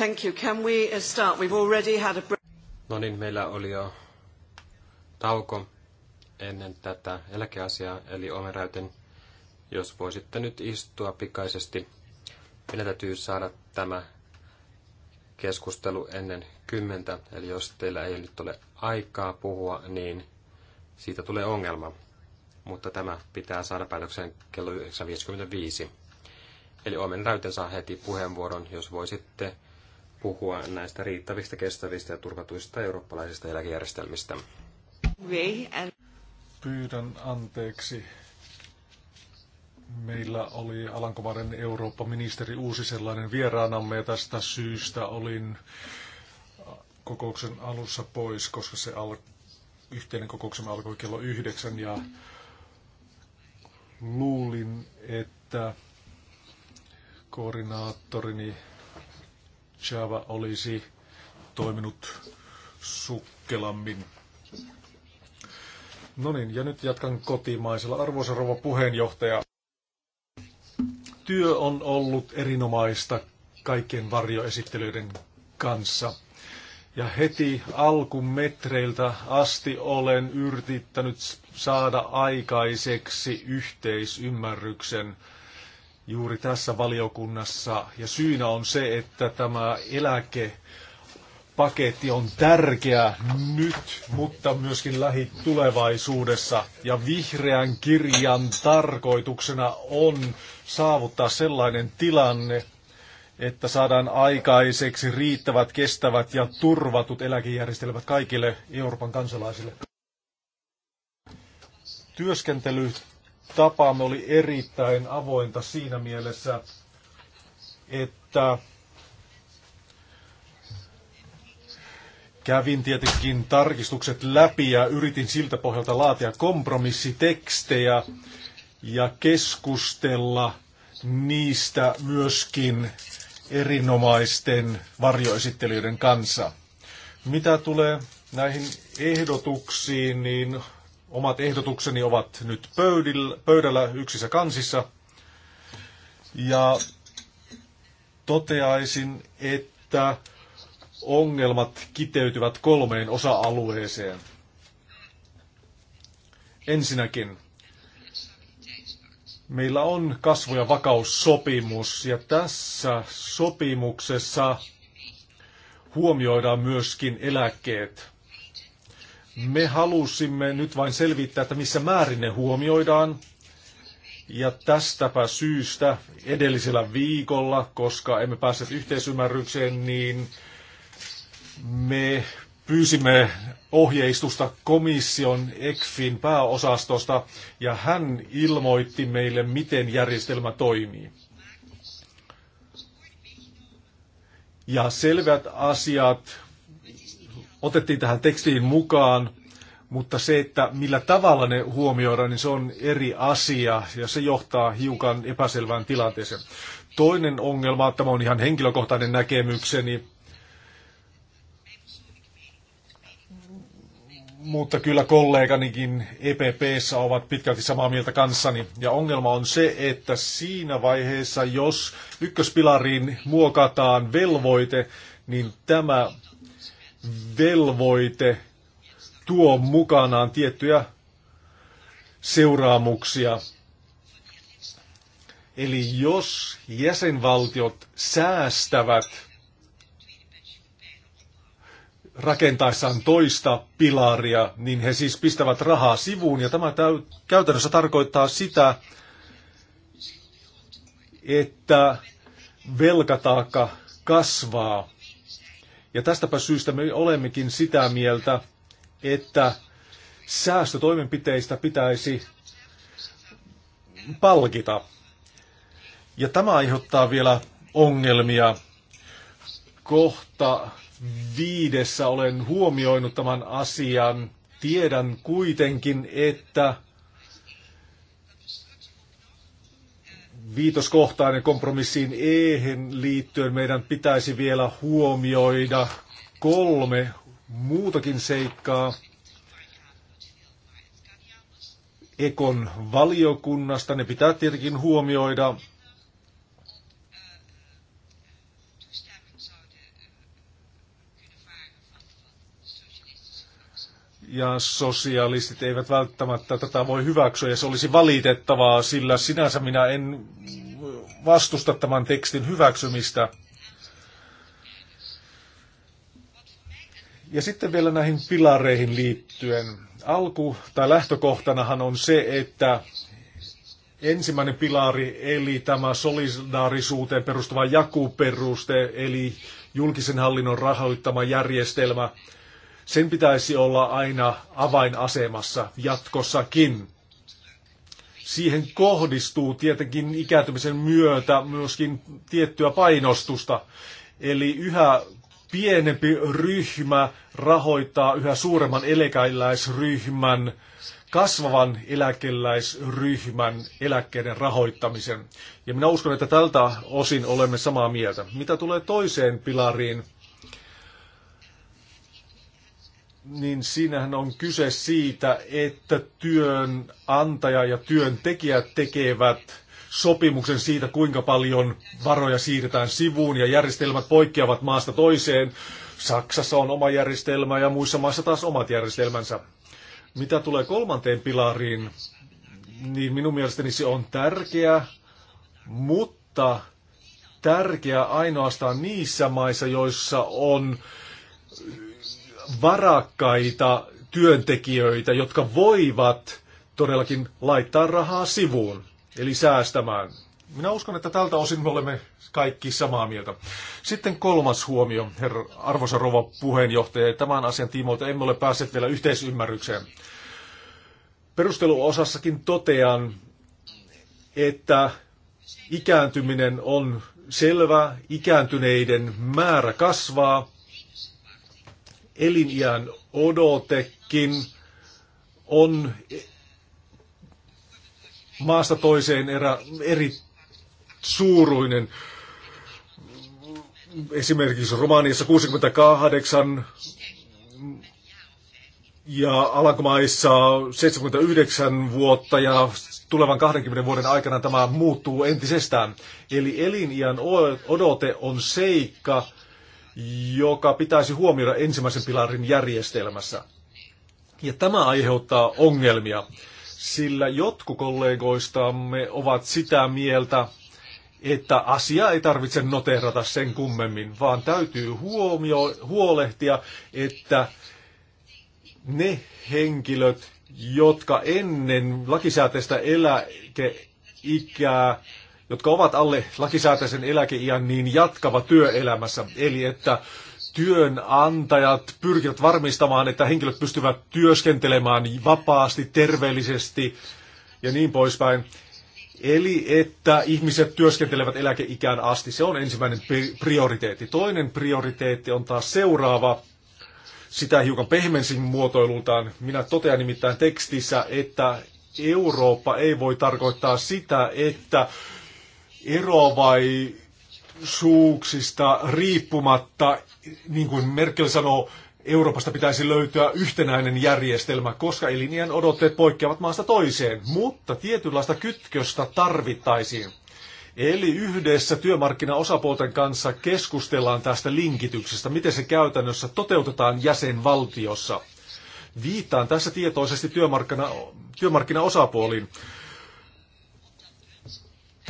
Thank you. Can we uh, start? We've already had a... No niin, meillä oli jo tauko ennen tätä eläkeasiaa, eli omeräyten, jos voisitte nyt istua pikaisesti. Meidän täytyy saada tämä keskustelu ennen kymmentä, eli jos teillä ei nyt ole aikaa puhua, niin siitä tulee ongelma. Mutta tämä pitää saada päätökseen kello 9.55. Eli Omen Räyten saa heti puheenvuoron, jos voisitte puhua näistä riittävistä, kestävistä ja turvatuista eurooppalaisista eläkejärjestelmistä. Pyydän anteeksi. Meillä oli Alankomaiden Eurooppa-ministeri uusi sellainen vieraanamme ja tästä syystä olin kokouksen alussa pois, koska se al- yhteinen kokouksemme alkoi kello yhdeksän ja luulin, että koordinaattorini Java olisi toiminut sukkelammin. No niin, ja nyt jatkan kotimaisella. Arvoisa rouva puheenjohtaja, työ on ollut erinomaista kaikkien varjoesittelyiden kanssa. Ja heti alkumetreiltä asti olen yrittänyt saada aikaiseksi yhteisymmärryksen juuri tässä valiokunnassa. Ja syynä on se, että tämä eläkepaketti on tärkeä nyt, mutta myöskin lähitulevaisuudessa. Ja vihreän kirjan tarkoituksena on saavuttaa sellainen tilanne, että saadaan aikaiseksi riittävät, kestävät ja turvatut eläkejärjestelmät kaikille Euroopan kansalaisille. Työskentely tapaamme oli erittäin avointa siinä mielessä, että kävin tietenkin tarkistukset läpi ja yritin siltä pohjalta laatia kompromissitekstejä ja keskustella niistä myöskin erinomaisten varjoesittelijöiden kanssa. Mitä tulee näihin ehdotuksiin, niin Omat ehdotukseni ovat nyt pöydillä, pöydällä yksissä kansissa. Ja toteaisin, että ongelmat kiteytyvät kolmeen osa-alueeseen. Ensinnäkin meillä on kasvu- ja vakaussopimus ja tässä sopimuksessa huomioidaan myöskin eläkkeet. Me halusimme nyt vain selvittää, että missä määrin ne huomioidaan. Ja tästäpä syystä edellisellä viikolla, koska emme päässeet yhteisymmärrykseen, niin me pyysimme ohjeistusta komission ECFin pääosastosta ja hän ilmoitti meille, miten järjestelmä toimii. Ja selvät asiat otettiin tähän tekstiin mukaan, mutta se, että millä tavalla ne huomioidaan, niin se on eri asia ja se johtaa hiukan epäselvään tilanteeseen. Toinen ongelma, tämä on ihan henkilökohtainen näkemykseni, mutta kyllä kolleganikin EPPssä ovat pitkälti samaa mieltä kanssani. Ja ongelma on se, että siinä vaiheessa, jos ykköspilariin muokataan velvoite, niin tämä velvoite tuo mukanaan tiettyjä seuraamuksia. Eli jos jäsenvaltiot säästävät rakentaessaan toista pilaria, niin he siis pistävät rahaa sivuun, ja tämä täy- käytännössä tarkoittaa sitä, että velkataakka kasvaa. Ja tästäpä syystä me olemmekin sitä mieltä, että säästötoimenpiteistä pitäisi palkita. Ja tämä aiheuttaa vielä ongelmia. Kohta viidessä olen huomioinut tämän asian. Tiedän kuitenkin, että viitoskohtainen kompromissiin eihin liittyen meidän pitäisi vielä huomioida kolme muutakin seikkaa. Ekon valiokunnasta. Ne pitää tietenkin huomioida ja sosialistit eivät välttämättä tätä voi hyväksyä ja se olisi valitettavaa, sillä sinänsä minä en vastusta tämän tekstin hyväksymistä. Ja sitten vielä näihin pilareihin liittyen. Alku tai lähtökohtanahan on se, että ensimmäinen pilari eli tämä solidaarisuuteen perustuva jakuperuste eli julkisen hallinnon rahoittama järjestelmä – sen pitäisi olla aina avainasemassa jatkossakin. Siihen kohdistuu tietenkin ikääntymisen myötä myöskin tiettyä painostusta. Eli yhä pienempi ryhmä rahoittaa yhä suuremman eläkeläisryhmän, kasvavan eläkeläisryhmän eläkkeiden rahoittamisen. Ja minä uskon, että tältä osin olemme samaa mieltä. Mitä tulee toiseen pilariin, niin siinähän on kyse siitä, että työnantaja ja työntekijä tekevät sopimuksen siitä, kuinka paljon varoja siirretään sivuun ja järjestelmät poikkeavat maasta toiseen. Saksassa on oma järjestelmä ja muissa maissa taas omat järjestelmänsä. Mitä tulee kolmanteen pilariin, niin minun mielestäni se on tärkeä, mutta tärkeä ainoastaan niissä maissa, joissa on varakkaita työntekijöitä, jotka voivat todellakin laittaa rahaa sivuun, eli säästämään. Minä uskon, että tältä osin me olemme kaikki samaa mieltä. Sitten kolmas huomio, herra, arvoisa rouva puheenjohtaja. Tämän asian tiimoilta emme ole päässeet vielä yhteisymmärrykseen. Perusteluosassakin totean, että ikääntyminen on selvä, ikääntyneiden määrä kasvaa, elinjään odotekin on maasta toiseen erä, eri suuruinen. Esimerkiksi Romaniassa 68 ja Alankomaissa 79 vuotta ja tulevan 20 vuoden aikana tämä muuttuu entisestään. Eli elinjään odote on seikka, joka pitäisi huomioida ensimmäisen pilarin järjestelmässä. Ja tämä aiheuttaa ongelmia, sillä jotkut kollegoistamme ovat sitä mieltä, että asia ei tarvitse noterata sen kummemmin, vaan täytyy huomio, huolehtia, että ne henkilöt, jotka ennen lakisääteistä eläkeikää jotka ovat alle lakisääteisen eläkeiän, niin jatkava työelämässä. Eli että työnantajat pyrkivät varmistamaan, että henkilöt pystyvät työskentelemään vapaasti, terveellisesti ja niin poispäin. Eli että ihmiset työskentelevät eläkeikään asti. Se on ensimmäinen prioriteetti. Toinen prioriteetti on taas seuraava. Sitä hiukan pehmensin muotoilultaan. Minä totean nimittäin tekstissä, että Eurooppa ei voi tarkoittaa sitä, että eroavaisuuksista riippumatta, niin kuin Merkel sanoo, Euroopasta pitäisi löytyä yhtenäinen järjestelmä, koska elinien odotteet poikkeavat maasta toiseen, mutta tietynlaista kytköstä tarvittaisiin. Eli yhdessä työmarkkinaosapuolten kanssa keskustellaan tästä linkityksestä, miten se käytännössä toteutetaan jäsenvaltiossa. Viittaan tässä tietoisesti työmarkkina, työmarkkinaosapuoliin.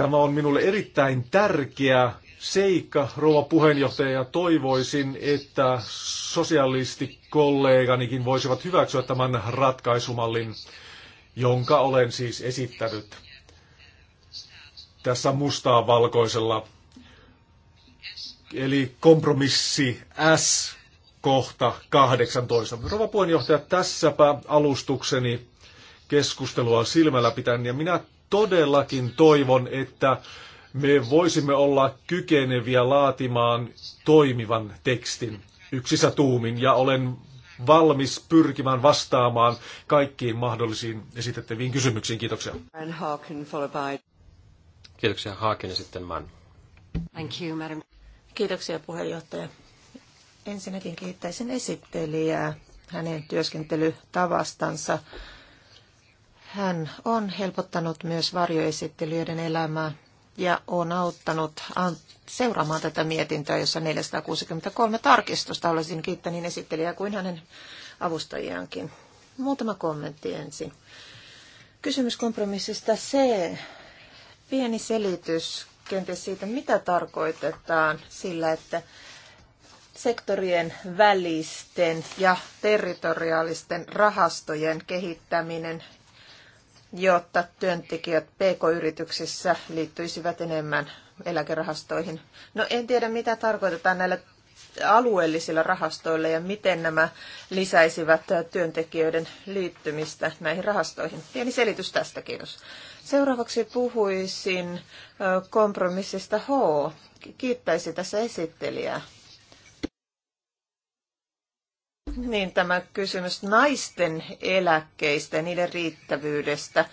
Tämä on minulle erittäin tärkeä seikka, rouva puheenjohtaja, ja toivoisin, että sosialistikolleganikin voisivat hyväksyä tämän ratkaisumallin, jonka olen siis esittänyt tässä mustaa valkoisella. Eli kompromissi S kohta 18. Rouva puheenjohtaja, tässäpä alustukseni keskustelua silmällä pitäen, ja minä todellakin toivon, että me voisimme olla kykeneviä laatimaan toimivan tekstin yksissä tuumin ja olen valmis pyrkimään vastaamaan kaikkiin mahdollisiin esitettäviin kysymyksiin. Kiitoksia. Kiitoksia Haakin ja sitten Mann. Thank you, madam. Kiitoksia puheenjohtaja. Ensinnäkin kiittäisin esittelijää hänen työskentelytavastansa. Hän on helpottanut myös varjoesittelyiden elämää ja on auttanut seuraamaan tätä mietintöä, jossa 463 tarkistusta. olisin kiittänyt niin esittelijää kuin hänen avustajiaankin. Muutama kommentti ensin. Kysymys kompromissista C. Pieni selitys kenties siitä, mitä tarkoitetaan sillä, että sektorien välisten ja territoriaalisten rahastojen kehittäminen jotta työntekijät PK-yrityksissä liittyisivät enemmän eläkerahastoihin. No en tiedä, mitä tarkoitetaan näillä alueellisilla rahastoilla ja miten nämä lisäisivät työntekijöiden liittymistä näihin rahastoihin. Pieni selitys tästä, kiitos. Seuraavaksi puhuisin kompromissista H. Kiittäisin tässä esittelijää. Niin tämä kysymys naisten eläkkeistä ja niiden riittävyydestä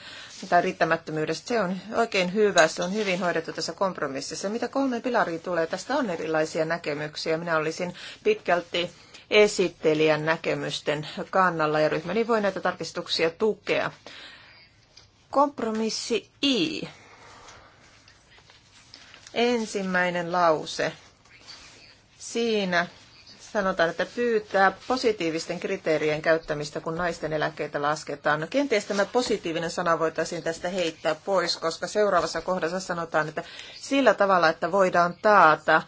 tai riittämättömyydestä, se on oikein hyvä, se on hyvin hoidettu tässä kompromississa. Mitä kolme pilariin tulee, tästä on erilaisia näkemyksiä. Minä olisin pitkälti esittelijän näkemysten kannalla ja ryhmäni voi näitä tarkistuksia tukea. Kompromissi I. Ensimmäinen lause. Siinä sanotaan, että pyytää positiivisten kriteerien käyttämistä, kun naisten eläkkeitä lasketaan. No, kenties tämä positiivinen sana voitaisiin tästä heittää pois, koska seuraavassa kohdassa sanotaan, että sillä tavalla, että voidaan taata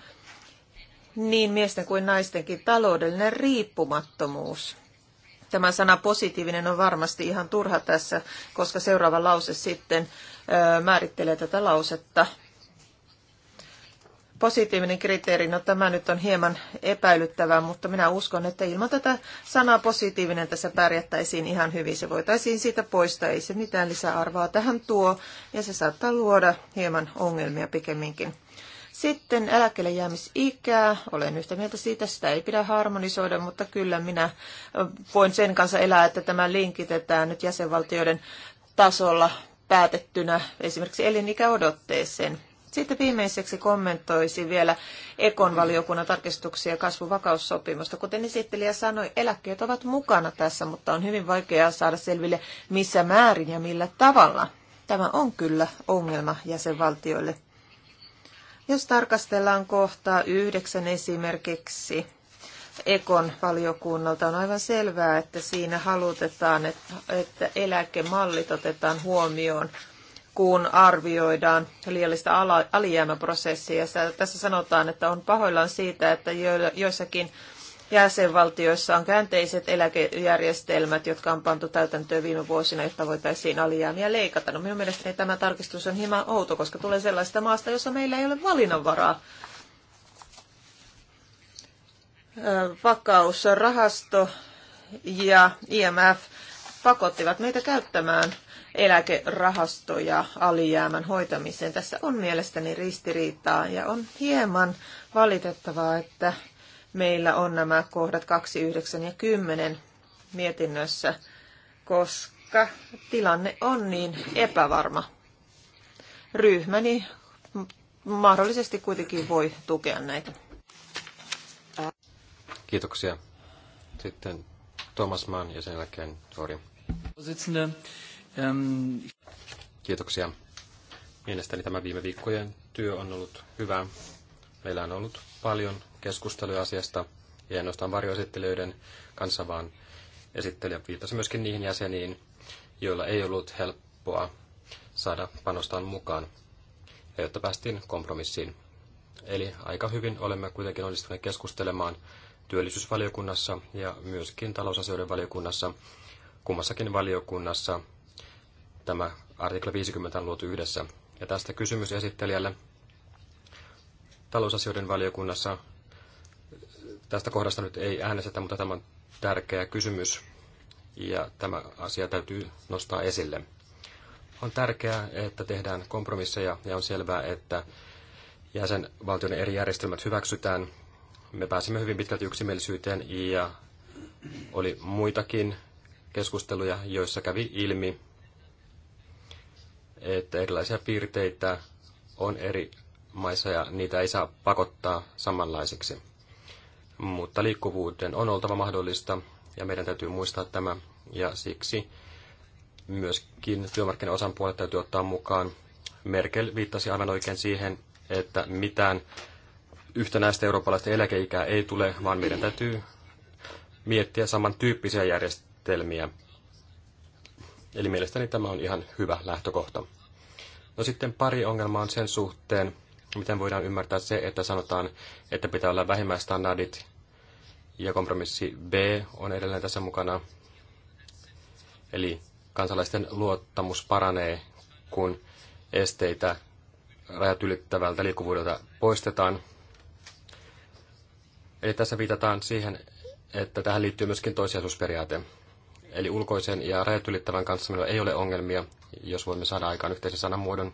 niin miesten kuin naistenkin taloudellinen riippumattomuus. Tämä sana positiivinen on varmasti ihan turha tässä, koska seuraava lause sitten määrittelee tätä lausetta positiivinen kriteeri, no tämä nyt on hieman epäilyttävää, mutta minä uskon, että ilman tätä sanaa positiivinen tässä pärjättäisiin ihan hyvin. Se voitaisiin siitä poistaa, ei se mitään lisäarvoa tähän tuo, ja se saattaa luoda hieman ongelmia pikemminkin. Sitten eläkkeelle jäämisikää. Olen yhtä mieltä siitä, sitä ei pidä harmonisoida, mutta kyllä minä voin sen kanssa elää, että tämä linkitetään nyt jäsenvaltioiden tasolla päätettynä esimerkiksi elinikäodotteeseen. Sitten viimeiseksi kommentoisin vielä Ekon valiokunnan tarkistuksia kasvuvakaussopimusta. Kuten esittelijä sanoi, eläkkeet ovat mukana tässä, mutta on hyvin vaikeaa saada selville, missä määrin ja millä tavalla. Tämä on kyllä ongelma jäsenvaltioille. Jos tarkastellaan kohtaa yhdeksän esimerkiksi, Ekon valiokunnalta on aivan selvää, että siinä halutetaan, että, että eläkemallit otetaan huomioon kun arvioidaan liiallista alijäämäprosessia. Tässä sanotaan, että on pahoillaan siitä, että joissakin jäsenvaltioissa on käänteiset eläkejärjestelmät, jotka on pantu täytäntöön viime vuosina, jotta voitaisiin alijäämiä leikata. No minun mielestäni tämä tarkistus on hieman outo, koska tulee sellaista maasta, jossa meillä ei ole valinnanvaraa. Vakausrahasto ja IMF pakottivat meitä käyttämään – eläkerahastoja alijäämän hoitamiseen. Tässä on mielestäni ristiriitaa ja on hieman valitettavaa, että meillä on nämä kohdat 2, 9 ja 10 mietinnössä, koska tilanne on niin epävarma. Ryhmäni mahdollisesti kuitenkin voi tukea näitä. Kiitoksia. Sitten Thomas Mann ja sen jälkeen Tori. Ähm... Kiitoksia. Mielestäni tämä viime viikkojen työ on ollut hyvä. Meillä on ollut paljon keskustelua asiasta, ei ainoastaan varjoesittelijöiden kanssa, vaan esittelijä viittasi myöskin niihin jäseniin, joilla ei ollut helppoa saada panostaan mukaan, ja jotta päästiin kompromissiin. Eli aika hyvin olemme kuitenkin onnistuneet keskustelemaan työllisyysvaliokunnassa ja myöskin talousasioiden valiokunnassa. Kummassakin valiokunnassa tämä artikla 50 on luotu yhdessä. Ja tästä kysymys esittelijälle talousasioiden valiokunnassa. Tästä kohdasta nyt ei äänestetä, mutta tämä on tärkeä kysymys ja tämä asia täytyy nostaa esille. On tärkeää, että tehdään kompromisseja ja on selvää, että jäsenvaltioiden eri järjestelmät hyväksytään. Me pääsimme hyvin pitkälti yksimielisyyteen ja oli muitakin keskusteluja, joissa kävi ilmi, että erilaisia piirteitä on eri maissa ja niitä ei saa pakottaa samanlaisiksi. Mutta liikkuvuuden on oltava mahdollista ja meidän täytyy muistaa tämä ja siksi myöskin työmarkkinaosan puolet täytyy ottaa mukaan. Merkel viittasi aivan oikein siihen, että mitään yhtenäistä eurooppalaista eläkeikää ei tule, vaan meidän täytyy miettiä samantyyppisiä järjestelmiä Eli mielestäni tämä on ihan hyvä lähtökohta. No sitten pari ongelmaa on sen suhteen, miten voidaan ymmärtää se, että sanotaan, että pitää olla vähimmäistandardit ja kompromissi B on edelleen tässä mukana. Eli kansalaisten luottamus paranee, kun esteitä rajat ylittävältä liikkuvuudelta poistetaan. Eli tässä viitataan siihen, että tähän liittyy myöskin toisiasuusperiaate. Eli ulkoisen ja rajat ylittävän kanssa meillä ei ole ongelmia, jos voimme saada aikaan yhteisen sanamuodon.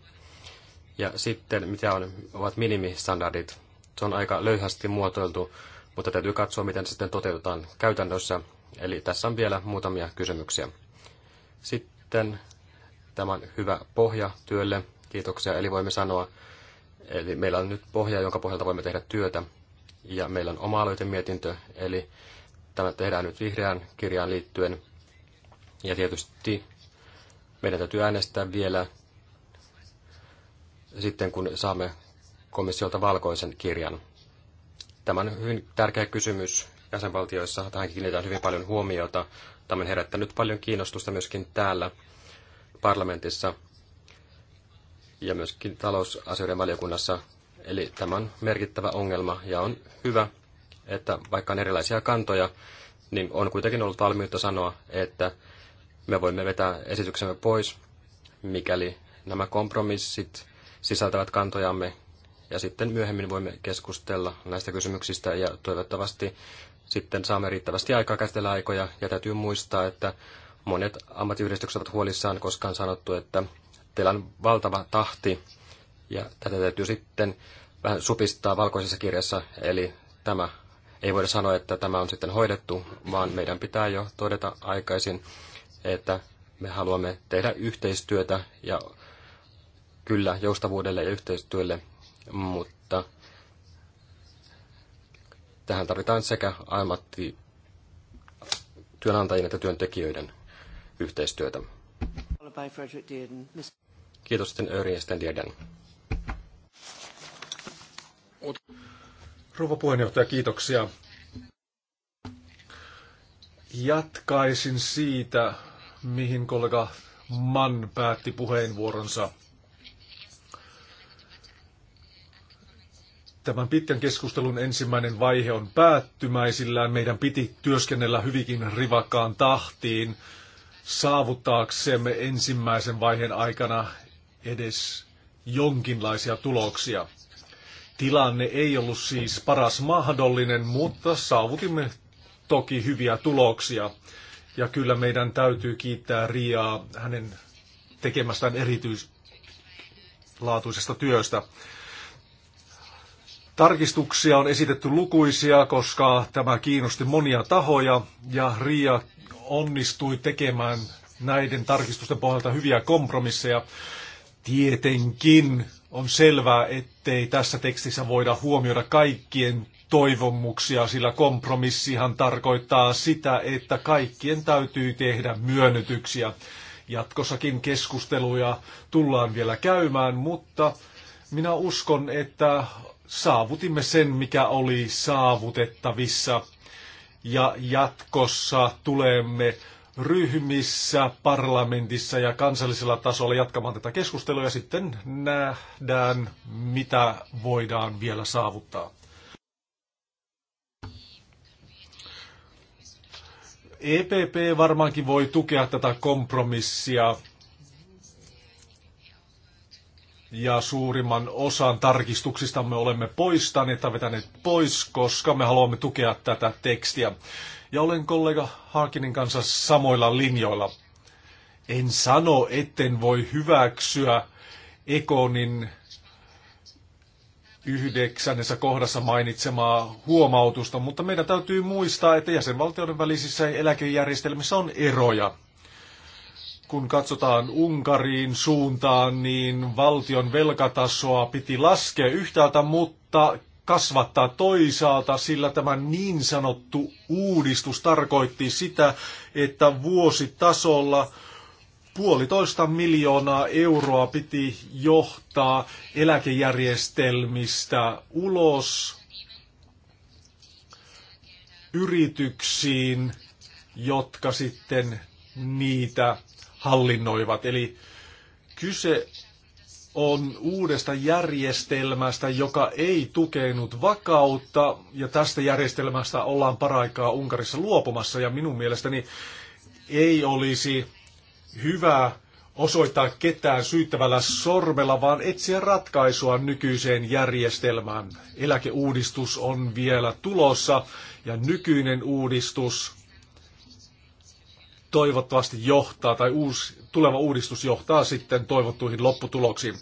Ja sitten, mitä on, ovat minimistandardit. Se on aika löyhästi muotoiltu, mutta täytyy katsoa, miten se sitten toteutetaan käytännössä. Eli tässä on vielä muutamia kysymyksiä. Sitten tämä on hyvä pohja työlle. Kiitoksia. Eli voimme sanoa, eli meillä on nyt pohja, jonka pohjalta voimme tehdä työtä. Ja meillä on oma aloitemietintö, eli tämä tehdään nyt vihreään kirjaan liittyen. Ja tietysti meidän täytyy äänestää vielä sitten, kun saamme komissiolta valkoisen kirjan. Tämä on hyvin tärkeä kysymys jäsenvaltioissa. Tähän kiinnitetään hyvin paljon huomiota. Tämä on herättänyt paljon kiinnostusta myöskin täällä parlamentissa ja myöskin talousasioiden valiokunnassa. Eli tämä on merkittävä ongelma ja on hyvä, että vaikka on erilaisia kantoja, niin on kuitenkin ollut valmiutta sanoa, että me voimme vetää esityksemme pois, mikäli nämä kompromissit sisältävät kantojamme, ja sitten myöhemmin voimme keskustella näistä kysymyksistä, ja toivottavasti sitten saamme riittävästi aikaa käsitellä aikoja, ja täytyy muistaa, että monet ammattiyhdistykset ovat huolissaan, koska on sanottu, että teillä on valtava tahti, ja tätä täytyy sitten vähän supistaa valkoisessa kirjassa, eli tämä ei voida sanoa, että tämä on sitten hoidettu, vaan meidän pitää jo todeta aikaisin, että me haluamme tehdä yhteistyötä ja kyllä joustavuudelle ja yhteistyölle, mutta tähän tarvitaan sekä ammatti työnantajien että työntekijöiden yhteistyötä. Kiitos sitten Örin Stendierden. Rouva puheenjohtaja, kiitoksia. Jatkaisin siitä, mihin kollega Mann päätti puheenvuoronsa. Tämän pitkän keskustelun ensimmäinen vaihe on päättymäisillään. Meidän piti työskennellä hyvinkin rivakkaan tahtiin saavuttaaksemme ensimmäisen vaiheen aikana edes jonkinlaisia tuloksia. Tilanne ei ollut siis paras mahdollinen, mutta saavutimme toki hyviä tuloksia. Ja kyllä meidän täytyy kiittää Riaa hänen tekemästään erityislaatuisesta työstä. Tarkistuksia on esitetty lukuisia, koska tämä kiinnosti monia tahoja ja Ria onnistui tekemään näiden tarkistusten pohjalta hyviä kompromisseja. Tietenkin on selvää, ettei tässä tekstissä voida huomioida kaikkien toivomuksia, sillä kompromissihan tarkoittaa sitä, että kaikkien täytyy tehdä myönnytyksiä. Jatkossakin keskusteluja tullaan vielä käymään, mutta minä uskon, että saavutimme sen, mikä oli saavutettavissa. Ja jatkossa tulemme ryhmissä, parlamentissa ja kansallisella tasolla jatkamaan tätä keskustelua ja sitten nähdään, mitä voidaan vielä saavuttaa. EPP varmaankin voi tukea tätä kompromissia ja suurimman osan me olemme poistaneet tai vetäneet pois, koska me haluamme tukea tätä tekstiä. Ja olen kollega Harkinin kanssa samoilla linjoilla. En sano, etten voi hyväksyä Ekonin yhdeksännessä kohdassa mainitsemaa huomautusta, mutta meidän täytyy muistaa, että jäsenvaltioiden välisissä eläkejärjestelmissä on eroja. Kun katsotaan Unkariin suuntaan, niin valtion velkatasoa piti laskea yhtäältä, mutta kasvattaa toisaalta, sillä tämä niin sanottu uudistus tarkoitti sitä, että vuositasolla – puolitoista miljoonaa euroa piti johtaa eläkejärjestelmistä ulos yrityksiin, jotka sitten niitä hallinnoivat. Eli kyse on uudesta järjestelmästä, joka ei tukenut vakautta, ja tästä järjestelmästä ollaan paraikaa Unkarissa luopumassa, ja minun mielestäni ei olisi hyvä osoittaa ketään syyttävällä sormella, vaan etsiä ratkaisua nykyiseen järjestelmään. Eläkeuudistus on vielä tulossa ja nykyinen uudistus toivottavasti johtaa, tai uusi, tuleva uudistus johtaa sitten toivottuihin lopputuloksiin.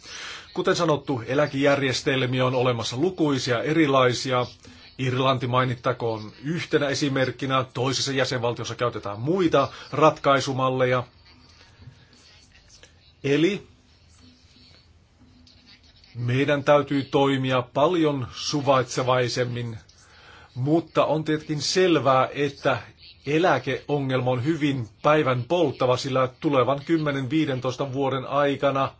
Kuten sanottu, eläkejärjestelmiä on olemassa lukuisia erilaisia. Irlanti mainittakoon yhtenä esimerkkinä, toisessa jäsenvaltiossa käytetään muita ratkaisumalleja – Eli meidän täytyy toimia paljon suvaitsevaisemmin, mutta on tietenkin selvää, että eläkeongelma on hyvin päivän polttava, sillä tulevan 10-15 vuoden aikana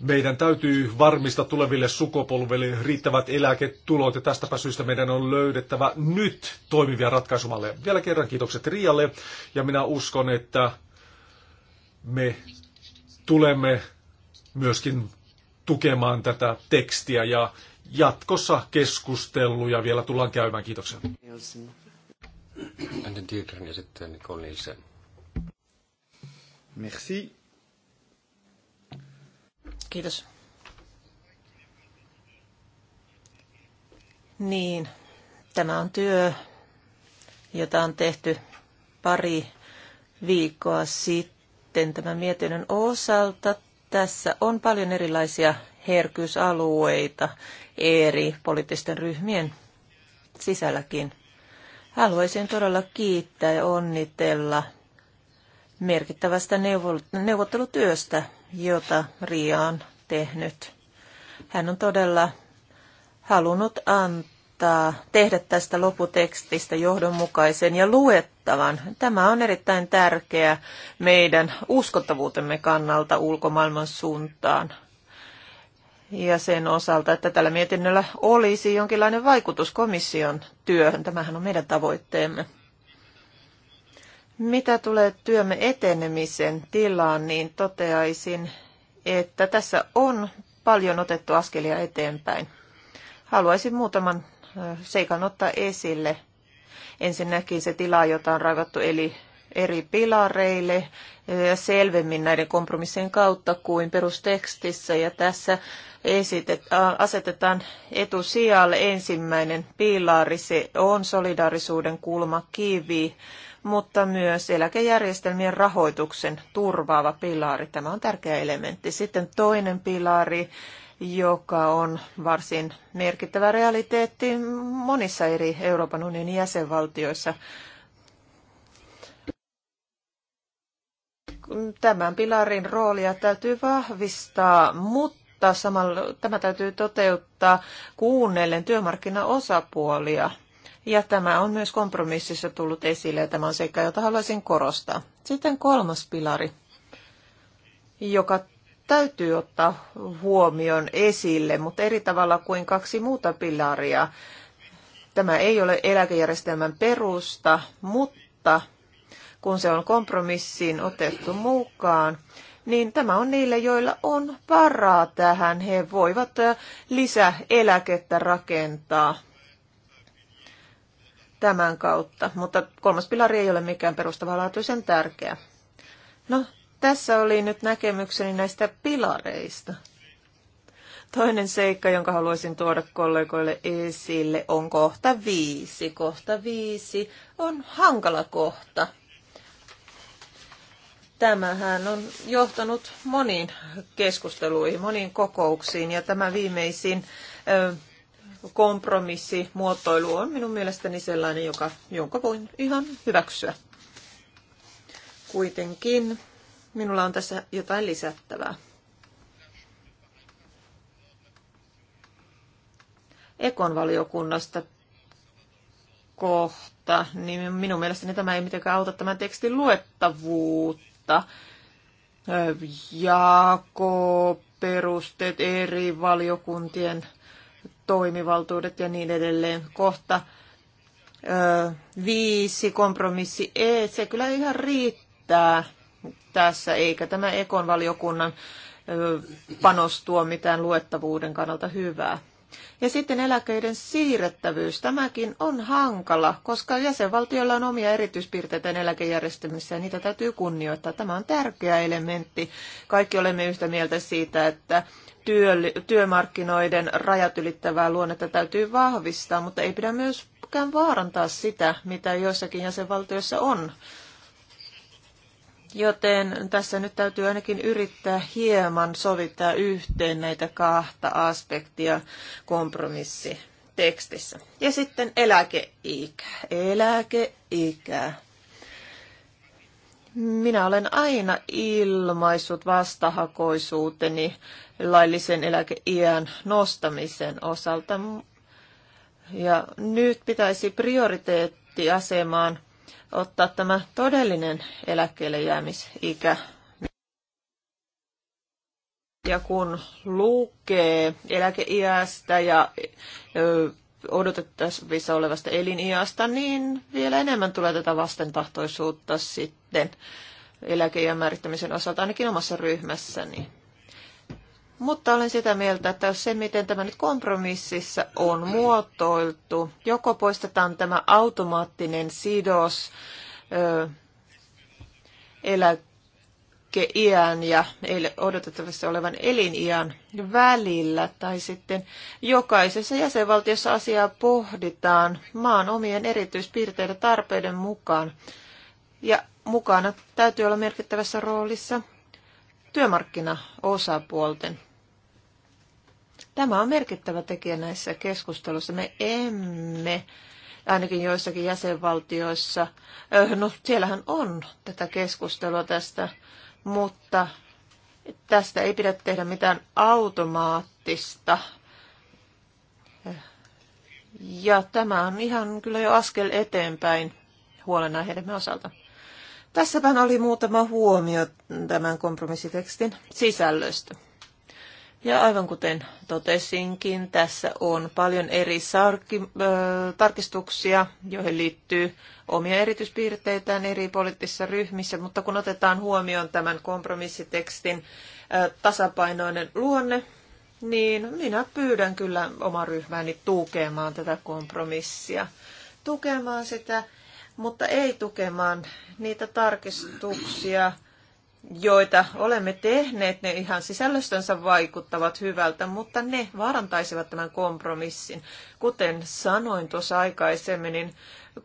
meidän täytyy varmistaa tuleville sukupolville riittävät eläketulot ja tästäpä syystä meidän on löydettävä nyt toimivia ratkaisumalleja. Vielä kerran kiitokset Rialle ja minä uskon, että me tulemme myöskin tukemaan tätä tekstiä ja jatkossa keskusteluja vielä tullaan käymään. Kiitoksia. Anden ja sitten Colnilsen. Merci. Kiitos. Niin, tämä on työ, jota on tehty pari viikkoa sitten sitten tämän mietinnön osalta. Tässä on paljon erilaisia herkyysalueita eri poliittisten ryhmien sisälläkin. Haluaisin todella kiittää ja onnitella merkittävästä neuvottelutyöstä, jota Ria on tehnyt. Hän on todella halunnut antaa kannattaa tehdä tästä loputekstistä johdonmukaisen ja luettavan. Tämä on erittäin tärkeä meidän uskottavuutemme kannalta ulkomaailman suuntaan ja sen osalta, että tällä mietinnöllä olisi jonkinlainen vaikutus komission työhön. Tämähän on meidän tavoitteemme. Mitä tulee työmme etenemisen tilaan, niin toteaisin, että tässä on paljon otettu askelia eteenpäin. Haluaisin muutaman seikan ottaa esille. Ensinnäkin se tila, jota on raivattu eli eri pilareille selvemmin näiden kompromissien kautta kuin perustekstissä. Ja tässä esitet, asetetaan etusijalle ensimmäinen pilari, se on solidaarisuuden kulmakivi, mutta myös eläkejärjestelmien rahoituksen turvaava pilari. Tämä on tärkeä elementti. Sitten toinen pilari, joka on varsin merkittävä realiteetti monissa eri Euroopan unionin jäsenvaltioissa. Tämän pilarin roolia täytyy vahvistaa, mutta samalla tämä täytyy toteuttaa kuunnellen työmarkkinaosapuolia. Ja tämä on myös kompromississa tullut esille ja tämä on seikka, jota haluaisin korostaa. Sitten kolmas pilari, joka täytyy ottaa huomioon esille, mutta eri tavalla kuin kaksi muuta pilaria. Tämä ei ole eläkejärjestelmän perusta, mutta kun se on kompromissiin otettu mukaan, niin tämä on niille, joilla on varaa tähän. He voivat äh, lisäeläkettä rakentaa tämän kautta, mutta kolmas pilari ei ole mikään perustavanlaatuisen tärkeä. No, tässä oli nyt näkemykseni näistä pilareista. Toinen seikka, jonka haluaisin tuoda kollegoille esille, on kohta viisi. Kohta viisi on hankala kohta. Tämähän on johtanut moniin keskusteluihin, moniin kokouksiin ja tämä viimeisin kompromissi, muotoilu on minun mielestäni sellainen, joka, jonka voin ihan hyväksyä. Kuitenkin Minulla on tässä jotain lisättävää. Ekon valiokunnasta kohta, niin minun mielestäni tämä ei mitenkään auta tämän tekstin luettavuutta. Jako, perusteet, eri valiokuntien toimivaltuudet ja niin edelleen. Kohta viisi kompromissi E, se kyllä ihan riittää tässä, eikä tämä Ekon valiokunnan panos tuo mitään luettavuuden kannalta hyvää. Ja sitten eläkeiden siirrettävyys. Tämäkin on hankala, koska jäsenvaltioilla on omia erityispiirteitä eläkejärjestelmissä ja niitä täytyy kunnioittaa. Tämä on tärkeä elementti. Kaikki olemme yhtä mieltä siitä, että työ, työmarkkinoiden rajat ylittävää luonnetta täytyy vahvistaa, mutta ei pidä myöskään vaarantaa sitä, mitä joissakin jäsenvaltioissa on Joten tässä nyt täytyy ainakin yrittää hieman sovittaa yhteen näitä kahta aspektia kompromissi tekstissä. Ja sitten eläkeikä. Eläkeikä. Minä olen aina ilmaissut vastahakoisuuteni laillisen eläkeiän nostamisen osalta. Ja nyt pitäisi prioriteettiasemaan ottaa tämä todellinen eläkkeelle jäämisikä. Ja kun lukee eläkeiästä ja odotettavissa olevasta eliniästä, niin vielä enemmän tulee tätä vastentahtoisuutta sitten eläkeiän määrittämisen osalta ainakin omassa ryhmässäni. Mutta olen sitä mieltä, että jos se, miten tämä nyt kompromississa on muotoiltu, joko poistetaan tämä automaattinen sidos ö, eläkeiän ja odotettavissa olevan eliniän välillä, tai sitten jokaisessa jäsenvaltiossa asiaa pohditaan maan omien erityispiirteiden tarpeiden mukaan. Ja mukana täytyy olla merkittävässä roolissa työmarkkinaosapuolten. Tämä on merkittävä tekijä näissä keskusteluissa. Me emme, ainakin joissakin jäsenvaltioissa, no siellähän on tätä keskustelua tästä, mutta tästä ei pidä tehdä mitään automaattista. Ja tämä on ihan kyllä jo askel eteenpäin huolenaiheidemme osalta. Tässäpä oli muutama huomio tämän kompromissitekstin sisällöstä. Ja aivan kuten totesinkin, tässä on paljon eri sarki, ö, tarkistuksia, joihin liittyy omia erityispiirteitään eri poliittisissa ryhmissä, mutta kun otetaan huomioon tämän kompromissitekstin ö, tasapainoinen luonne, niin minä pyydän kyllä oman ryhmäni tukemaan tätä kompromissia, tukemaan sitä, mutta ei tukemaan niitä tarkistuksia, joita olemme tehneet, ne ihan sisällöstönsä vaikuttavat hyvältä, mutta ne vaarantaisivat tämän kompromissin. Kuten sanoin tuossa aikaisemmin, niin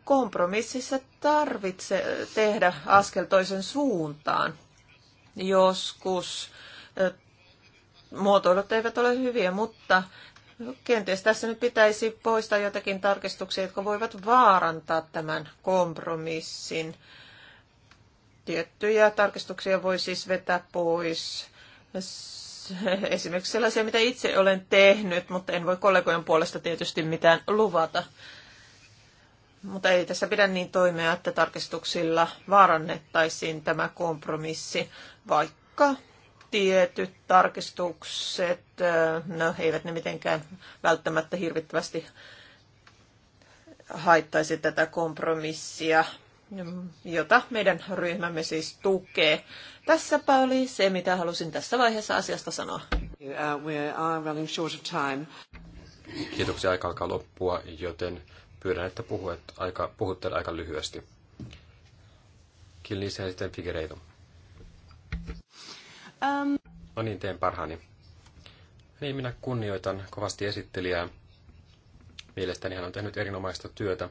kompromississa tarvitse tehdä askel toisen suuntaan. Joskus muotoilut eivät ole hyviä, mutta kenties tässä nyt pitäisi poistaa jotakin tarkistuksia, jotka voivat vaarantaa tämän kompromissin. Tiettyjä tarkistuksia voi siis vetää pois. Esimerkiksi sellaisia, mitä itse olen tehnyt, mutta en voi kollegojen puolesta tietysti mitään luvata. Mutta ei tässä pidä niin toimia, että tarkistuksilla vaarannettaisiin tämä kompromissi, vaikka tietyt tarkistukset, no eivät ne mitenkään välttämättä hirvittävästi haittaisi tätä kompromissia, jota meidän ryhmämme siis tukee. Tässäpä oli se, mitä halusin tässä vaiheessa asiasta sanoa. Uh, Kiitoksia, aika alkaa loppua, joten pyydän, että puhut, aika, puhutte aika lyhyesti. Killiseen sitten Figereito. Um. No niin, teen parhaani. Niin, minä kunnioitan kovasti esittelijää. Mielestäni hän on tehnyt erinomaista työtä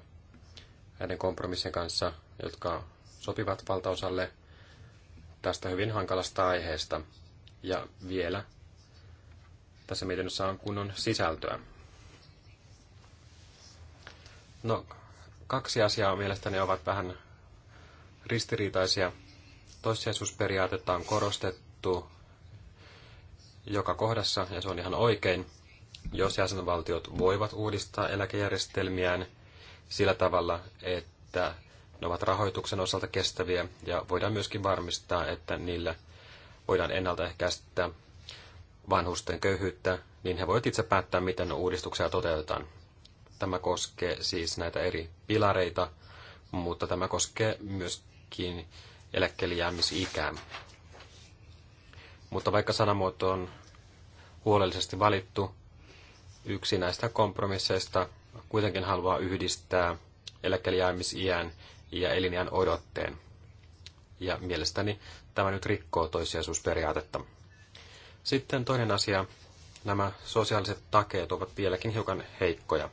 näiden kompromissien kanssa, jotka sopivat valtaosalle tästä hyvin hankalasta aiheesta. Ja vielä tässä mietinnössä on kunnon sisältöä. No, kaksi asiaa mielestäni ovat vähän ristiriitaisia. Toissijaisuusperiaatetta on korostettu joka kohdassa, ja se on ihan oikein. Jos jäsenvaltiot voivat uudistaa eläkejärjestelmiään sillä tavalla, että ne ovat rahoituksen osalta kestäviä ja voidaan myöskin varmistaa, että niillä voidaan ennaltaehkäistä vanhusten köyhyyttä, niin he voivat itse päättää, miten uudistuksia toteutetaan. Tämä koskee siis näitä eri pilareita, mutta tämä koskee myöskin eläkkeelle jäämisikää. Mutta vaikka sanamuoto on huolellisesti valittu, yksi näistä kompromisseista kuitenkin haluaa yhdistää eläkkeelle jäämisiän ja elinjään odotteen. Ja mielestäni tämä nyt rikkoo toissijaisuusperiaatetta. Sitten toinen asia, nämä sosiaaliset takeet ovat vieläkin hiukan heikkoja.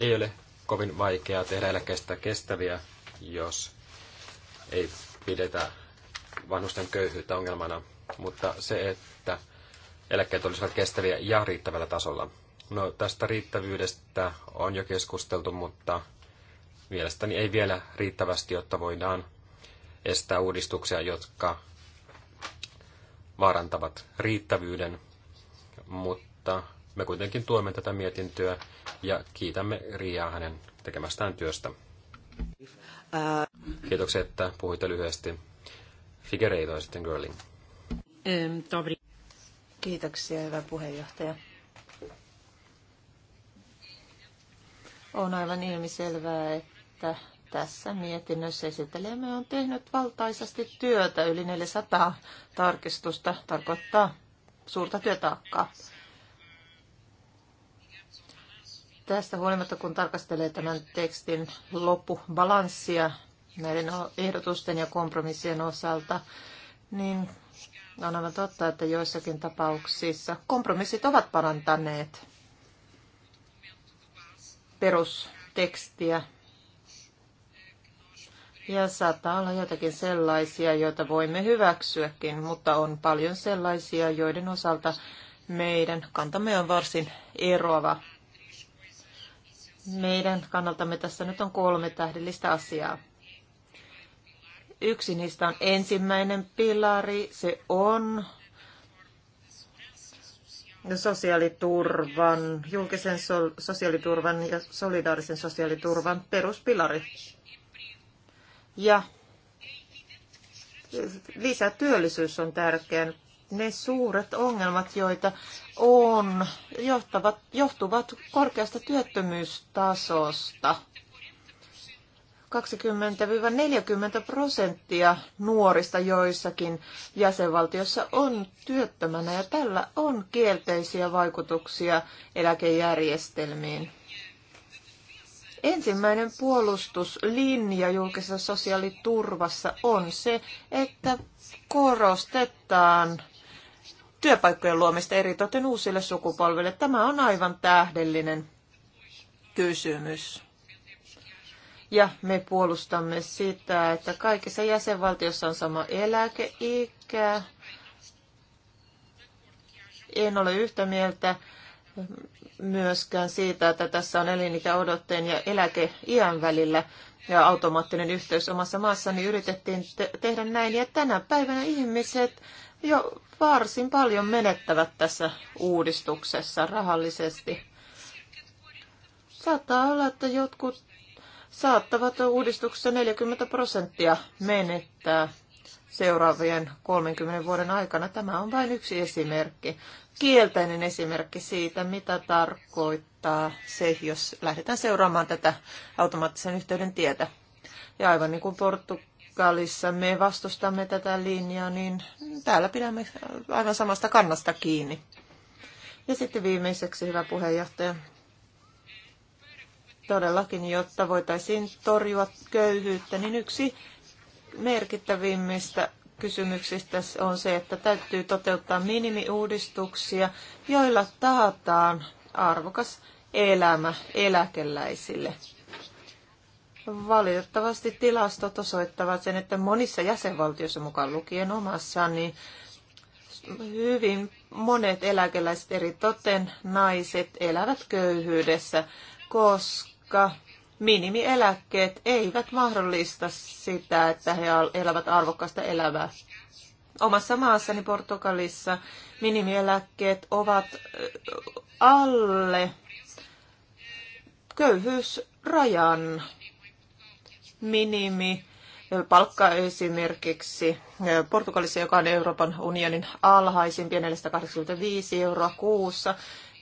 Ei ole kovin vaikeaa tehdä eläkeistä kestäviä, jos ei pidetä vanhusten köyhyyttä ongelmana, mutta se, että eläkkeet olisivat kestäviä ja riittävällä tasolla. No tästä riittävyydestä on jo keskusteltu, mutta mielestäni ei vielä riittävästi, jotta voidaan estää uudistuksia, jotka vaarantavat riittävyyden, mutta me kuitenkin tuemme tätä mietintöä ja kiitämme Riaa hänen tekemästään työstä. Kiitoksia, että puhuitte lyhyesti. Figereito ja sitten Girling. Kiitoksia, hyvä puheenjohtaja. On aivan ilmiselvää, että että tässä mietinnössä esittelemme on tehnyt valtaisasti työtä, yli 400 tarkistusta, tarkoittaa suurta työtaakkaa. Tästä huolimatta, kun tarkastelee tämän tekstin loppubalanssia näiden ehdotusten ja kompromissien osalta, niin on aivan totta, että joissakin tapauksissa kompromissit ovat parantaneet perustekstiä ja saattaa olla jotakin sellaisia, joita voimme hyväksyäkin, mutta on paljon sellaisia, joiden osalta meidän kantamme on varsin eroava. Meidän kannaltamme tässä nyt on kolme tähdellistä asiaa. Yksi niistä on ensimmäinen pilari, se on sosiaaliturvan, julkisen sosiaaliturvan ja solidaarisen sosiaaliturvan peruspilari ja lisätyöllisyys on tärkeä. Ne suuret ongelmat, joita on, johtavat, johtuvat korkeasta työttömyystasosta. 20-40 prosenttia nuorista joissakin jäsenvaltioissa on työttömänä ja tällä on kielteisiä vaikutuksia eläkejärjestelmiin. Ensimmäinen puolustuslinja julkisessa sosiaaliturvassa on se, että korostetaan työpaikkojen luomista eritoten uusille sukupolville. Tämä on aivan tähdellinen kysymys. Ja me puolustamme sitä, että kaikissa jäsenvaltiossa on sama eläkeikä. En ole yhtä mieltä myöskään siitä, että tässä on elinikä odotteen ja eläkeiän välillä ja automaattinen yhteys omassa niin yritettiin te- tehdä näin. Ja tänä päivänä ihmiset jo varsin paljon menettävät tässä uudistuksessa rahallisesti. Saattaa olla, että jotkut saattavat uudistuksessa 40 prosenttia menettää seuraavien 30 vuoden aikana. Tämä on vain yksi esimerkki kielteinen esimerkki siitä, mitä tarkoittaa se, jos lähdetään seuraamaan tätä automaattisen yhteyden tietä. Ja aivan niin kuin Portugalissa me vastustamme tätä linjaa, niin täällä pidämme aivan samasta kannasta kiinni. Ja sitten viimeiseksi, hyvä puheenjohtaja, todellakin, jotta voitaisiin torjua köyhyyttä, niin yksi merkittävimmistä kysymyksistä on se, että täytyy toteuttaa minimiuudistuksia, joilla taataan arvokas elämä eläkeläisille. Valitettavasti tilastot osoittavat sen, että monissa jäsenvaltioissa mukaan lukien omassa, niin hyvin monet eläkeläiset eri toten naiset elävät köyhyydessä, koska minimieläkkeet eivät mahdollista sitä, että he elävät arvokasta elämää. Omassa maassani Portugalissa minimieläkkeet ovat alle köyhyysrajan minimi palkka esimerkiksi Portugalissa, joka on Euroopan unionin alhaisin, 485 euroa kuussa,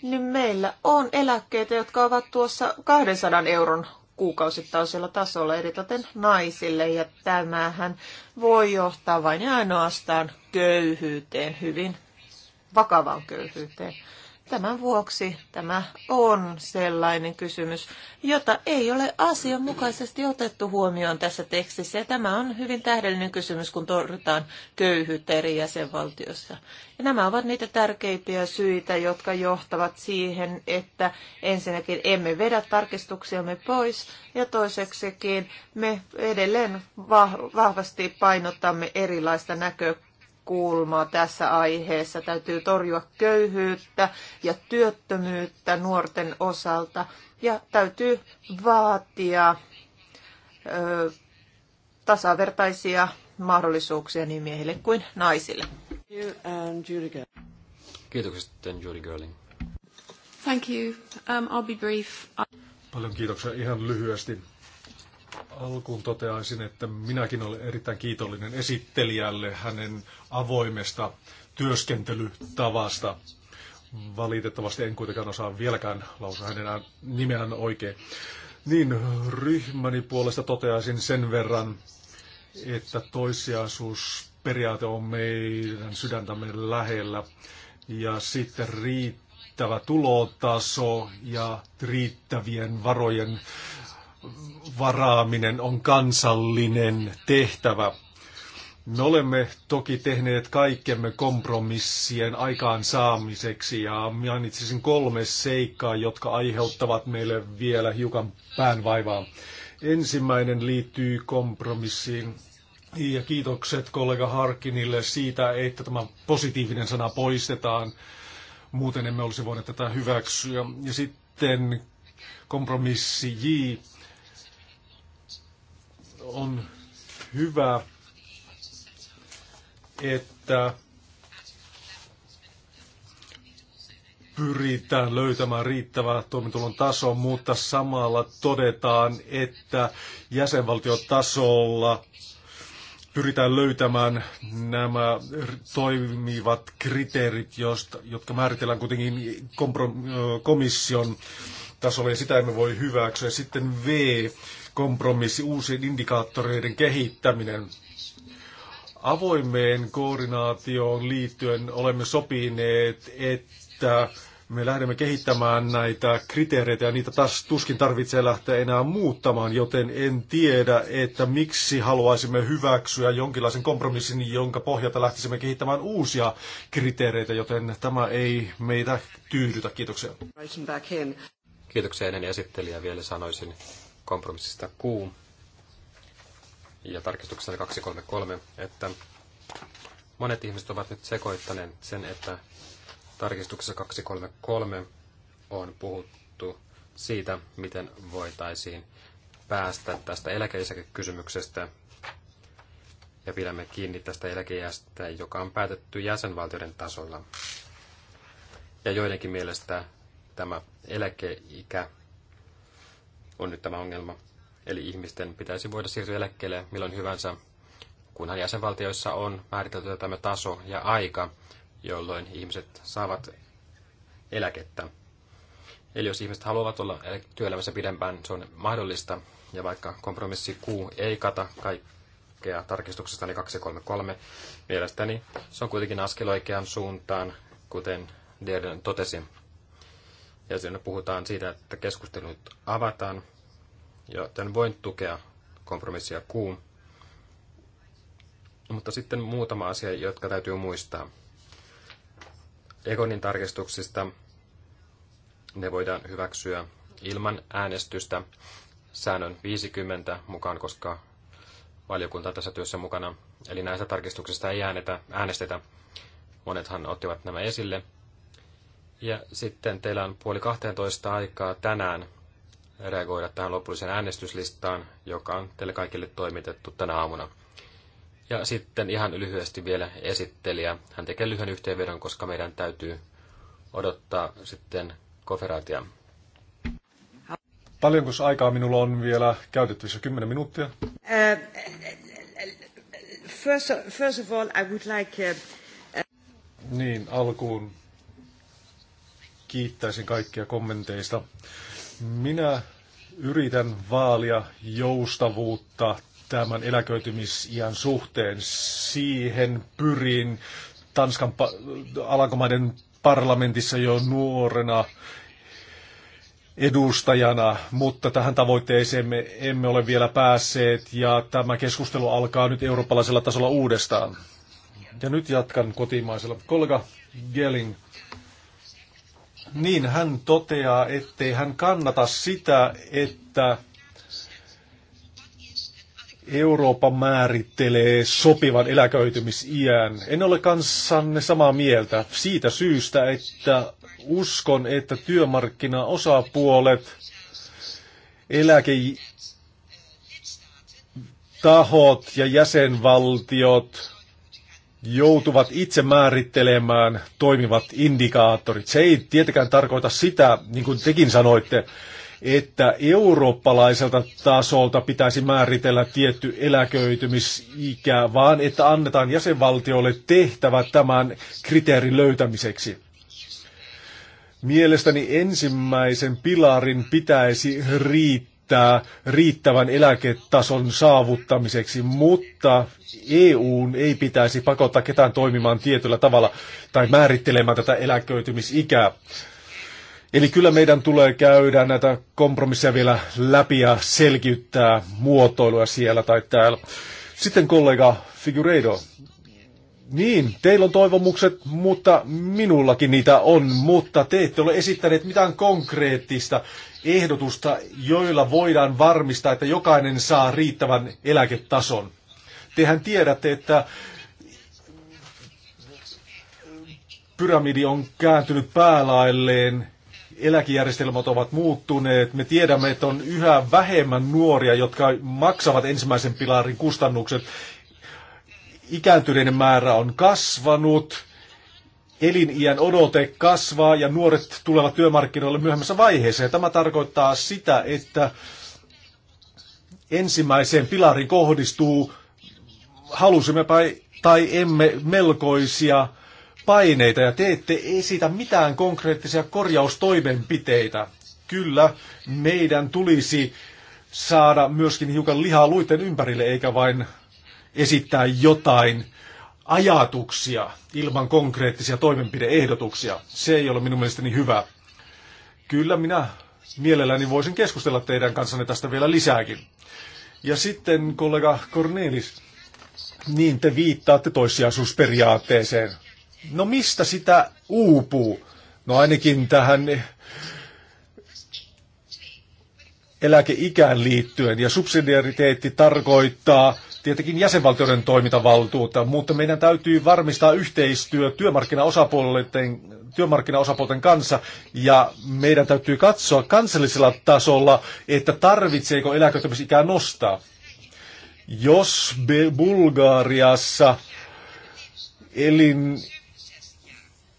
niin meillä on eläkkeitä, jotka ovat tuossa 200 euron kuukausittaisella tasolla, eritoten naisille, ja tämähän voi johtaa vain ja ainoastaan köyhyyteen, hyvin vakavaan köyhyyteen. Tämän vuoksi tämä on sellainen kysymys, jota ei ole asianmukaisesti otettu huomioon tässä tekstissä. Ja tämä on hyvin tähdellinen kysymys, kun torjutaan köyhyyttä eri jäsenvaltiossa. Ja nämä ovat niitä tärkeimpiä syitä, jotka johtavat siihen, että ensinnäkin emme vedä tarkistuksiamme pois ja toiseksikin me edelleen vahvasti painotamme erilaista näkökulmaa näkökulmaa tässä aiheessa. Täytyy torjua köyhyyttä ja työttömyyttä nuorten osalta ja täytyy vaatia ö, tasavertaisia mahdollisuuksia niin miehille kuin naisille. Kiitokset, Judy Girling. Thank you. Um, I'll be brief. Paljon kiitoksia ihan lyhyesti alkuun toteaisin, että minäkin olen erittäin kiitollinen esittelijälle hänen avoimesta työskentelytavasta. Valitettavasti en kuitenkaan osaa vieläkään lausua hänen nimeään oikein. Niin, ryhmäni puolesta toteaisin sen verran, että toissijaisuusperiaate on meidän sydäntämme lähellä. Ja sitten riittävä tulotaso ja riittävien varojen varaaminen on kansallinen tehtävä. Me olemme toki tehneet kaikkemme kompromissien aikaansaamiseksi ja mainitsisin kolme seikkaa, jotka aiheuttavat meille vielä hiukan päänvaivaa. Ensimmäinen liittyy kompromissiin ja kiitokset kollega Harkinille siitä, että tämä positiivinen sana poistetaan. Muuten emme olisi voineet tätä hyväksyä. Ja sitten kompromissi J on hyvä, että pyritään löytämään riittävä toimintulon taso, mutta samalla todetaan, että jäsenvaltiotasolla pyritään löytämään nämä toimivat kriteerit, jotka määritellään kuitenkin komission tasolla, ja sitä emme voi hyväksyä. Sitten V, kompromissi, uusien indikaattoreiden kehittäminen. Avoimeen koordinaatioon liittyen olemme sopineet, että me lähdemme kehittämään näitä kriteereitä ja niitä taas tuskin tarvitsee lähteä enää muuttamaan, joten en tiedä, että miksi haluaisimme hyväksyä jonkinlaisen kompromissin, jonka pohjalta lähtisimme kehittämään uusia kriteereitä, joten tämä ei meitä tyydytä. Kiitoksia. Kiitoksia ennen esittelijä vielä sanoisin, kompromissista Q ja tarkistuksena 233, että monet ihmiset ovat nyt sekoittaneet sen, että tarkistuksessa 233 on puhuttu siitä, miten voitaisiin päästä tästä eläkeisäkekysymyksestä ja pidämme kiinni tästä eläkejästä, joka on päätetty jäsenvaltioiden tasolla. Ja joidenkin mielestä tämä eläkeikä on nyt tämä ongelma. Eli ihmisten pitäisi voida siirtyä eläkkeelle milloin hyvänsä, kunhan jäsenvaltioissa on määritelty tämä taso ja aika, jolloin ihmiset saavat eläkettä. Eli jos ihmiset haluavat olla työelämässä pidempään, se on mahdollista. Ja vaikka kompromissi Q ei kata kaikkea niin 233, mielestäni se on kuitenkin askel oikeaan suuntaan, kuten Dierden totesi. Ja siinä puhutaan siitä, että keskustelut avataan, joten voin tukea kompromissia kuum, Mutta sitten muutama asia, jotka täytyy muistaa. Ekonin tarkistuksista ne voidaan hyväksyä ilman äänestystä säännön 50 mukaan, koska valiokunta on tässä työssä mukana. Eli näistä tarkistuksista ei äänetä, äänestetä. Monethan ottivat nämä esille. Ja sitten teillä on puoli 12 aikaa tänään reagoida tähän lopulliseen äänestyslistaan, joka on teille kaikille toimitettu tänä aamuna. Ja sitten ihan lyhyesti vielä esittelijä. Hän tekee lyhyen yhteenvedon, koska meidän täytyy odottaa sitten koferaatia. Paljonko aikaa minulla on vielä käytettävissä? 10 minuuttia? Uh, uh, uh, first, of, first of all, I would like... niin, alkuun kiittäisin kaikkia kommenteista. Minä yritän vaalia joustavuutta tämän eläköitymisiän suhteen. Siihen pyrin Tanskan alankomaiden parlamentissa jo nuorena edustajana, mutta tähän tavoitteeseen me emme ole vielä päässeet ja tämä keskustelu alkaa nyt eurooppalaisella tasolla uudestaan. Ja nyt jatkan kotimaisella. Kollega Gelling, niin hän toteaa, ettei hän kannata sitä, että Eurooppa määrittelee sopivan eläköitymisiän. En ole kanssanne samaa mieltä siitä syystä, että uskon, että työmarkkinaosapuolet, eläke, tahot ja jäsenvaltiot joutuvat itse määrittelemään toimivat indikaattorit. Se ei tietenkään tarkoita sitä, niin kuin tekin sanoitte, että eurooppalaiselta tasolta pitäisi määritellä tietty eläköitymisikä, vaan että annetaan jäsenvaltiolle tehtävä tämän kriteerin löytämiseksi. Mielestäni ensimmäisen pilarin pitäisi riittää riittää riittävän eläketason saavuttamiseksi, mutta EUn ei pitäisi pakottaa ketään toimimaan tietyllä tavalla tai määrittelemään tätä eläköitymisikää. Eli kyllä meidän tulee käydä näitä kompromisseja vielä läpi ja selkiyttää muotoiluja siellä tai täällä. Sitten kollega Figureido. Niin, teillä on toivomukset, mutta minullakin niitä on, mutta te ette ole esittäneet mitään konkreettista ehdotusta, joilla voidaan varmistaa, että jokainen saa riittävän eläketason. Tehän tiedätte, että pyramidi on kääntynyt päälailleen, eläkejärjestelmät ovat muuttuneet. Me tiedämme, että on yhä vähemmän nuoria, jotka maksavat ensimmäisen pilarin kustannukset ikääntyneiden määrä on kasvanut, eliniän odote kasvaa ja nuoret tulevat työmarkkinoille myöhemmässä vaiheessa. Ja tämä tarkoittaa sitä, että ensimmäiseen pilariin kohdistuu, halusimme tai emme, melkoisia paineita ja te ette esitä mitään konkreettisia korjaustoimenpiteitä. Kyllä, meidän tulisi saada myöskin hiukan lihaa luiden ympärille, eikä vain esittää jotain ajatuksia ilman konkreettisia toimenpideehdotuksia. Se ei ole minun mielestäni hyvä. Kyllä minä mielelläni voisin keskustella teidän kanssanne tästä vielä lisääkin. Ja sitten kollega Cornelis, niin te viittaatte toissijaisuusperiaatteeseen. No mistä sitä uupuu? No ainakin tähän eläkeikään liittyen. Ja subsidiariteetti tarkoittaa tietenkin jäsenvaltioiden toimintavaltuutta, mutta meidän täytyy varmistaa yhteistyö työmarkkinaosapuolten, työmarkkinaosapuolten kanssa ja meidän täytyy katsoa kansallisella tasolla, että tarvitseeko eläköitymisikää nostaa. Jos Bulgaariassa elin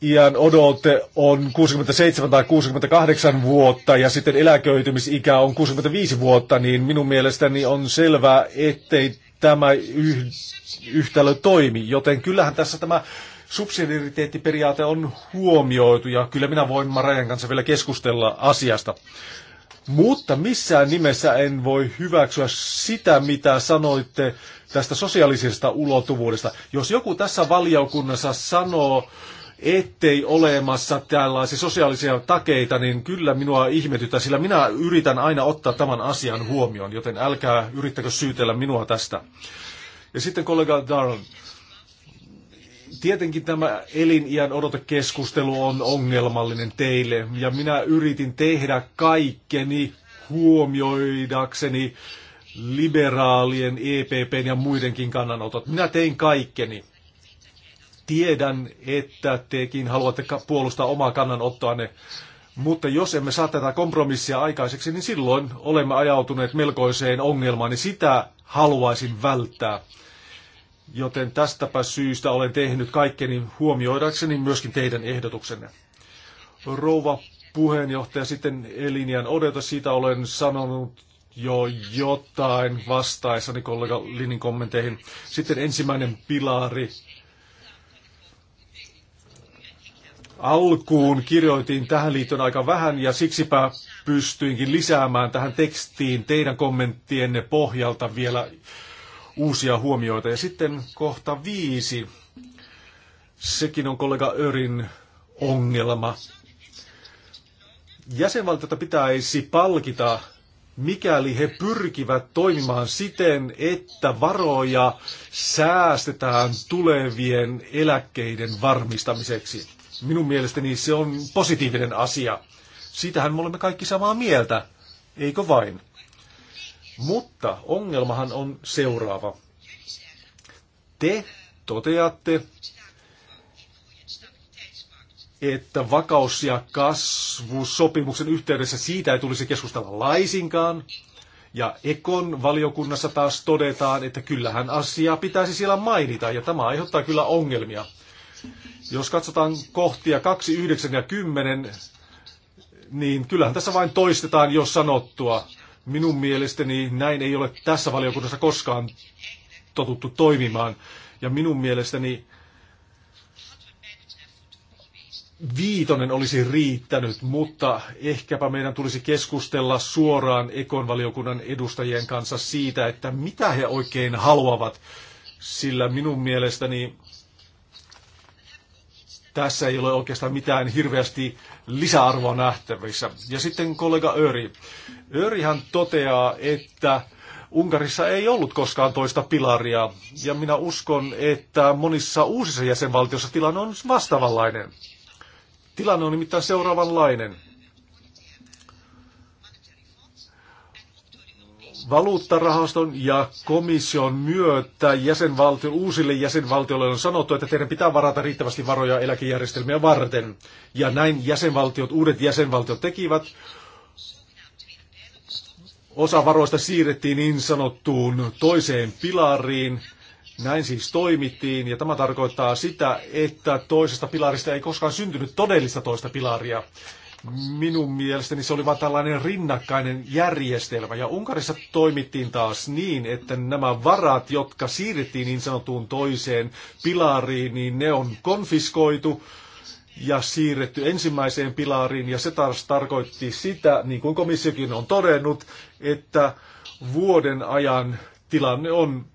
iän odote on 67 tai 68 vuotta ja sitten eläköitymisikä on 65 vuotta, niin minun mielestäni on selvää, ettei tämä yh, yhtälö toimi. Joten kyllähän tässä tämä subsidiariteettiperiaate on huomioitu ja kyllä minä voin Marajan kanssa vielä keskustella asiasta. Mutta missään nimessä en voi hyväksyä sitä, mitä sanoitte tästä sosiaalisesta ulottuvuudesta. Jos joku tässä valiokunnassa sanoo, ettei olemassa tällaisia sosiaalisia takeita, niin kyllä minua ihmetytä, sillä minä yritän aina ottaa tämän asian huomioon, joten älkää yrittäkö syytellä minua tästä. Ja sitten kollega Darren, tietenkin tämä eliniän odotekeskustelu on ongelmallinen teille, ja minä yritin tehdä kaikkeni huomioidakseni liberaalien, EPPn ja muidenkin kannanotot. Minä tein kaikkeni. Tiedän, että tekin haluatte puolustaa omaa kannanottoanne, mutta jos emme saa tätä kompromissia aikaiseksi, niin silloin olemme ajautuneet melkoiseen ongelmaan, niin sitä haluaisin välttää. Joten tästäpä syystä olen tehnyt kaikkeni huomioidakseni myöskin teidän ehdotuksenne. Rouva puheenjohtaja sitten Elinian odota, siitä olen sanonut jo jotain vastaessani kollega Linin kommenteihin. Sitten ensimmäinen pilari, alkuun kirjoitin tähän liittyen aika vähän ja siksipä pystyinkin lisäämään tähän tekstiin teidän kommenttienne pohjalta vielä uusia huomioita. Ja sitten kohta viisi. Sekin on kollega Örin ongelma. Jäsenvaltiota pitäisi palkita, mikäli he pyrkivät toimimaan siten, että varoja säästetään tulevien eläkkeiden varmistamiseksi. Minun mielestäni se on positiivinen asia. Siitähän me olemme kaikki samaa mieltä, eikö vain? Mutta ongelmahan on seuraava. Te toteatte, että vakaus- ja kasvusopimuksen yhteydessä siitä ei tulisi keskustella laisinkaan. Ja Ekon valiokunnassa taas todetaan, että kyllähän asiaa pitäisi siellä mainita, ja tämä aiheuttaa kyllä ongelmia. Jos katsotaan kohtia 2, 9 ja 10, niin kyllähän tässä vain toistetaan jo sanottua. Minun mielestäni näin ei ole tässä valiokunnassa koskaan totuttu toimimaan. Ja minun mielestäni viitonen olisi riittänyt, mutta ehkäpä meidän tulisi keskustella suoraan ekonvaliokunnan edustajien kanssa siitä, että mitä he oikein haluavat, sillä minun mielestäni tässä ei ole oikeastaan mitään hirveästi lisäarvoa nähtävissä. Ja sitten kollega Öri. Örihän toteaa, että Unkarissa ei ollut koskaan toista pilaria, ja minä uskon, että monissa uusissa jäsenvaltioissa tilanne on vastaavanlainen. Tilanne on nimittäin seuraavanlainen. valuuttarahaston ja komission myötä jäsenvaltio, uusille jäsenvaltioille on sanottu, että teidän pitää varata riittävästi varoja eläkejärjestelmiä varten. Ja näin jäsenvaltiot, uudet jäsenvaltiot tekivät. Osa varoista siirrettiin niin sanottuun toiseen pilariin. Näin siis toimittiin, ja tämä tarkoittaa sitä, että toisesta pilarista ei koskaan syntynyt todellista toista pilaria minun mielestäni se oli vain tällainen rinnakkainen järjestelmä. Ja Unkarissa toimittiin taas niin, että nämä varat, jotka siirrettiin niin sanotuun toiseen pilariin, niin ne on konfiskoitu ja siirretty ensimmäiseen pilariin. Ja se taas tarkoitti sitä, niin kuin komissiokin on todennut, että vuoden ajan tilanne on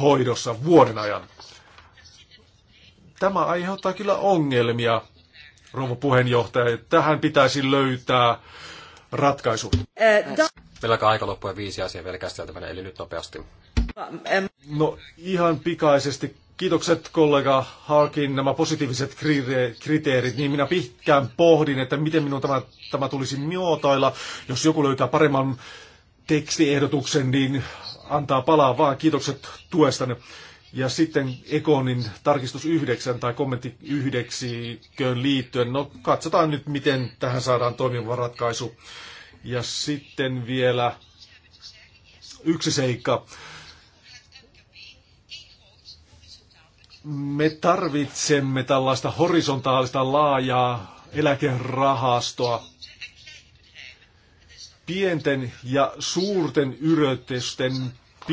hoidossa vuoden ajan. Tämä aiheuttaa kyllä ongelmia rouva puheenjohtaja. Tähän pitäisi löytää ratkaisu. Meillä aika loppuja ja viisi asiaa vielä käsiteltävänä, eli nyt nopeasti. No ihan pikaisesti. Kiitokset kollega Harkin nämä positiiviset kriteerit, niin minä pitkään pohdin, että miten minun tämä, tämä tulisi miotailla. Jos joku löytää paremman tekstiehdotuksen, niin antaa palaa vaan. Kiitokset tuestanne. Ja sitten Ekonin tarkistus yhdeksän tai kommentti 9 liittyen, no katsotaan nyt, miten tähän saadaan toimiva ratkaisu. Ja sitten vielä yksi seikka. Me tarvitsemme tällaista horisontaalista laajaa eläkerahastoa pienten ja suurten yritysten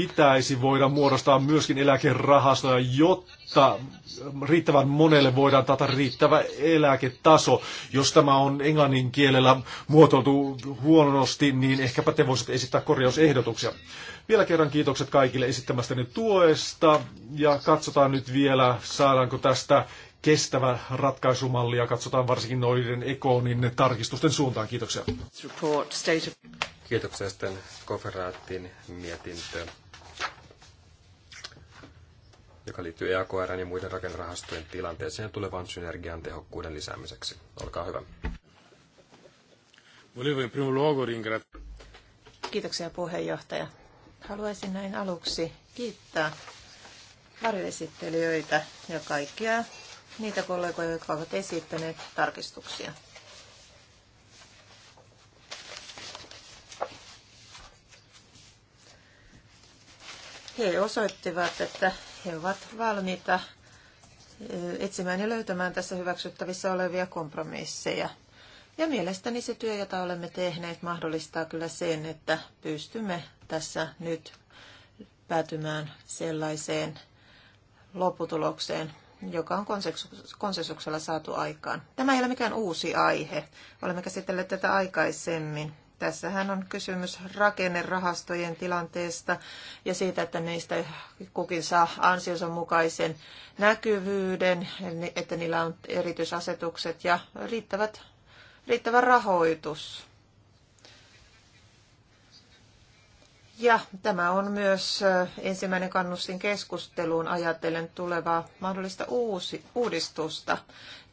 pitäisi voida muodostaa myöskin eläkerahastoja, jotta riittävän monelle voidaan taata riittävä eläketaso. Jos tämä on englannin kielellä muotoiltu huonosti, niin ehkäpä te voisitte esittää korjausehdotuksia. Vielä kerran kiitokset kaikille esittämästäni tuesta ja katsotaan nyt vielä, saadaanko tästä kestävä ratkaisumalli ja katsotaan varsinkin noiden Ekonin tarkistusten suuntaan. Kiitoksia. Kiitoksia sitten Koferaattin mietintö joka liittyy EAKR ja muiden rakennerahastojen tilanteeseen tulevan synergian tehokkuuden lisäämiseksi. Olkaa hyvä. Kiitoksia puheenjohtaja. Haluaisin näin aluksi kiittää varjoesittelijöitä ja kaikkia niitä kollegoja, jotka ovat esittäneet tarkistuksia. He osoittivat, että he ovat valmiita etsimään ja löytämään tässä hyväksyttävissä olevia kompromisseja. Ja mielestäni se työ, jota olemme tehneet, mahdollistaa kyllä sen, että pystymme tässä nyt päätymään sellaiseen lopputulokseen, joka on konsensuksella saatu aikaan. Tämä ei ole mikään uusi aihe. Olemme käsitelleet tätä aikaisemmin Tässähän on kysymys rakennerahastojen tilanteesta ja siitä, että niistä kukin saa ansiosan mukaisen näkyvyyden, että niillä on erityisasetukset ja riittävät, riittävä rahoitus. Ja tämä on myös ensimmäinen kannustin keskusteluun ajatellen tulevaa mahdollista uusi, uudistusta.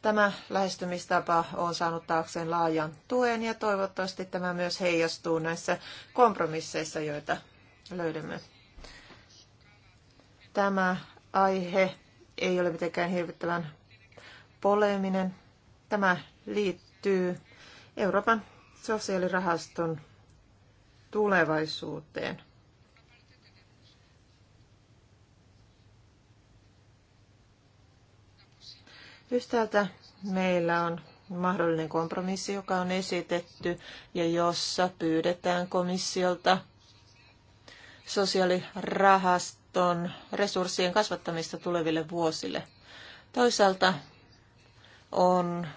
Tämä lähestymistapa on saanut taakseen laajan tuen ja toivottavasti tämä myös heijastuu näissä kompromisseissa, joita löydämme. Tämä aihe ei ole mitenkään hirvittävän poleminen. Tämä liittyy Euroopan sosiaalirahaston tulevaisuuteen. Yhtäältä meillä on mahdollinen kompromissi, joka on esitetty ja jossa pyydetään komissiolta sosiaalirahaston resurssien kasvattamista tuleville vuosille. Toisaalta on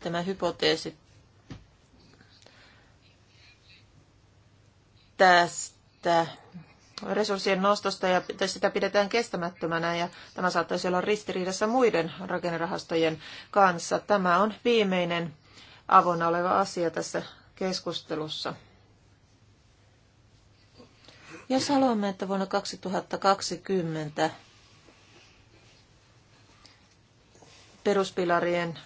tämä hypoteesi tästä resurssien nostosta ja sitä pidetään kestämättömänä ja tämä saattaisi olla ristiriidassa muiden rakennerahastojen kanssa. Tämä on viimeinen avona oleva asia tässä keskustelussa. Jos haluamme, että vuonna 2020 peruspilarien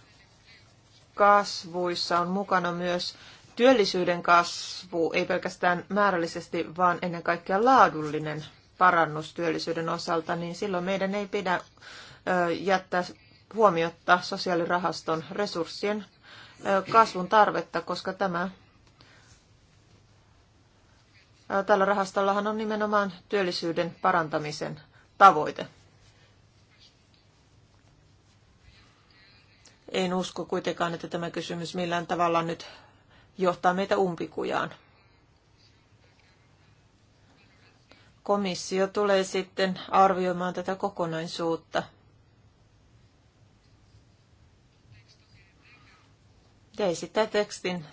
kasvuissa on mukana myös työllisyyden kasvu, ei pelkästään määrällisesti, vaan ennen kaikkea laadullinen parannus työllisyyden osalta, niin silloin meidän ei pidä jättää huomiotta sosiaalirahaston resurssien kasvun tarvetta, koska tämä Tällä rahastollahan on nimenomaan työllisyyden parantamisen tavoite. En usko kuitenkaan, että tämä kysymys millään tavalla nyt johtaa meitä umpikujaan. Komissio tulee sitten arvioimaan tätä kokonaisuutta. Ja esittää tekstin,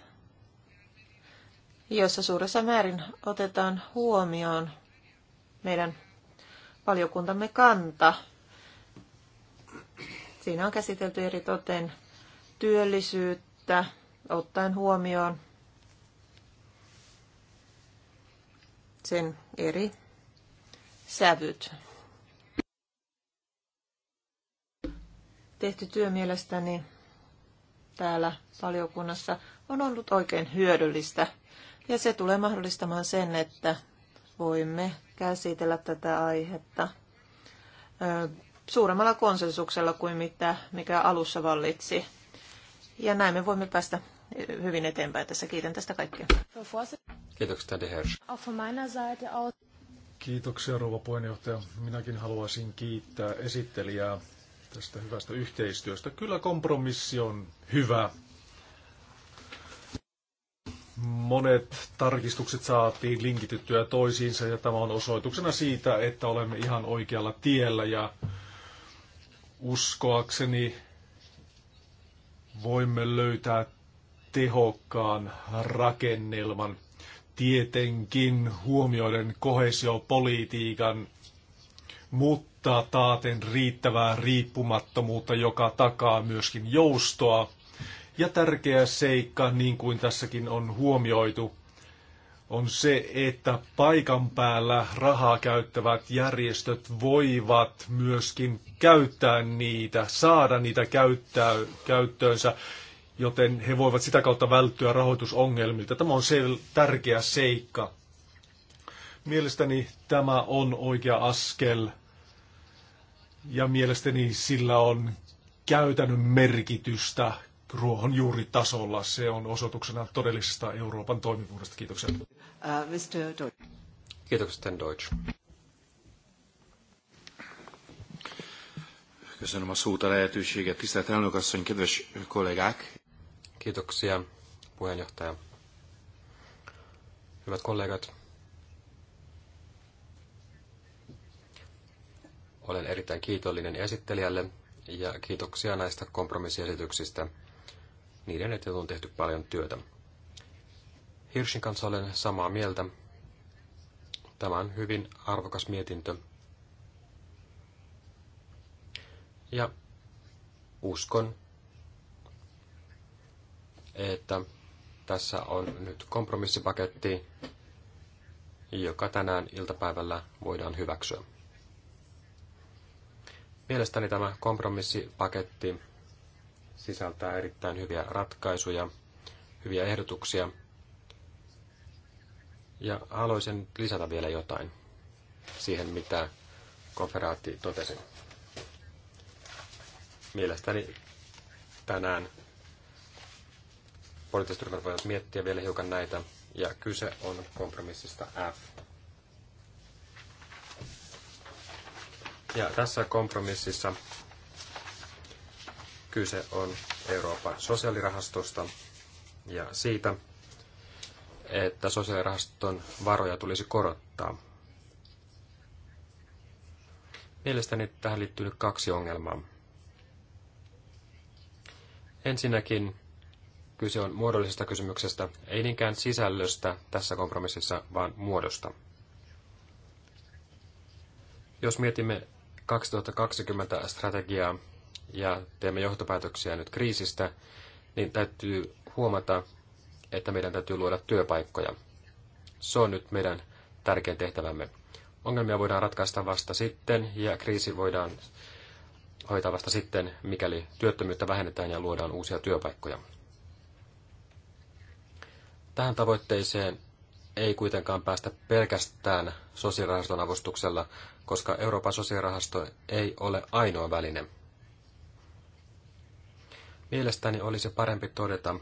jossa suuressa määrin otetaan huomioon meidän valiokuntamme kanta. Siinä on käsitelty eri toten työllisyyttä, ottaen huomioon sen eri sävyt. Tehty työ mielestäni täällä valiokunnassa on ollut oikein hyödyllistä. Ja se tulee mahdollistamaan sen, että voimme käsitellä tätä aihetta suuremmalla konsensuksella kuin mitä, mikä alussa vallitsi. Ja näin me voimme päästä hyvin eteenpäin tässä. Kiitän tästä kaikkia. Kiitoksia, Tadi Hersch. Kiitoksia, rouva puheenjohtaja. Minäkin haluaisin kiittää esittelijää tästä hyvästä yhteistyöstä. Kyllä kompromissi on hyvä. Monet tarkistukset saatiin linkityttyä toisiinsa ja tämä on osoituksena siitä, että olemme ihan oikealla tiellä ja uskoakseni voimme löytää tehokkaan rakennelman. Tietenkin huomioiden kohesiopolitiikan, mutta taaten riittävää riippumattomuutta, joka takaa myöskin joustoa. Ja tärkeä seikka, niin kuin tässäkin on huomioitu, on se, että paikan päällä rahaa käyttävät järjestöt voivat myöskin käyttää niitä, saada niitä käyttää, käyttöönsä joten he voivat sitä kautta välttyä rahoitusongelmilta. Tämä on sel- tärkeä seikka. Mielestäni tämä on oikea askel ja mielestäni sillä on käytännön merkitystä ruohonjuuritasolla. Se on osoituksena todellisesta Euroopan toimivuudesta. Kiitoksia. Uh, Mr. Deutsch. Kiitokset, Sten Deutsch. Köszönöm a szót, a lehetőséget. Tisztelt elnök asszony, kedves kollégák! Kiitoksia, puheenjohtaja. Hyvät kollegat, olen erittäin kiitollinen esittelijälle ja kiitoksia näistä kompromissiesityksistä. Niiden eteen on tehty paljon työtä. Hirschin kanssa olen samaa mieltä. Tämä on hyvin arvokas mietintö. Ja uskon, että tässä on nyt kompromissipaketti, joka tänään iltapäivällä voidaan hyväksyä. Mielestäni tämä kompromissipaketti sisältää erittäin hyviä ratkaisuja, hyviä ehdotuksia. Ja haluaisin lisätä vielä jotain siihen, mitä konferaatti totesi. Mielestäni tänään poliittiset ryhmät voivat miettiä vielä hiukan näitä, ja kyse on kompromissista F. Ja tässä kompromississa kyse on Euroopan sosiaalirahastosta ja siitä, että sosiaalirahaston varoja tulisi korottaa. Mielestäni tähän liittyy kaksi ongelmaa. Ensinnäkin Kyse on muodollisesta kysymyksestä, ei niinkään sisällöstä tässä kompromississa, vaan muodosta. Jos mietimme 2020 strategiaa ja teemme johtopäätöksiä nyt kriisistä, niin täytyy huomata, että meidän täytyy luoda työpaikkoja. Se on nyt meidän tärkein tehtävämme. Ongelmia voidaan ratkaista vasta sitten ja kriisi voidaan hoitaa vasta sitten, mikäli työttömyyttä vähennetään ja luodaan uusia työpaikkoja. Tähän tavoitteeseen ei kuitenkaan päästä pelkästään sosiaalirahaston avustuksella, koska Euroopan sosiaalirahasto ei ole ainoa väline. Mielestäni olisi parempi todeta,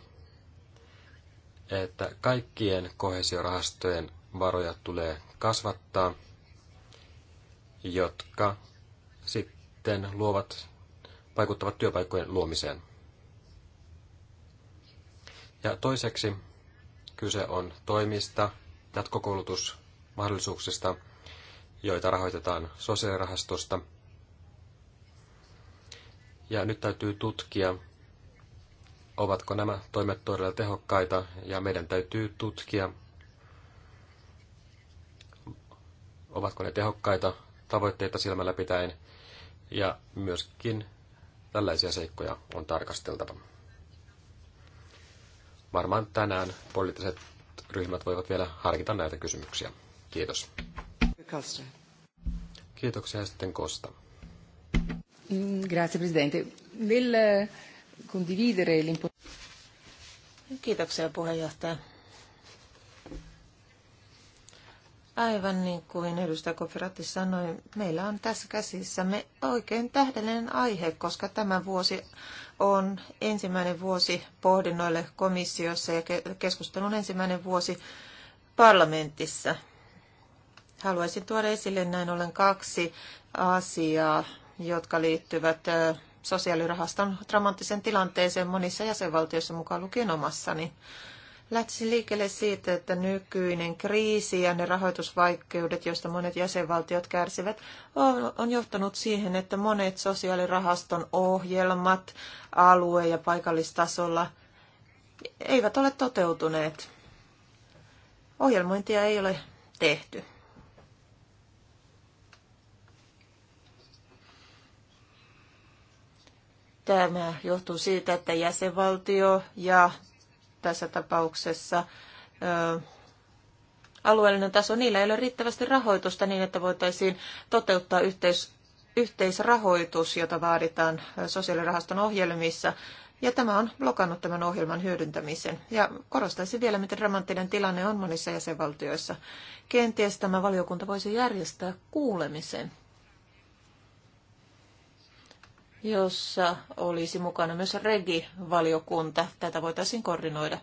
että kaikkien kohesiorahastojen varoja tulee kasvattaa, jotka sitten luovat, vaikuttavat työpaikkojen luomiseen. Ja toiseksi Kyse on toimista, jatkokoulutusmahdollisuuksista, joita rahoitetaan sosiaalirahastosta. Ja nyt täytyy tutkia, ovatko nämä toimet todella tehokkaita, ja meidän täytyy tutkia, ovatko ne tehokkaita tavoitteita silmällä pitäen, ja myöskin tällaisia seikkoja on tarkasteltava varmaan tänään poliittiset ryhmät voivat vielä harkita näitä kysymyksiä. Kiitos. Costa. Kiitoksia sitten Kosta. Mm, grazie Presidente. Nel condividere l'importanza... Kiitoksia puheenjohtaja. Aivan niin kuin edustaja Koferatti sanoi, meillä on tässä käsissämme oikein tähdellinen aihe, koska tämä vuosi on ensimmäinen vuosi pohdinnoille komissiossa ja keskustelun ensimmäinen vuosi parlamentissa. Haluaisin tuoda esille näin ollen kaksi asiaa, jotka liittyvät sosiaalirahaston dramaattiseen tilanteeseen monissa jäsenvaltioissa mukaan lukien omassani. Lähtisin liikkeelle siitä, että nykyinen kriisi ja ne rahoitusvaikeudet, joista monet jäsenvaltiot kärsivät, on johtanut siihen, että monet sosiaalirahaston ohjelmat alue- ja paikallistasolla eivät ole toteutuneet. Ohjelmointia ei ole tehty. Tämä johtuu siitä, että jäsenvaltio ja tässä tapauksessa alueellinen taso, niillä ei ole riittävästi rahoitusta niin, että voitaisiin toteuttaa yhteis, yhteisrahoitus, jota vaaditaan sosiaalirahaston ohjelmissa. Ja tämä on blokannut tämän ohjelman hyödyntämisen. Ja korostaisin vielä, miten dramaattinen tilanne on monissa jäsenvaltioissa. Kenties tämä valiokunta voisi järjestää kuulemisen jossa olisi mukana myös regi-valiokunta. Tätä voitaisiin koordinoida.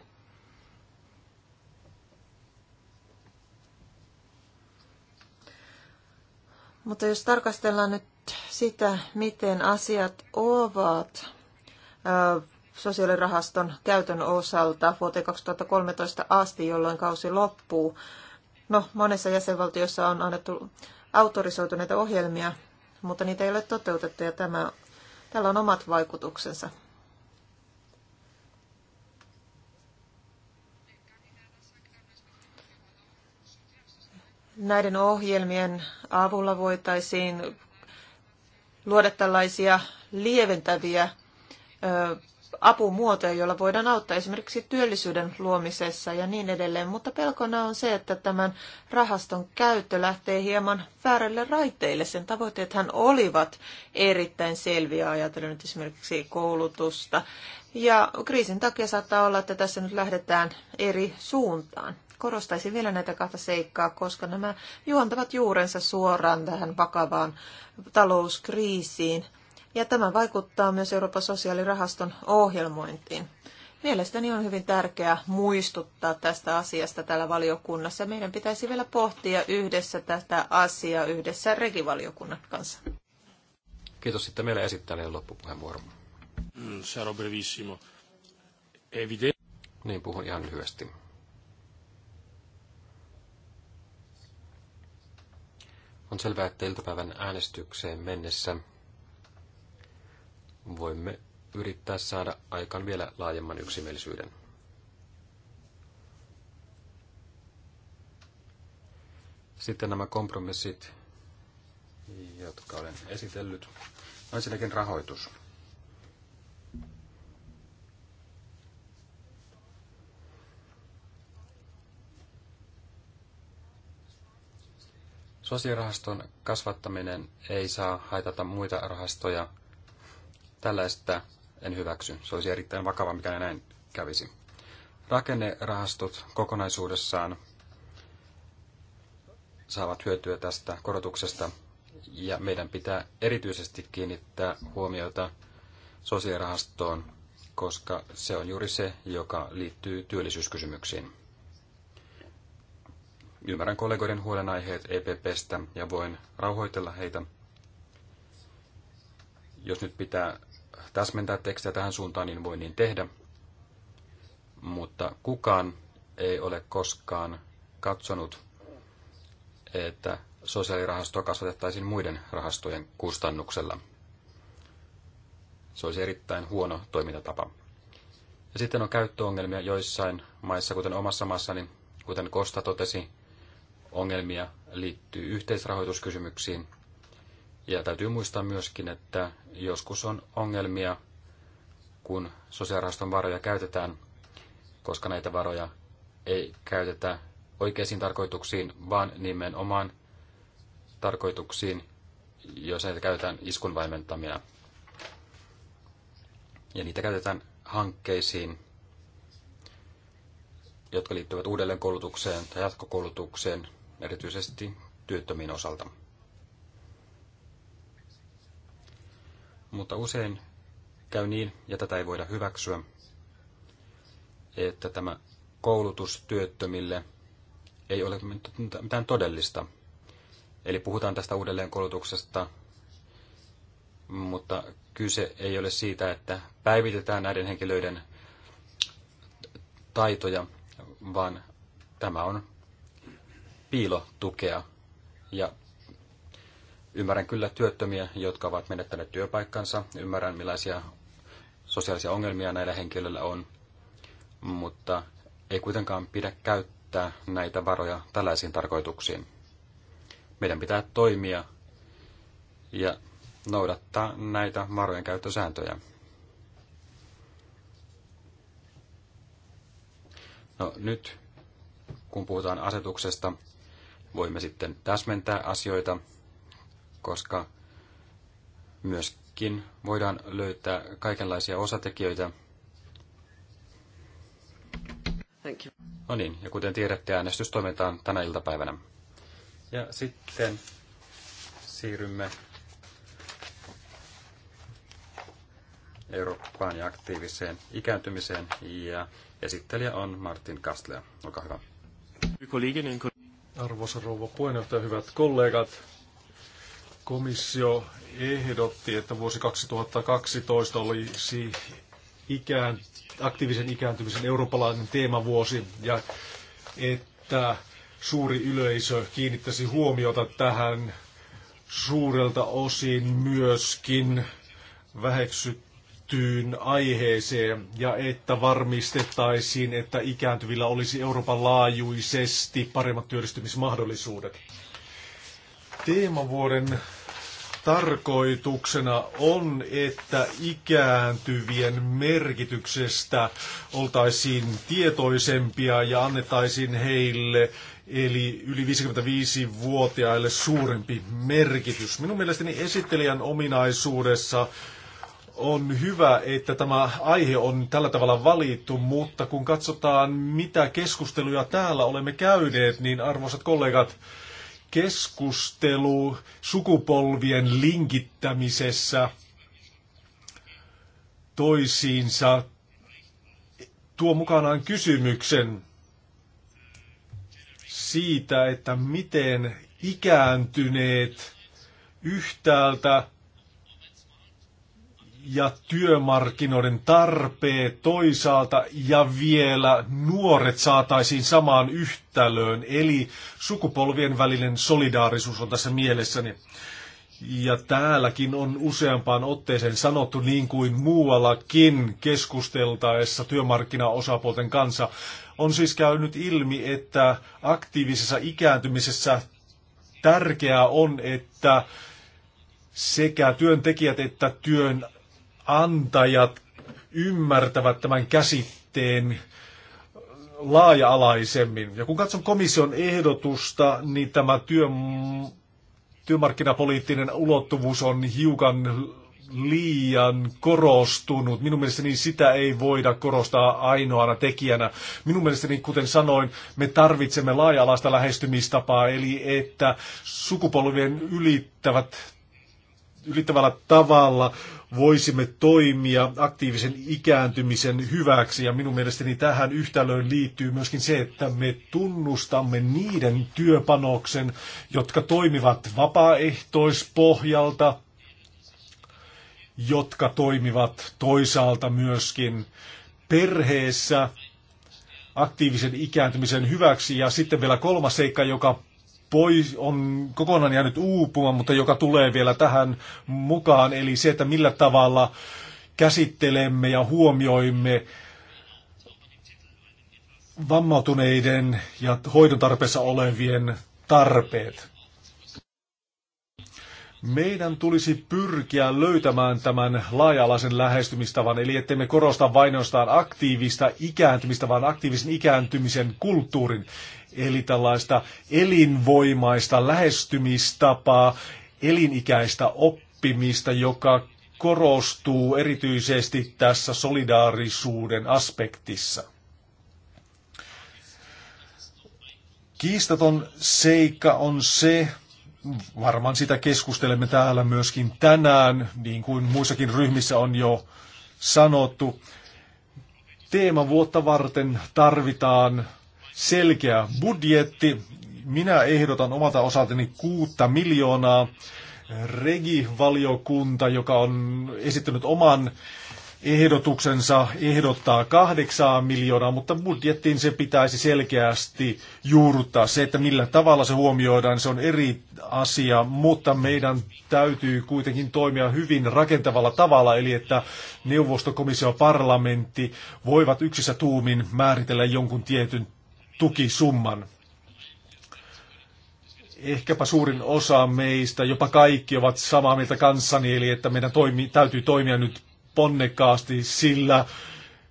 Mutta jos tarkastellaan nyt sitä, miten asiat ovat sosiaalirahaston käytön osalta vuoteen 2013 asti, jolloin kausi loppuu. No, monessa jäsenvaltiossa on annettu autorisoituneita ohjelmia, mutta niitä ei ole toteutettu ja tämä Tällä on omat vaikutuksensa. Näiden ohjelmien avulla voitaisiin luoda tällaisia lieventäviä apumuotoja, joilla voidaan auttaa esimerkiksi työllisyyden luomisessa ja niin edelleen, mutta pelkona on se, että tämän rahaston käyttö lähtee hieman väärälle raiteille. Sen tavoitteethan olivat erittäin selviä ajatellen esimerkiksi koulutusta. Ja kriisin takia saattaa olla, että tässä nyt lähdetään eri suuntaan. Korostaisin vielä näitä kahta seikkaa, koska nämä juontavat juurensa suoraan tähän vakavaan talouskriisiin – ja tämä vaikuttaa myös Euroopan sosiaalirahaston ohjelmointiin. Mielestäni on hyvin tärkeää muistuttaa tästä asiasta täällä valiokunnassa. Meidän pitäisi vielä pohtia yhdessä tätä asiaa yhdessä regivaliokunnan kanssa. Kiitos sitten meille esittäneen loppupuheenvuoro. Mm, sarò brevissimo. Evident... Niin, puhun ihan lyhyesti. On selvää, että iltapäivän äänestykseen mennessä voimme yrittää saada aikaan vielä laajemman yksimielisyyden. Sitten nämä kompromissit, jotka olen esitellyt. No ensinnäkin rahoitus. Sosiaalirahaston kasvattaminen ei saa haitata muita rahastoja – Tällaista en hyväksy. Se olisi erittäin vakava, mikä näin kävisi. Rakennerahastot kokonaisuudessaan saavat hyötyä tästä korotuksesta ja meidän pitää erityisesti kiinnittää huomiota sosiaalirahastoon, koska se on juuri se, joka liittyy työllisyyskysymyksiin. Ymmärrän kollegoiden huolenaiheet EPPstä ja voin rauhoitella heitä. Jos nyt pitää täsmentää tekstiä tähän suuntaan, niin voi niin tehdä. Mutta kukaan ei ole koskaan katsonut, että sosiaalirahastoa kasvatettaisiin muiden rahastojen kustannuksella. Se olisi erittäin huono toimintatapa. Ja sitten on käyttöongelmia joissain maissa, kuten omassa maassani, kuten Kosta totesi, ongelmia liittyy yhteisrahoituskysymyksiin – ja täytyy muistaa myöskin, että joskus on ongelmia, kun sosiaalirahaston varoja käytetään, koska näitä varoja ei käytetä oikeisiin tarkoituksiin, vaan nimenomaan tarkoituksiin, jos näitä käytetään iskun vaimentamina. Ja niitä käytetään hankkeisiin, jotka liittyvät uudelleenkoulutukseen tai jatkokoulutukseen, erityisesti työttömiin osalta. Mutta usein käy niin, ja tätä ei voida hyväksyä, että tämä koulutus työttömille ei ole mitään todellista. Eli puhutaan tästä uudelleenkoulutuksesta, mutta kyse ei ole siitä, että päivitetään näiden henkilöiden taitoja, vaan tämä on piilotukea ja Ymmärrän kyllä työttömiä, jotka ovat menettäneet työpaikkansa. Ymmärrän, millaisia sosiaalisia ongelmia näillä henkilöillä on. Mutta ei kuitenkaan pidä käyttää näitä varoja tällaisiin tarkoituksiin. Meidän pitää toimia ja noudattaa näitä varojen käyttösääntöjä. No nyt, kun puhutaan asetuksesta, voimme sitten täsmentää asioita koska myöskin voidaan löytää kaikenlaisia osatekijöitä. Thank you. No niin, ja kuten tiedätte, äänestys toimitaan tänä iltapäivänä. Ja sitten siirrymme Eurooppaan ja aktiiviseen ikääntymiseen. Ja esittelijä on Martin Kastler. Olkaa hyvä. Arvoisa rouva puheenjohtaja, hyvät kollegat komissio ehdotti, että vuosi 2012 olisi ikään, aktiivisen ikääntymisen eurooppalainen teemavuosi ja että suuri yleisö kiinnittäisi huomiota tähän suurelta osin myöskin väheksyttyyn aiheeseen ja että varmistettaisiin, että ikääntyvillä olisi Euroopan laajuisesti paremmat työllistymismahdollisuudet. Teemavuoden tarkoituksena on, että ikääntyvien merkityksestä oltaisiin tietoisempia ja annettaisiin heille eli yli 55-vuotiaille suurempi merkitys. Minun mielestäni esittelijän ominaisuudessa on hyvä, että tämä aihe on tällä tavalla valittu, mutta kun katsotaan, mitä keskusteluja täällä olemme käyneet, niin arvoisat kollegat, keskustelu sukupolvien linkittämisessä toisiinsa tuo mukanaan kysymyksen siitä, että miten ikääntyneet yhtäältä ja työmarkkinoiden tarpeet toisaalta ja vielä nuoret saataisiin samaan yhtälöön, eli sukupolvien välinen solidaarisuus on tässä mielessäni. Ja täälläkin on useampaan otteeseen sanottu niin kuin muuallakin keskusteltaessa työmarkkinaosapuolten kanssa. On siis käynyt ilmi, että aktiivisessa ikääntymisessä tärkeää on, että sekä työntekijät että työn antajat ymmärtävät tämän käsitteen laaja-alaisemmin. Ja kun katson komission ehdotusta, niin tämä työ, työmarkkinapoliittinen ulottuvuus on hiukan liian korostunut. Minun mielestäni sitä ei voida korostaa ainoana tekijänä. Minun mielestäni, kuten sanoin, me tarvitsemme laaja-alaista lähestymistapaa, eli että sukupolvien ylittävät, ylittävällä tavalla voisimme toimia aktiivisen ikääntymisen hyväksi. Ja minun mielestäni tähän yhtälöön liittyy myöskin se, että me tunnustamme niiden työpanoksen, jotka toimivat vapaaehtoispohjalta, jotka toimivat toisaalta myöskin perheessä aktiivisen ikääntymisen hyväksi. Ja sitten vielä kolmas seikka, joka pois, on kokonaan jäänyt uupumaan, mutta joka tulee vielä tähän mukaan, eli se, että millä tavalla käsittelemme ja huomioimme vammautuneiden ja hoidon tarpeessa olevien tarpeet. Meidän tulisi pyrkiä löytämään tämän laaja-alaisen lähestymistavan, eli ettei me korosta vainoistaan aktiivista ikääntymistä, vaan aktiivisen ikääntymisen kulttuurin eli tällaista elinvoimaista lähestymistapaa, elinikäistä oppimista, joka korostuu erityisesti tässä solidaarisuuden aspektissa. Kiistaton seikka on se, varmaan sitä keskustelemme täällä myöskin tänään, niin kuin muissakin ryhmissä on jo sanottu. Teema vuotta varten tarvitaan selkeä budjetti. Minä ehdotan omalta osaltani kuutta miljoonaa. Regi-valiokunta, joka on esittänyt oman ehdotuksensa, ehdottaa kahdeksaa miljoonaa, mutta budjettiin se pitäisi selkeästi juurruttaa. Se, että millä tavalla se huomioidaan, se on eri asia, mutta meidän täytyy kuitenkin toimia hyvin rakentavalla tavalla, eli että neuvostokomissio ja parlamentti voivat yksissä tuumin määritellä jonkun tietyn tukisumman. Ehkäpä suurin osa meistä, jopa kaikki ovat samaa mieltä kanssani, eli että meidän toimi, täytyy toimia nyt ponnekkaasti, sillä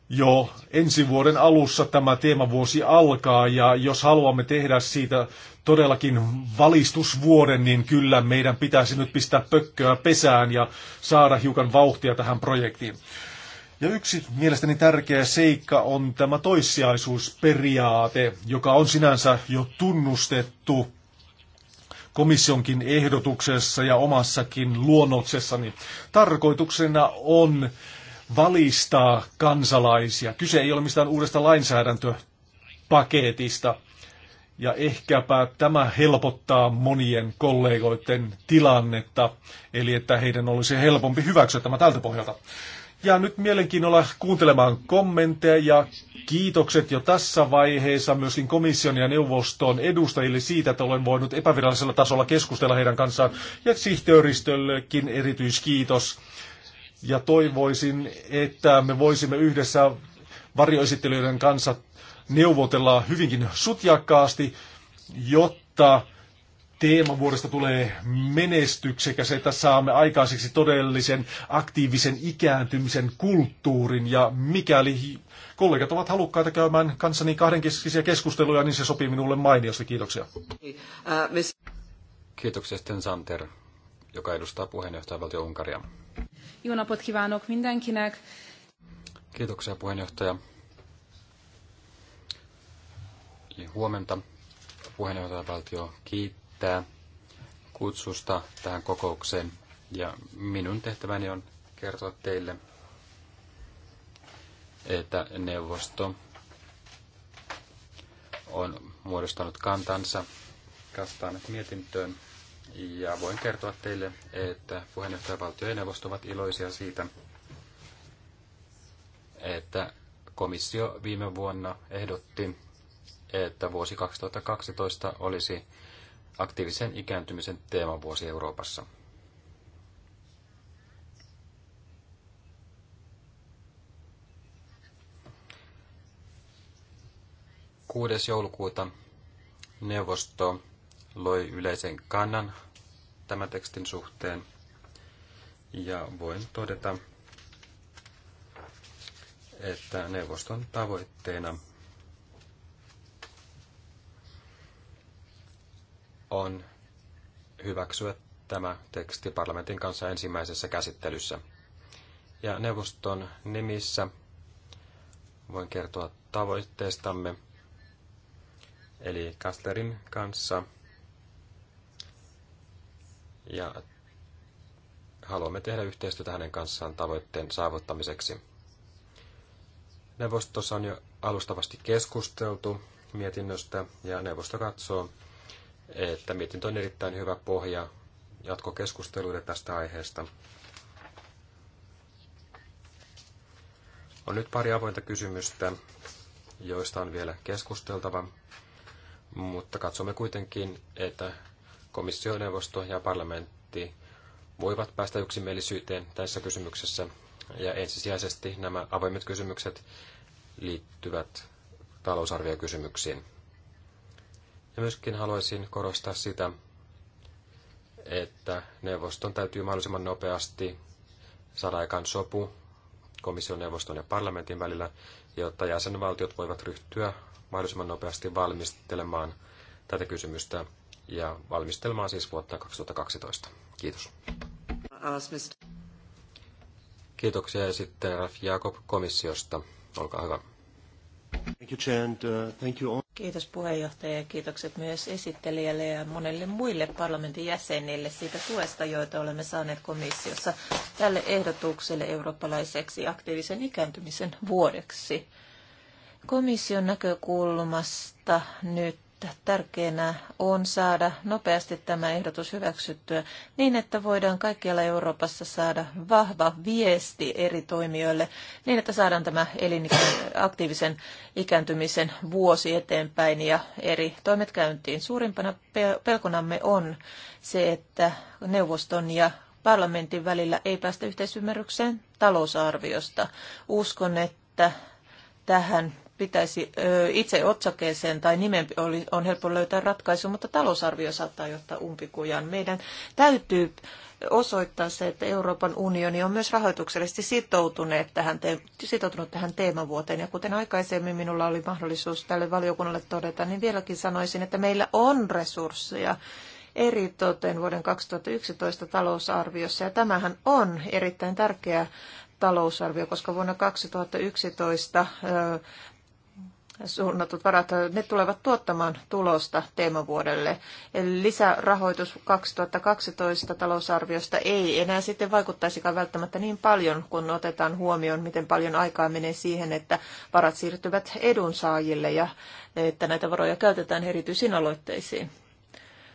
jo ensi vuoden alussa tämä teemavuosi alkaa ja jos haluamme tehdä siitä todellakin valistusvuoden, niin kyllä meidän pitäisi nyt pistää pökköä pesään ja saada hiukan vauhtia tähän projektiin. Ja yksi mielestäni tärkeä seikka on tämä toissijaisuusperiaate, joka on sinänsä jo tunnustettu komissionkin ehdotuksessa ja omassakin luonnoksessani. Tarkoituksena on valistaa kansalaisia. Kyse ei ole mistään uudesta lainsäädäntöpaketista. Ja ehkäpä tämä helpottaa monien kollegoiden tilannetta, eli että heidän olisi helpompi hyväksyä tämä tältä pohjalta. Ja nyt mielenkiinnolla kuuntelemaan kommentteja ja kiitokset jo tässä vaiheessa myöskin komission ja neuvoston edustajille siitä, että olen voinut epävirallisella tasolla keskustella heidän kanssaan ja sihteeristöllekin erityiskiitos. Ja toivoisin, että me voisimme yhdessä varjoesittelijöiden kanssa neuvotella hyvinkin sutjakkaasti, jotta teemavuodesta tulee menestyksekäs, että saamme aikaiseksi todellisen aktiivisen ikääntymisen kulttuurin ja mikäli kollegat ovat halukkaita käymään kanssani kahdenkeskisiä keskusteluja, niin se sopii minulle mainiosti. Kiitoksia. Kiitoksia sitten Santer, joka edustaa puheenjohtajavaltio Unkaria. Jó napot kívánok mindenkinek! Kiitoksia puheenjohtaja. Huomenta puheenjohtajavaltio kiittää kiittää kutsusta tähän kokoukseen. Ja minun tehtäväni on kertoa teille, että neuvosto on muodostanut kantansa kastaan mietintöön. Ja voin kertoa teille, että puheenjohtajavaltio ja neuvosto ovat iloisia siitä, että komissio viime vuonna ehdotti, että vuosi 2012 olisi aktiivisen ikääntymisen teemavuosi Euroopassa. Kuudes joulukuuta neuvosto loi yleisen kannan tämän tekstin suhteen. Ja voin todeta, että neuvoston tavoitteena on hyväksyä tämä teksti parlamentin kanssa ensimmäisessä käsittelyssä. Ja neuvoston nimissä voin kertoa tavoitteestamme, eli Kastlerin kanssa. Ja haluamme tehdä yhteistyötä hänen kanssaan tavoitteen saavuttamiseksi. Neuvostossa on jo alustavasti keskusteltu mietinnöstä ja neuvosto katsoo, että mietintö on erittäin hyvä pohja jatkokeskusteluille tästä aiheesta. On nyt pari avointa kysymystä, joista on vielä keskusteltava, mutta katsomme kuitenkin, että komissioneuvosto ja parlamentti voivat päästä yksimielisyyteen tässä kysymyksessä. Ja ensisijaisesti nämä avoimet kysymykset liittyvät talousarviokysymyksiin. Ja myöskin haluaisin korostaa sitä, että neuvoston täytyy mahdollisimman nopeasti saada aikaan sopu komission, neuvoston ja parlamentin välillä, jotta jäsenvaltiot voivat ryhtyä mahdollisimman nopeasti valmistelemaan tätä kysymystä ja valmistelmaa siis vuotta 2012. Kiitos. Kiitoksia ja sitten Raf Jakob komissiosta. Olkaa hyvä you, Chair, and, uh, thank you all. Kiitos puheenjohtaja ja kiitokset myös esittelijälle ja monelle muille parlamentin jäsenille siitä tuesta, joita olemme saaneet komissiossa tälle ehdotukselle eurooppalaiseksi aktiivisen ikääntymisen vuodeksi. Komission näkökulmasta nyt tärkeänä on saada nopeasti tämä ehdotus hyväksyttyä niin, että voidaan kaikkialla Euroopassa saada vahva viesti eri toimijoille niin, että saadaan tämä elinikäinen aktiivisen ikääntymisen vuosi eteenpäin ja eri toimet käyntiin. Suurimpana pelkonamme on se, että neuvoston ja parlamentin välillä ei päästä yhteisymmärrykseen talousarviosta. Uskon, että tähän pitäisi itse otsakeeseen tai nimen on helppo löytää ratkaisu, mutta talousarvio saattaa johtaa umpikujaan. Meidän täytyy osoittaa se, että Euroopan unioni on myös rahoituksellisesti sitoutunut tähän, te- sitoutunut tähän teemavuoteen. Ja kuten aikaisemmin minulla oli mahdollisuus tälle valiokunnalle todeta, niin vieläkin sanoisin, että meillä on resursseja eri toteen vuoden 2011 talousarviossa. Ja tämähän on erittäin tärkeä talousarvio, koska vuonna 2011 suunnatut varat, ne tulevat tuottamaan tulosta teemavuodelle. Eli lisärahoitus 2012 talousarviosta ei enää sitten vaikuttaisikaan välttämättä niin paljon, kun otetaan huomioon, miten paljon aikaa menee siihen, että varat siirtyvät edunsaajille ja että näitä varoja käytetään erityisiin aloitteisiin.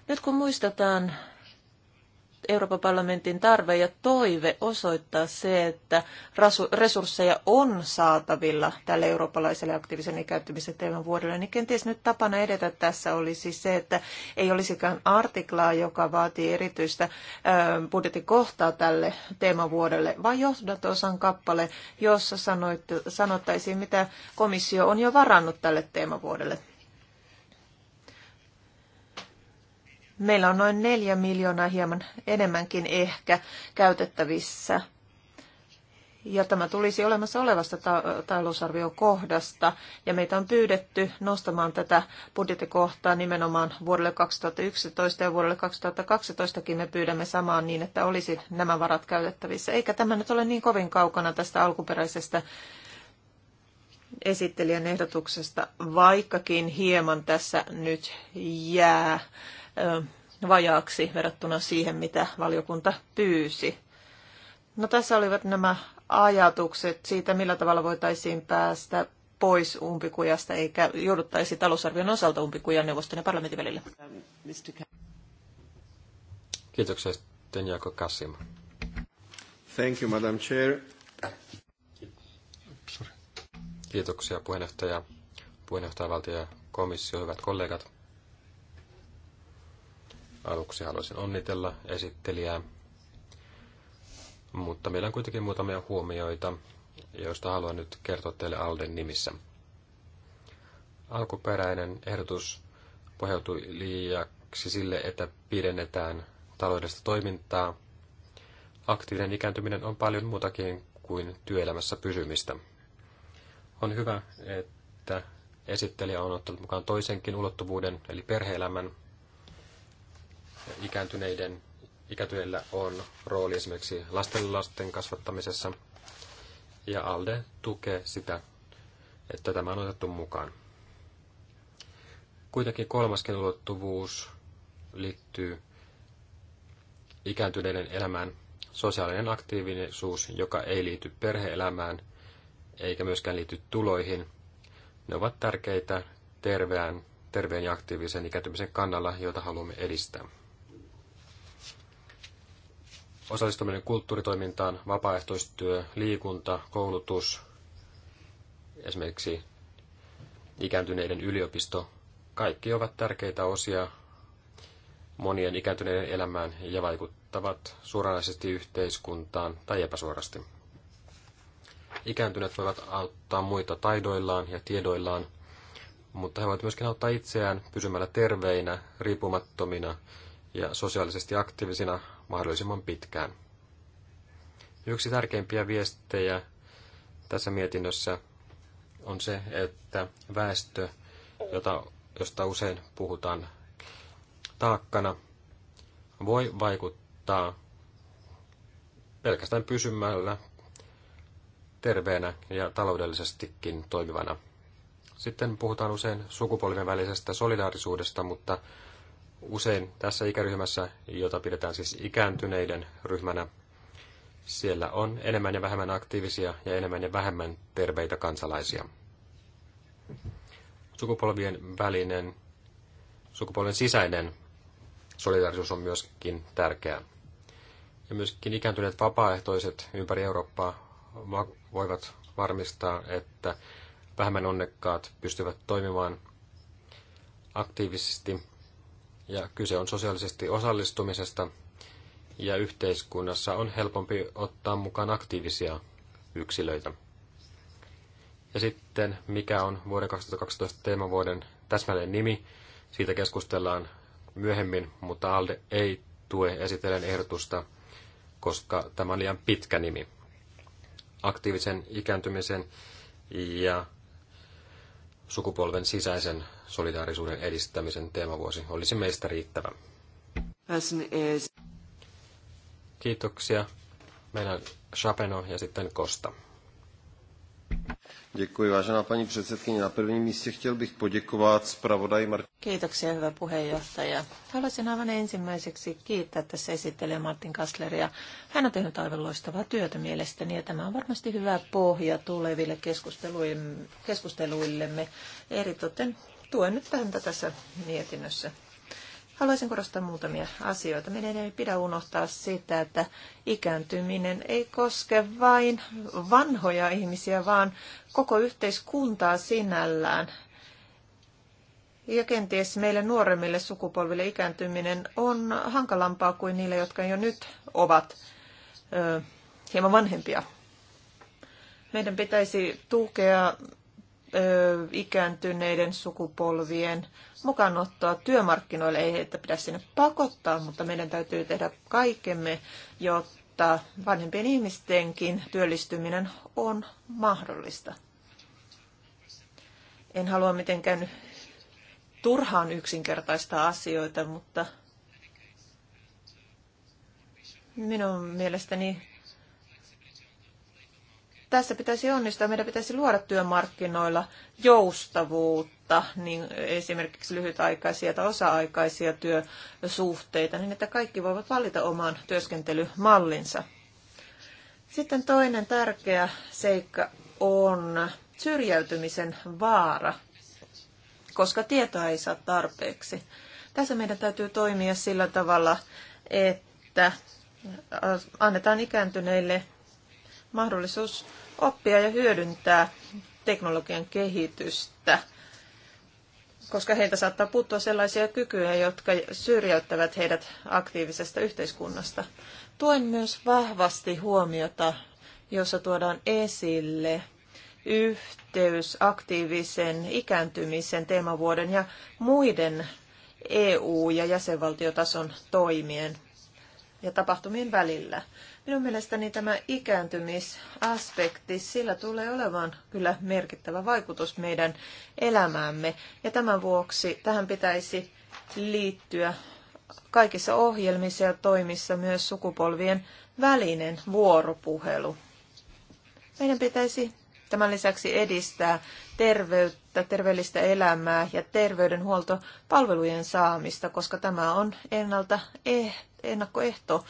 Nyt kun muistetaan Euroopan parlamentin tarve ja toive osoittaa se, että resursseja on saatavilla tälle eurooppalaiselle aktiivisen ikääntymisen teeman vuodelle, niin kenties nyt tapana edetä tässä olisi se, että ei olisikaan artiklaa, joka vaatii erityistä budjettikohtaa tälle teemavuodelle, vaan johdatosan kappale, jossa sanottaisiin, mitä komissio on jo varannut tälle teemavuodelle. Meillä on noin neljä miljoonaa, hieman enemmänkin ehkä, käytettävissä. Ja tämä tulisi olemassa olevasta ta- talousarviokohdasta. Ja meitä on pyydetty nostamaan tätä budjettikohtaa nimenomaan vuodelle 2011 ja vuodelle 2012kin me pyydämme samaan niin, että olisi nämä varat käytettävissä. Eikä tämä nyt ole niin kovin kaukana tästä alkuperäisestä esittelijän ehdotuksesta, vaikkakin hieman tässä nyt jää vajaaksi verrattuna siihen, mitä valiokunta pyysi. No tässä olivat nämä ajatukset siitä, millä tavalla voitaisiin päästä pois umpikujasta eikä jouduttaisi talousarvion osalta umpikujan neuvoston ja parlamentin välillä. Kiitoksia sitten Jaakko Kassim. Thank you, Madam Chair. Kiitoksia puheenjohtaja, valtio ja komissio, hyvät kollegat. Aluksi haluaisin onnitella esittelijää, mutta meillä on kuitenkin muutamia huomioita, joista haluan nyt kertoa teille Alden nimissä. Alkuperäinen ehdotus pohjautui liiaksi sille, että pidennetään taloudesta toimintaa. Aktiivinen ikääntyminen on paljon muutakin kuin työelämässä pysymistä. On hyvä, että esittelijä on ottanut mukaan toisenkin ulottuvuuden, eli perheelämän ikääntyneiden, ikääntyneillä on rooli esimerkiksi lasten lasten kasvattamisessa. Ja ALDE tukee sitä, että tämä on otettu mukaan. Kuitenkin kolmaskin ulottuvuus liittyy ikääntyneiden elämään sosiaalinen aktiivisuus, joka ei liity perheelämään eikä myöskään liity tuloihin. Ne ovat tärkeitä terveän, terveen ja aktiivisen ikääntymisen kannalla, jota haluamme edistää. Osallistuminen kulttuuritoimintaan, vapaaehtoistyö, liikunta, koulutus, esimerkiksi ikääntyneiden yliopisto, kaikki ovat tärkeitä osia monien ikääntyneiden elämään ja vaikuttavat suoranaisesti yhteiskuntaan tai epäsuorasti. Ikääntyneet voivat auttaa muita taidoillaan ja tiedoillaan, mutta he voivat myöskin auttaa itseään pysymällä terveinä, riippumattomina ja sosiaalisesti aktiivisina mahdollisimman pitkään. Yksi tärkeimpiä viestejä tässä mietinnössä on se, että väestö, jota, josta usein puhutaan taakkana, voi vaikuttaa pelkästään pysymällä terveenä ja taloudellisestikin toimivana. Sitten puhutaan usein sukupolven välisestä solidaarisuudesta, mutta usein tässä ikäryhmässä, jota pidetään siis ikääntyneiden ryhmänä, siellä on enemmän ja vähemmän aktiivisia ja enemmän ja vähemmän terveitä kansalaisia. Sukupolvien välinen, sukupolven sisäinen solidaarisuus on myöskin tärkeää. Ja myöskin ikääntyneet vapaaehtoiset ympäri Eurooppaa voivat varmistaa, että vähemmän onnekkaat pystyvät toimimaan aktiivisesti ja kyse on sosiaalisesti osallistumisesta, ja yhteiskunnassa on helpompi ottaa mukaan aktiivisia yksilöitä. Ja sitten, mikä on vuoden 2012 teemavuoden täsmälleen nimi, siitä keskustellaan myöhemmin, mutta ALDE ei tue esitellen ehdotusta, koska tämä on liian pitkä nimi. Aktiivisen ikääntymisen ja sukupolven sisäisen solidaarisuuden edistämisen teemavuosi olisi meistä riittävä. Kiitoksia. Meillä on Chapeno ja sitten Kosta. Děkuji, vážená paní předsedkyně. Na prvním místě chtěl bych poděkovat zpravodaji Martin. Kiitoksia, hyvä puheenjohtaja. Haluaisin aivan ensimmäiseksi kiittää tässä esittelijä Martin Hän on tehnyt aivan loistavaa työtä mielestäni ja tämä on varmasti hyvä pohja tuleville keskusteluillemme. Eritoten tuen nyt häntä tässä mietinnössä. Haluaisin korostaa muutamia asioita. Meidän ei pidä unohtaa sitä, että ikääntyminen ei koske vain vanhoja ihmisiä, vaan koko yhteiskuntaa sinällään. Ja kenties meille nuoremmille sukupolville ikääntyminen on hankalampaa kuin niille, jotka jo nyt ovat ö, hieman vanhempia. Meidän pitäisi tukea ikääntyneiden sukupolvien mukaanottoa työmarkkinoille. Ei heitä pidä sinne pakottaa, mutta meidän täytyy tehdä kaikemme, jotta vanhempien ihmistenkin työllistyminen on mahdollista. En halua mitenkään turhaan yksinkertaista asioita, mutta minun mielestäni tässä pitäisi onnistua. Meidän pitäisi luoda työmarkkinoilla joustavuutta, niin esimerkiksi lyhytaikaisia tai osa-aikaisia työsuhteita, niin että kaikki voivat valita oman työskentelymallinsa. Sitten toinen tärkeä seikka on syrjäytymisen vaara, koska tietoa ei saa tarpeeksi. Tässä meidän täytyy toimia sillä tavalla, että annetaan ikääntyneille mahdollisuus oppia ja hyödyntää teknologian kehitystä, koska heiltä saattaa puuttua sellaisia kykyjä, jotka syrjäyttävät heidät aktiivisesta yhteiskunnasta. Tuen myös vahvasti huomiota, jossa tuodaan esille yhteys aktiivisen ikääntymisen teemavuoden ja muiden EU- ja jäsenvaltiotason toimien ja tapahtumien välillä. Minun mielestäni tämä ikääntymisaspekti, sillä tulee olemaan kyllä merkittävä vaikutus meidän elämäämme. Ja tämän vuoksi tähän pitäisi liittyä kaikissa ohjelmissa ja toimissa myös sukupolvien välinen vuoropuhelu. Meidän pitäisi tämän lisäksi edistää terveyttä, terveellistä elämää ja terveydenhuoltopalvelujen saamista, koska tämä on ennalta eh, ennakkoehto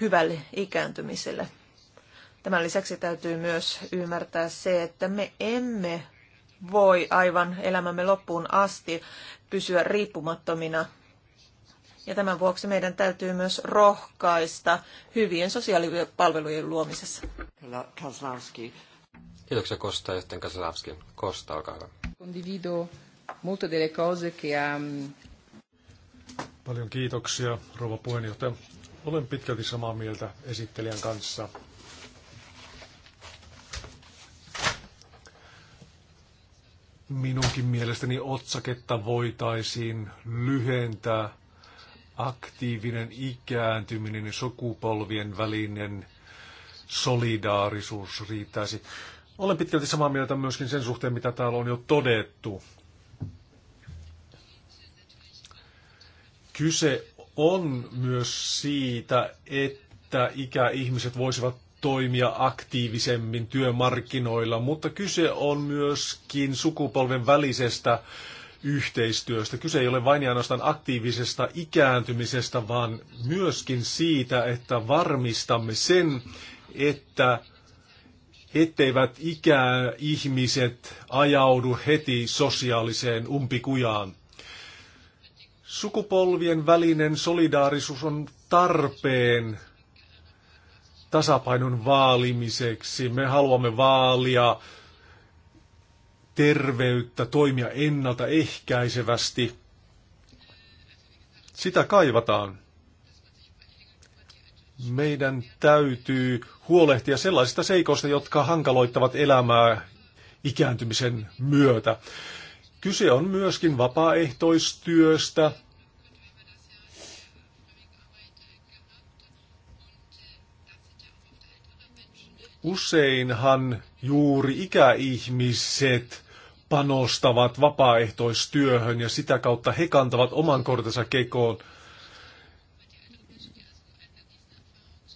hyvälle ikääntymiselle. Tämän lisäksi täytyy myös ymmärtää se, että me emme voi aivan elämämme loppuun asti pysyä riippumattomina. Ja tämän vuoksi meidän täytyy myös rohkaista hyvien sosiaalipalvelujen luomisessa. Kaslowski. Kiitoksia Kosta johtajan Kaslavski. Kosta, olkaa hyvä. Condivido molte delle cose che mm, Paljon kiitoksia, rouva puheenjohtaja. Olen pitkälti samaa mieltä esittelijän kanssa. Minunkin mielestäni otsaketta voitaisiin lyhentää aktiivinen ikääntyminen ja sukupolvien välinen solidaarisuus riittäisi. Olen pitkälti samaa mieltä myöskin sen suhteen, mitä täällä on jo todettu. Kyse on myös siitä, että ikäihmiset voisivat toimia aktiivisemmin työmarkkinoilla, mutta kyse on myöskin sukupolven välisestä yhteistyöstä. Kyse ei ole vain ja ainoastaan aktiivisesta ikääntymisestä, vaan myöskin siitä, että varmistamme sen, että etteivät ikäihmiset ajaudu heti sosiaaliseen umpikujaan. Sukupolvien välinen solidaarisuus on tarpeen tasapainon vaalimiseksi. Me haluamme vaalia terveyttä, toimia ennaltaehkäisevästi. Sitä kaivataan. Meidän täytyy huolehtia sellaisista seikoista, jotka hankaloittavat elämää ikääntymisen myötä. Kyse on myöskin vapaaehtoistyöstä. Useinhan juuri ikäihmiset panostavat vapaaehtoistyöhön ja sitä kautta he kantavat oman kortensa kekoon.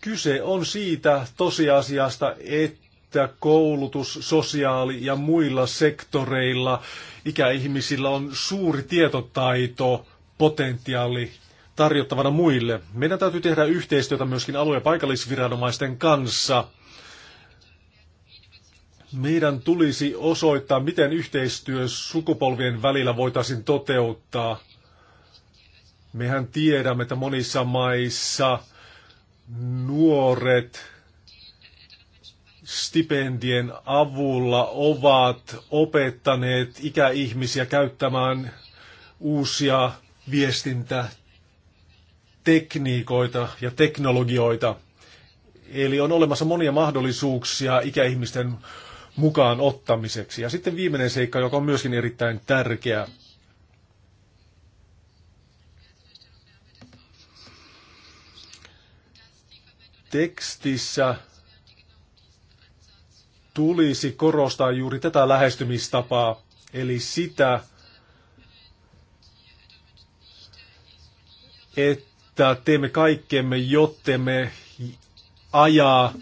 Kyse on siitä tosiasiasta, että että koulutus, sosiaali ja muilla sektoreilla ikäihmisillä on suuri tietotaito, potentiaali tarjottavana muille. Meidän täytyy tehdä yhteistyötä myöskin alue- ja paikallisviranomaisten kanssa. Meidän tulisi osoittaa, miten yhteistyö sukupolvien välillä voitaisiin toteuttaa. Mehän tiedämme, että monissa maissa nuoret stipendien avulla ovat opettaneet ikäihmisiä käyttämään uusia viestintätekniikoita ja teknologioita. Eli on olemassa monia mahdollisuuksia ikäihmisten mukaan ottamiseksi. Ja sitten viimeinen seikka, joka on myöskin erittäin tärkeä. Tekstissä tulisi korostaa juuri tätä lähestymistapaa, eli sitä, että teemme kaikkemme, me ajaa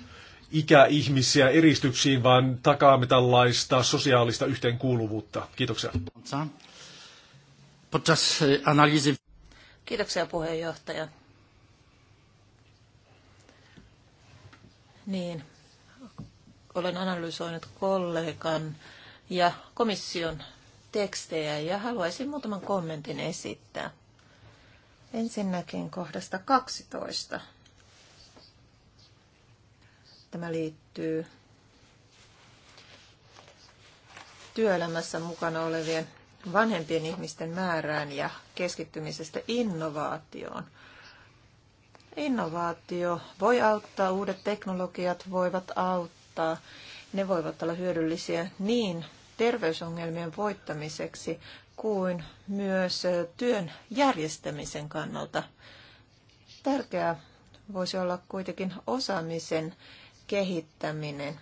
ikäihmisiä eristyksiin, vaan takaamme tällaista sosiaalista yhteenkuuluvuutta. Kiitoksia. E, Kiitoksia puheenjohtaja. Niin, olen analysoinut kollegan ja komission tekstejä ja haluaisin muutaman kommentin esittää. Ensinnäkin kohdasta 12. Tämä liittyy työelämässä mukana olevien vanhempien ihmisten määrään ja keskittymisestä innovaatioon. Innovaatio voi auttaa, uudet teknologiat voivat auttaa kannattaa. Ne voivat olla hyödyllisiä niin terveysongelmien voittamiseksi kuin myös työn järjestämisen kannalta. Tärkeää voisi olla kuitenkin osaamisen kehittäminen.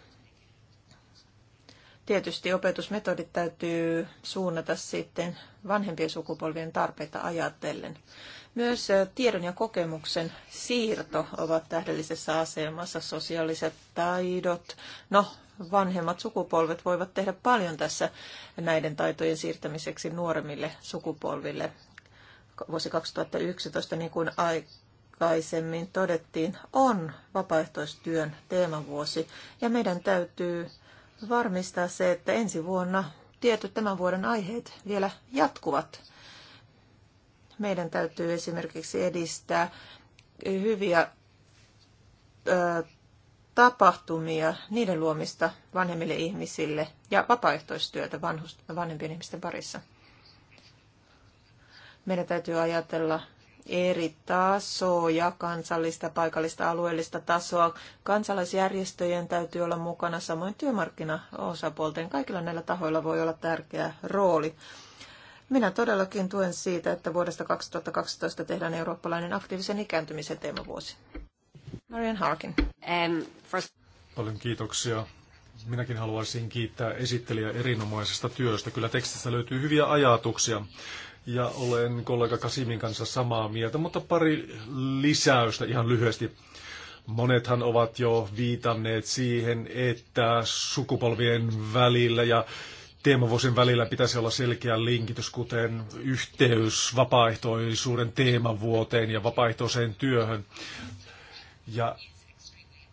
Tietysti opetusmetodit täytyy suunnata sitten vanhempien sukupolvien tarpeita ajatellen. Myös tiedon ja kokemuksen siirto ovat tähdellisessä asemassa, sosiaaliset taidot. No, vanhemmat sukupolvet voivat tehdä paljon tässä näiden taitojen siirtämiseksi nuoremmille sukupolville. Vuosi 2011, niin kuin aikaisemmin todettiin, on vapaaehtoistyön teemavuosi ja meidän täytyy varmistaa se, että ensi vuonna tietyt tämän vuoden aiheet vielä jatkuvat meidän täytyy esimerkiksi edistää hyviä ö, tapahtumia, niiden luomista vanhemmille ihmisille ja vapaaehtoistyötä vanhust- vanhempien ihmisten parissa. Meidän täytyy ajatella eri tasoja, kansallista, paikallista, alueellista tasoa. Kansalaisjärjestöjen täytyy olla mukana, samoin työmarkkinaosapuolten. Kaikilla näillä tahoilla voi olla tärkeä rooli. Minä todellakin tuen siitä, että vuodesta 2012 tehdään eurooppalainen aktiivisen ikääntymisen teemavuosi. Marian Harkin. Um, first... Paljon kiitoksia. Minäkin haluaisin kiittää esittelijä erinomaisesta työstä. Kyllä tekstissä löytyy hyviä ajatuksia ja olen kollega Kasimin kanssa samaa mieltä, mutta pari lisäystä ihan lyhyesti. Monethan ovat jo viitanneet siihen, että sukupolvien välillä ja teemavuosien välillä pitäisi olla selkeä linkitys, kuten yhteys vapaaehtoisuuden teemavuoteen ja vapaaehtoiseen työhön. Ja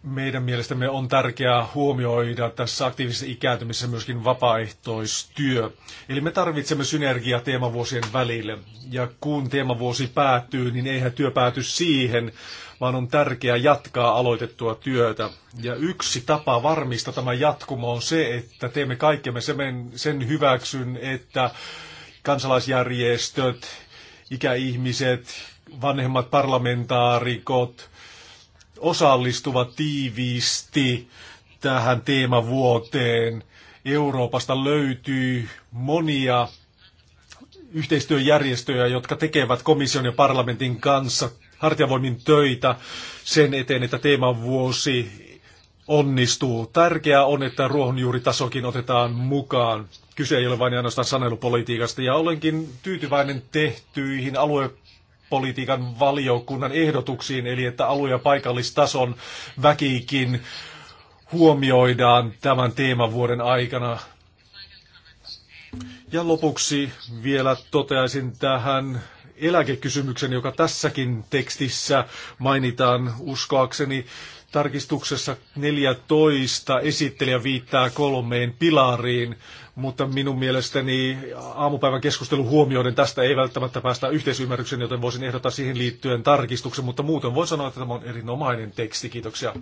meidän mielestämme on tärkeää huomioida tässä aktiivisessa ikääntymisessä myöskin vapaaehtoistyö. Eli me tarvitsemme synergiaa teemavuosien välille. Ja kun teemavuosi päättyy, niin eihän työ pääty siihen, vaan on tärkeää jatkaa aloitettua työtä. Ja yksi tapa varmistaa tämä jatkumo on se, että teemme kaikkemme sen hyväksyn, että kansalaisjärjestöt, ikäihmiset, vanhemmat parlamentaarikot – osallistuvat tiiviisti tähän teemavuoteen. Euroopasta löytyy monia yhteistyöjärjestöjä, jotka tekevät komission ja parlamentin kanssa hartiavoimin töitä sen eteen, että tema-vuosi onnistuu. Tärkeää on, että ruohonjuuritasokin otetaan mukaan. Kyse ei ole vain ainoastaan sanelupolitiikasta ja olenkin tyytyväinen tehtyihin alue politiikan valiokunnan ehdotuksiin, eli että alue- ja paikallistason väkikin huomioidaan tämän teeman vuoden aikana. Ja lopuksi vielä toteaisin tähän eläkekysymyksen, joka tässäkin tekstissä mainitaan uskoakseni Tarkistuksessa 14 esittelijä viittaa kolmeen pilariin, mutta minun mielestäni aamupäivän keskustelun huomioiden tästä ei välttämättä päästä yhteisymmärrykseen, joten voisin ehdottaa siihen liittyen tarkistuksen, mutta muuten voin sanoa, että tämä on erinomainen teksti. Kiitoksia.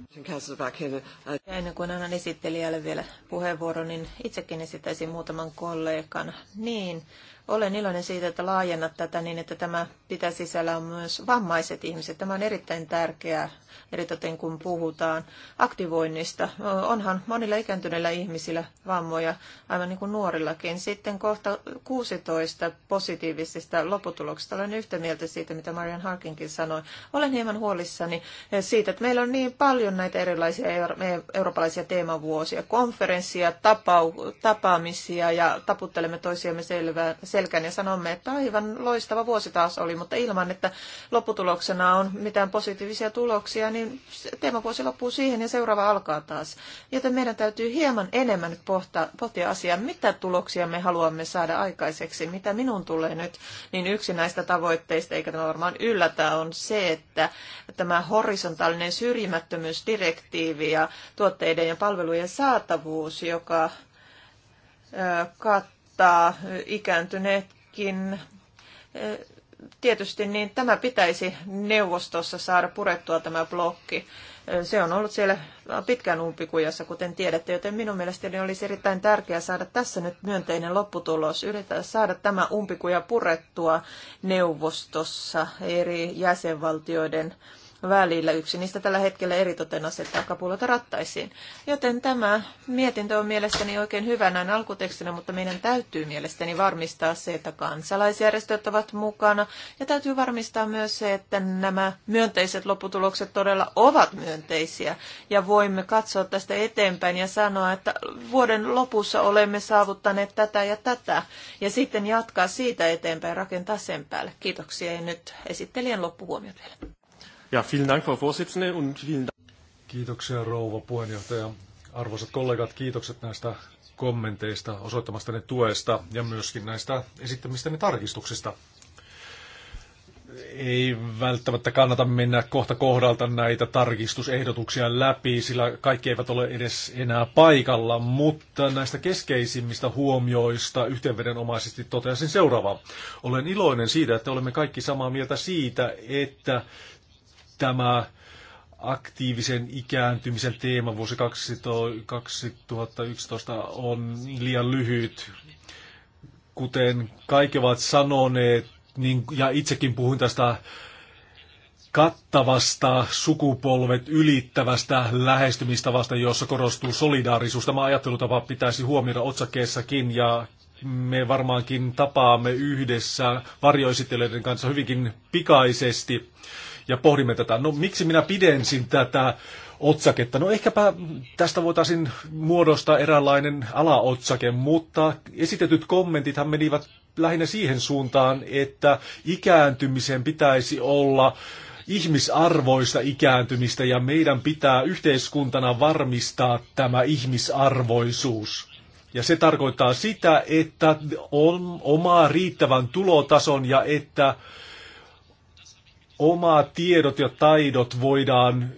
Ja ennen kuin annan esittelijälle vielä puheenvuoro, niin itsekin esittäisin muutaman kollegan. Niin, olen iloinen siitä, että laajennat tätä niin, että tämä pitää sisällä myös vammaiset ihmiset. Tämä on erittäin tärkeää eritoten kun puhutaan aktivoinnista. Onhan monilla ikääntyneillä ihmisillä vammoja, aivan niin kuin nuorillakin. Sitten kohta 16 positiivisista lopputuloksista. Olen yhtä mieltä siitä, mitä Marian Harkinkin sanoi. Olen hieman huolissani siitä, että meillä on niin paljon näitä erilaisia eurooppalaisia teemavuosia, konferenssia, tapau, tapaamisia ja taputtelemme toisiamme selvää, selkään ja sanomme, että aivan loistava vuosi taas oli, mutta ilman, että lopputuloksena on mitään positiivisia tuloksia, vuosia, niin teemavuosi loppuu siihen ja seuraava alkaa taas. Joten meidän täytyy hieman enemmän nyt pohtaa, pohtia asiaa, mitä tuloksia me haluamme saada aikaiseksi. Mitä minun tulee nyt, niin yksi näistä tavoitteista, eikä tämä varmaan yllätä, on se, että tämä horisontaalinen syrjimättömyysdirektiivi ja tuotteiden ja palvelujen saatavuus, joka kattaa ikääntyneetkin tietysti niin tämä pitäisi neuvostossa saada purettua tämä blokki. Se on ollut siellä pitkään umpikujassa, kuten tiedätte, joten minun mielestäni olisi erittäin tärkeää saada tässä nyt myönteinen lopputulos. Yritetään saada tämä umpikuja purettua neuvostossa eri jäsenvaltioiden äh, välillä. Yksi niistä tällä hetkellä eritoten asettaa kapulota rattaisiin. Joten tämä mietintö on mielestäni oikein hyvä näin alkutekstinä, mutta meidän täytyy mielestäni varmistaa se, että kansalaisjärjestöt ovat mukana. Ja täytyy varmistaa myös se, että nämä myönteiset lopputulokset todella ovat myönteisiä. Ja voimme katsoa tästä eteenpäin ja sanoa, että vuoden lopussa olemme saavuttaneet tätä ja tätä. Ja sitten jatkaa siitä eteenpäin, rakentaa sen päälle. Kiitoksia ja nyt esittelijän loppuhuomiot vielä. Ja, vielen Dank, Frau Vorsitzende, und vielen Dank. Kiitoksia, rouva puheenjohtaja. Arvoisat kollegat, kiitokset näistä kommenteista, osoittamastanne tuesta ja myöskin näistä esittämistäni tarkistuksista. Ei välttämättä kannata mennä kohta kohdalta näitä tarkistusehdotuksia läpi, sillä kaikki eivät ole edes enää paikalla, mutta näistä keskeisimmistä huomioista yhteenvedenomaisesti toteaisin seuraavaa. Olen iloinen siitä, että olemme kaikki samaa mieltä siitä, että tämä aktiivisen ikääntymisen teema vuosi 2011 on liian lyhyt. Kuten kaikki ovat sanoneet, niin, ja itsekin puhuin tästä kattavasta sukupolvet ylittävästä lähestymistavasta, jossa korostuu solidaarisuus. Tämä ajattelutapa pitäisi huomioida otsakkeessakin ja me varmaankin tapaamme yhdessä varjoesittelijöiden kanssa hyvinkin pikaisesti ja pohdimme tätä. No miksi minä pidensin tätä otsaketta? No ehkäpä tästä voitaisiin muodostaa eräänlainen alaotsake, mutta esitetyt kommentithan menivät lähinnä siihen suuntaan, että ikääntymisen pitäisi olla ihmisarvoista ikääntymistä ja meidän pitää yhteiskuntana varmistaa tämä ihmisarvoisuus. Ja se tarkoittaa sitä, että on omaa riittävän tulotason ja että oma tiedot ja taidot voidaan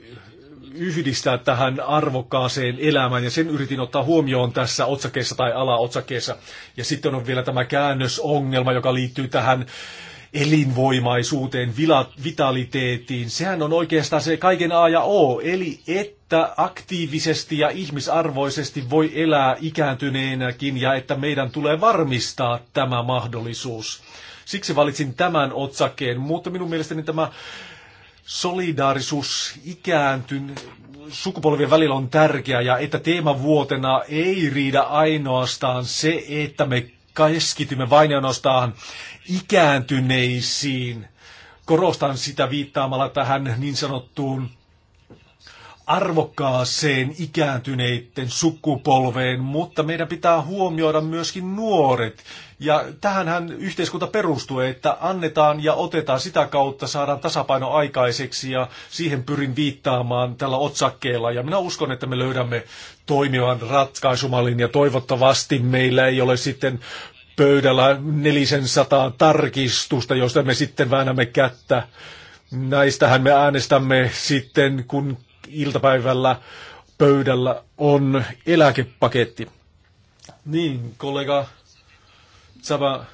yhdistää tähän arvokkaaseen elämään, ja sen yritin ottaa huomioon tässä otsakeessa tai alaotsakeessa. Ja sitten on vielä tämä käännösongelma, joka liittyy tähän elinvoimaisuuteen, vitaliteettiin. Sehän on oikeastaan se kaiken A ja O, eli että aktiivisesti ja ihmisarvoisesti voi elää ikääntyneenäkin ja että meidän tulee varmistaa tämä mahdollisuus. Siksi valitsin tämän otsakkeen, mutta minun mielestäni tämä solidaarisuus ikääntyn sukupolvien välillä on tärkeä ja että teemavuotena ei riidä ainoastaan se, että me keskitymme vain ainoastaan ikääntyneisiin. Korostan sitä viittaamalla tähän niin sanottuun arvokkaaseen ikääntyneiden sukupolveen, mutta meidän pitää huomioida myöskin nuoret. Ja tähänhän yhteiskunta perustuu, että annetaan ja otetaan sitä kautta, saadaan tasapaino aikaiseksi ja siihen pyrin viittaamaan tällä otsakkeella. Ja minä uskon, että me löydämme toimivan ratkaisumallin ja toivottavasti meillä ei ole sitten pöydällä 400 tarkistusta, josta me sitten väänämme kättä. Näistähän me äänestämme sitten, kun iltapäivällä pöydällä on eläkepaketti. Niin, kollega Sava,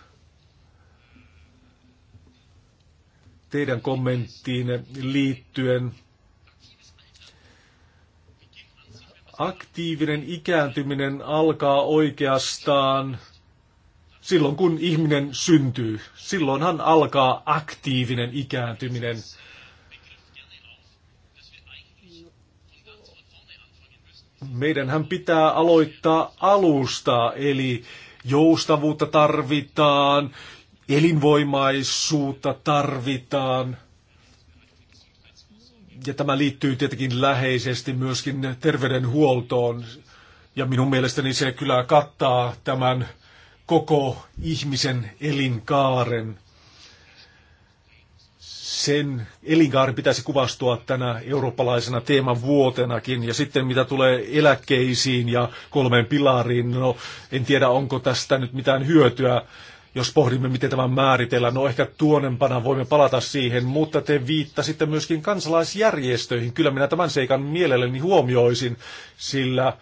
teidän kommenttiin liittyen aktiivinen ikääntyminen alkaa oikeastaan silloin, kun ihminen syntyy. Silloinhan alkaa aktiivinen ikääntyminen. meidänhän pitää aloittaa alusta, eli joustavuutta tarvitaan, elinvoimaisuutta tarvitaan. Ja tämä liittyy tietenkin läheisesti myöskin terveydenhuoltoon. Ja minun mielestäni se kyllä kattaa tämän koko ihmisen elinkaaren sen elinkaari pitäisi kuvastua tänä eurooppalaisena teeman vuotenakin. Ja sitten mitä tulee eläkkeisiin ja kolmeen pilariin, no en tiedä onko tästä nyt mitään hyötyä, jos pohdimme miten tämä määritellään. No ehkä tuonempana voimme palata siihen, mutta te viittasitte myöskin kansalaisjärjestöihin. Kyllä minä tämän seikan mielelläni huomioisin, sillä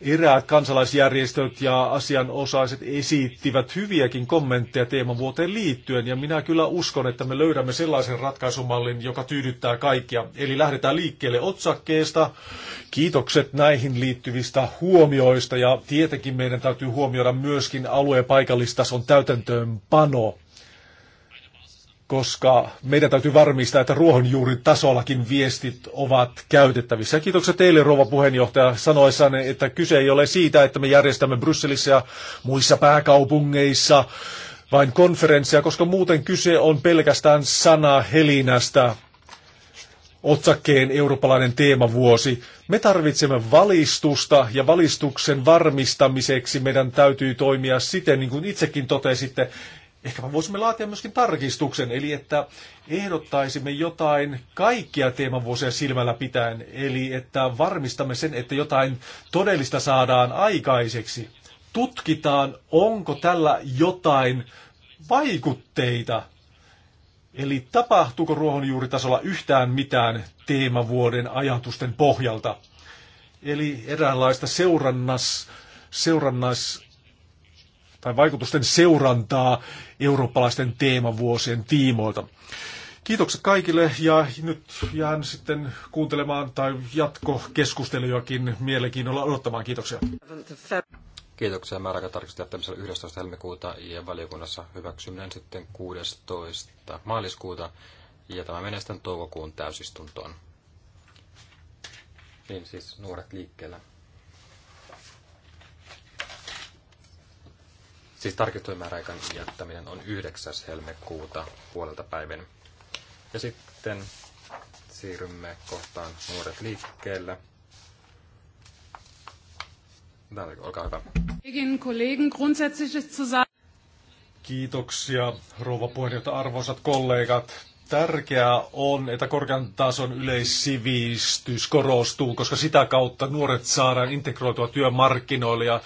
Eräät kansalaisjärjestöt ja asianosaiset esittivät hyviäkin kommentteja teemavuoteen liittyen, ja minä kyllä uskon, että me löydämme sellaisen ratkaisumallin, joka tyydyttää kaikkia. Eli lähdetään liikkeelle otsakkeesta. Kiitokset näihin liittyvistä huomioista, ja tietenkin meidän täytyy huomioida myöskin alue- ja paikallistason täytäntöönpano koska meidän täytyy varmistaa, että ruohonjuuritasollakin viestit ovat käytettävissä. Ja kiitoksia teille, rouva puheenjohtaja, sanoessaan, että kyse ei ole siitä, että me järjestämme Brysselissä ja muissa pääkaupungeissa vain konferenssia, koska muuten kyse on pelkästään sana helinästä otsakkeen eurooppalainen teemavuosi. Me tarvitsemme valistusta ja valistuksen varmistamiseksi meidän täytyy toimia siten, niin kuin itsekin totesitte, Ehkä voisimme laatia myöskin tarkistuksen, eli että ehdottaisimme jotain kaikkia teemavuosia silmällä pitäen, eli että varmistamme sen, että jotain todellista saadaan aikaiseksi. Tutkitaan, onko tällä jotain vaikutteita, eli tapahtuuko ruohonjuuritasolla yhtään mitään teemavuoden ajatusten pohjalta. Eli eräänlaista seurannas, seurannas tai vaikutusten seurantaa eurooppalaisten teemavuosien tiimoilta. Kiitokset kaikille ja nyt jään sitten kuuntelemaan tai jatkokeskustelujakin mielenkiinnolla odottamaan. Kiitoksia. Kiitoksia määräaikatarkistus jättämisellä 11. helmikuuta ja valiokunnassa hyväksyminen sitten 16. maaliskuuta ja tämä menee sitten toukokuun täysistuntoon. Niin siis nuoret liikkeellä. Siis tarkistuin määräaikan jättäminen on 9. helmikuuta puolelta päivän. Ja sitten siirrymme kohtaan nuoret liikkeelle. olkaa hyvä. Kiitoksia, rouva puheenjohtaja, arvoisat kollegat. Tärkeää on, että korkean tason yleissivistys korostuu, koska sitä kautta nuoret saadaan integroitua työmarkkinoille ja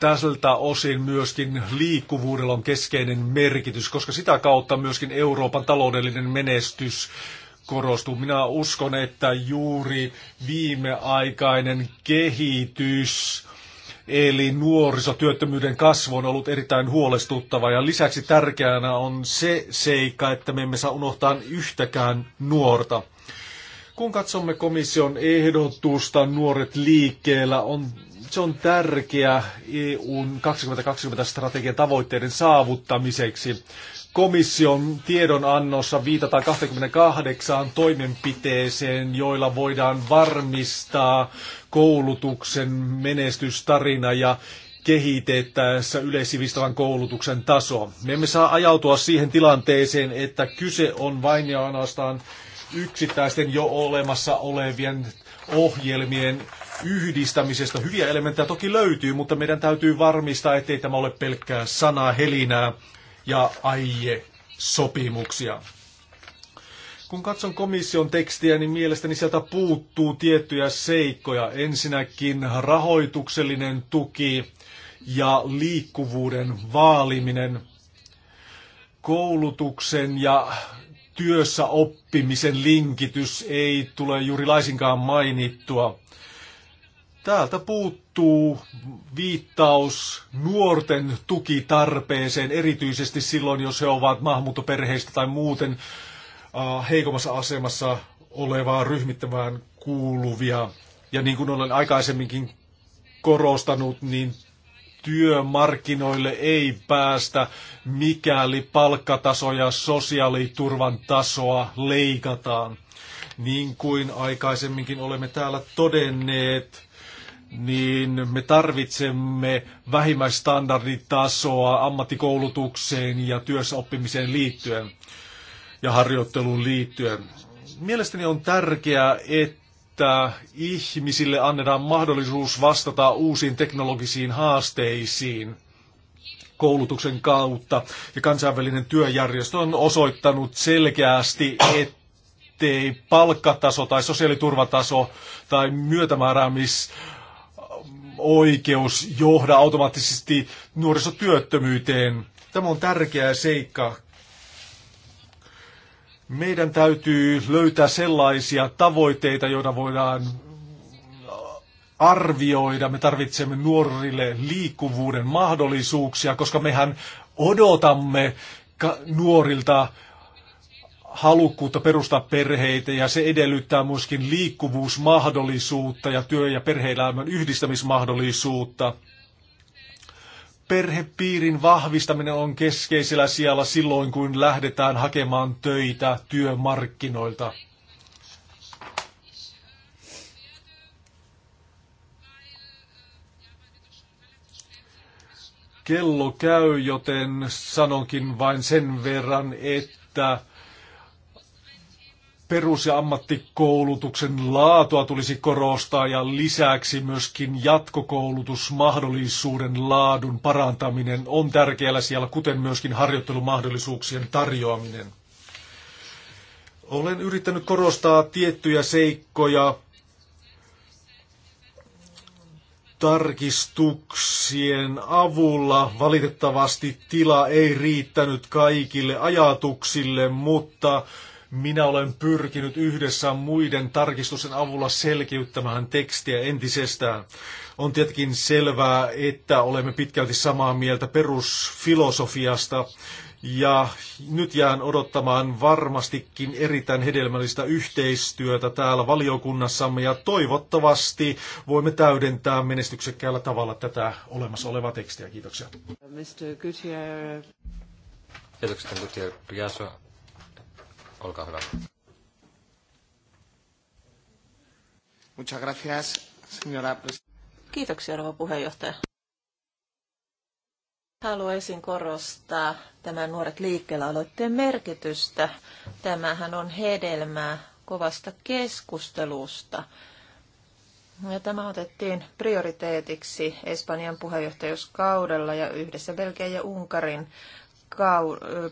tältä osin myöskin liikkuvuudella on keskeinen merkitys, koska sitä kautta myöskin Euroopan taloudellinen menestys korostuu. Minä uskon, että juuri viimeaikainen kehitys eli nuorisotyöttömyyden kasvu on ollut erittäin huolestuttava ja lisäksi tärkeänä on se seikka, että me emme saa unohtaa yhtäkään nuorta. Kun katsomme komission ehdotusta Nuoret liikkeellä, on se on tärkeä EUn 2020-strategian tavoitteiden saavuttamiseksi. Komission tiedonannossa viitataan 28 toimenpiteeseen, joilla voidaan varmistaa koulutuksen menestystarina ja kehitettäessä yleissivistävän koulutuksen tasoa. Me emme saa ajautua siihen tilanteeseen, että kyse on vain ja ainoastaan yksittäisten jo olemassa olevien ohjelmien yhdistämisestä. Hyviä elementtejä toki löytyy, mutta meidän täytyy varmistaa, ettei tämä ole pelkkää sanaa helinää ja aie sopimuksia. Kun katson komission tekstiä, niin mielestäni sieltä puuttuu tiettyjä seikkoja. Ensinnäkin rahoituksellinen tuki ja liikkuvuuden vaaliminen. Koulutuksen ja työssä oppimisen linkitys ei tule juuri laisinkaan mainittua. Täältä puuttuu viittaus nuorten tukitarpeeseen, erityisesti silloin, jos he ovat maahanmuuttoperheistä tai muuten äh, heikommassa asemassa olevaa ryhmittämään kuuluvia. Ja niin kuin olen aikaisemminkin korostanut, niin työmarkkinoille ei päästä, mikäli palkkatasoja ja sosiaaliturvan tasoa leikataan. Niin kuin aikaisemminkin olemme täällä todenneet, niin me tarvitsemme vähimmäistandarditasoa ammattikoulutukseen ja työssäoppimiseen liittyen ja harjoitteluun liittyen. Mielestäni on tärkeää, että että ihmisille annetaan mahdollisuus vastata uusiin teknologisiin haasteisiin koulutuksen kautta. Ja kansainvälinen työjärjestö on osoittanut selkeästi, ettei palkkataso tai sosiaaliturvataso tai myötämääräämis oikeus johda automaattisesti nuorisotyöttömyyteen. Tämä on tärkeä seikka, meidän täytyy löytää sellaisia tavoitteita, joita voidaan arvioida. Me tarvitsemme nuorille liikkuvuuden mahdollisuuksia, koska mehän odotamme nuorilta halukkuutta perustaa perheitä ja se edellyttää myöskin liikkuvuusmahdollisuutta ja työ- ja perheelämän yhdistämismahdollisuutta perhepiirin vahvistaminen on keskeisellä sijalla silloin, kun lähdetään hakemaan töitä työmarkkinoilta. Kello käy, joten sanonkin vain sen verran, että perus- ja ammattikoulutuksen laatua tulisi korostaa ja lisäksi myöskin jatkokoulutusmahdollisuuden laadun parantaminen on tärkeällä siellä, kuten myöskin harjoittelumahdollisuuksien tarjoaminen. Olen yrittänyt korostaa tiettyjä seikkoja tarkistuksien avulla. Valitettavasti tila ei riittänyt kaikille ajatuksille, mutta minä olen pyrkinyt yhdessä muiden tarkistusten avulla selkiyttämään tekstiä entisestään. On tietenkin selvää, että olemme pitkälti samaa mieltä perusfilosofiasta, ja nyt jään odottamaan varmastikin erittäin hedelmällistä yhteistyötä täällä valiokunnassamme ja toivottavasti voimme täydentää menestyksekkäällä tavalla tätä olemassa olevaa tekstiä. Kiitoksia. Mr. Gutierrez. Kiitoksia, Gutierrez. Olkaa hyvä. Kiitoksia, rouva puheenjohtaja. Haluaisin korostaa tämän Nuoret liikkeellä aloitteen merkitystä. Tämähän on hedelmää kovasta keskustelusta. Ja tämä otettiin prioriteetiksi Espanjan puheenjohtajuuskaudella ja yhdessä Belgian ja Unkarin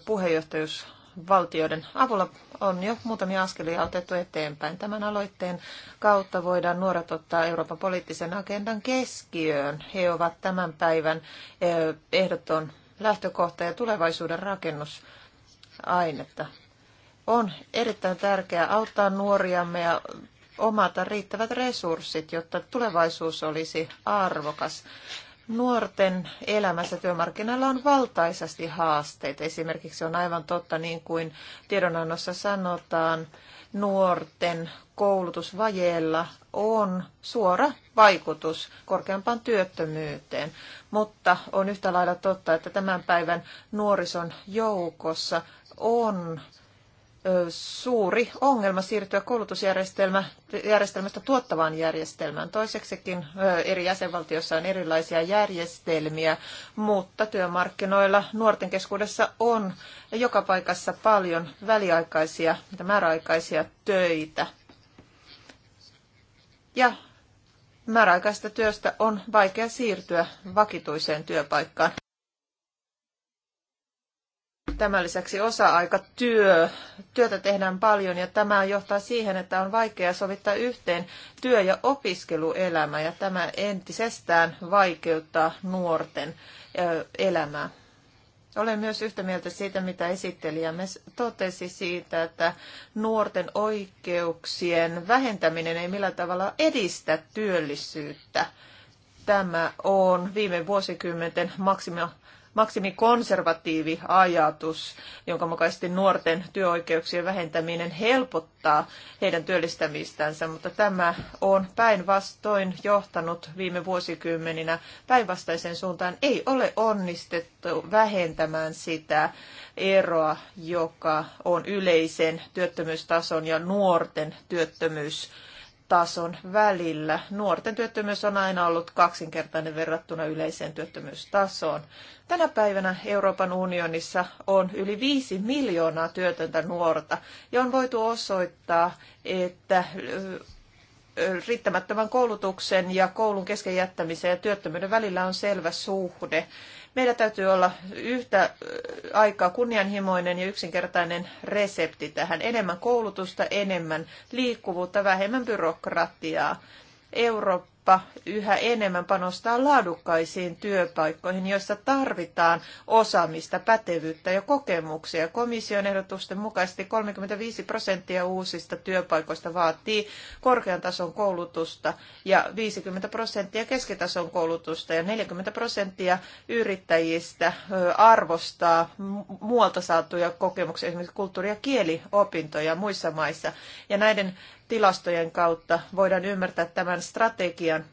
puheenjohtajuus valtioiden avulla on jo muutamia askelia otettu eteenpäin. Tämän aloitteen kautta voidaan nuoret ottaa Euroopan poliittisen agendan keskiöön. He ovat tämän päivän ehdoton lähtökohta ja tulevaisuuden rakennusainetta. On erittäin tärkeää auttaa nuoriamme ja omata riittävät resurssit, jotta tulevaisuus olisi arvokas. Nuorten elämässä työmarkkinoilla on valtaisasti haasteita. Esimerkiksi on aivan totta, niin kuin tiedonannossa sanotaan, nuorten koulutusvajeella on suora vaikutus korkeampaan työttömyyteen. Mutta on yhtä lailla totta, että tämän päivän nuorison joukossa on suuri ongelma siirtyä koulutusjärjestelmästä tuottavaan järjestelmään. Toiseksikin eri jäsenvaltioissa on erilaisia järjestelmiä, mutta työmarkkinoilla nuorten keskuudessa on joka paikassa paljon väliaikaisia ja määräaikaisia töitä. Ja määräaikaista työstä on vaikea siirtyä vakituiseen työpaikkaan. Tämän lisäksi osa-aikatyö, työtä tehdään paljon ja tämä johtaa siihen, että on vaikea sovittaa yhteen työ- ja opiskeluelämä ja tämä entisestään vaikeuttaa nuorten elämää. Olen myös yhtä mieltä siitä, mitä esittelijämme totesi siitä, että nuorten oikeuksien vähentäminen ei millään tavalla edistä työllisyyttä. Tämä on viime vuosikymmenten maksima maksimikonservatiivi ajatus, jonka mukaisesti nuorten työoikeuksien vähentäminen helpottaa heidän työllistämistänsä, mutta tämä on päinvastoin johtanut viime vuosikymmeninä päinvastaiseen suuntaan. Ei ole onnistettu vähentämään sitä eroa, joka on yleisen työttömyystason ja nuorten työttömyys tason välillä. Nuorten työttömyys on aina ollut kaksinkertainen verrattuna yleiseen työttömyystasoon. Tänä päivänä Euroopan unionissa on yli 5 miljoonaa työtöntä nuorta ja on voitu osoittaa, että riittämättömän koulutuksen ja koulun kesken jättämisen ja työttömyyden välillä on selvä suhde. Meillä täytyy olla yhtä aikaa kunnianhimoinen ja yksinkertainen resepti tähän. Enemmän koulutusta, enemmän liikkuvuutta, vähemmän byrokratiaa. Eurooppa Eurooppa yhä enemmän panostaa laadukkaisiin työpaikkoihin, joissa tarvitaan osaamista, pätevyyttä ja kokemuksia. Komission ehdotusten mukaisesti 35 prosenttia uusista työpaikoista vaatii korkean tason koulutusta ja 50 prosenttia keskitason koulutusta ja 40 prosenttia yrittäjistä arvostaa muualta saatuja kokemuksia, esimerkiksi kulttuuri- ja kieliopintoja muissa maissa. Ja näiden tilastojen kautta voidaan ymmärtää tämän strategian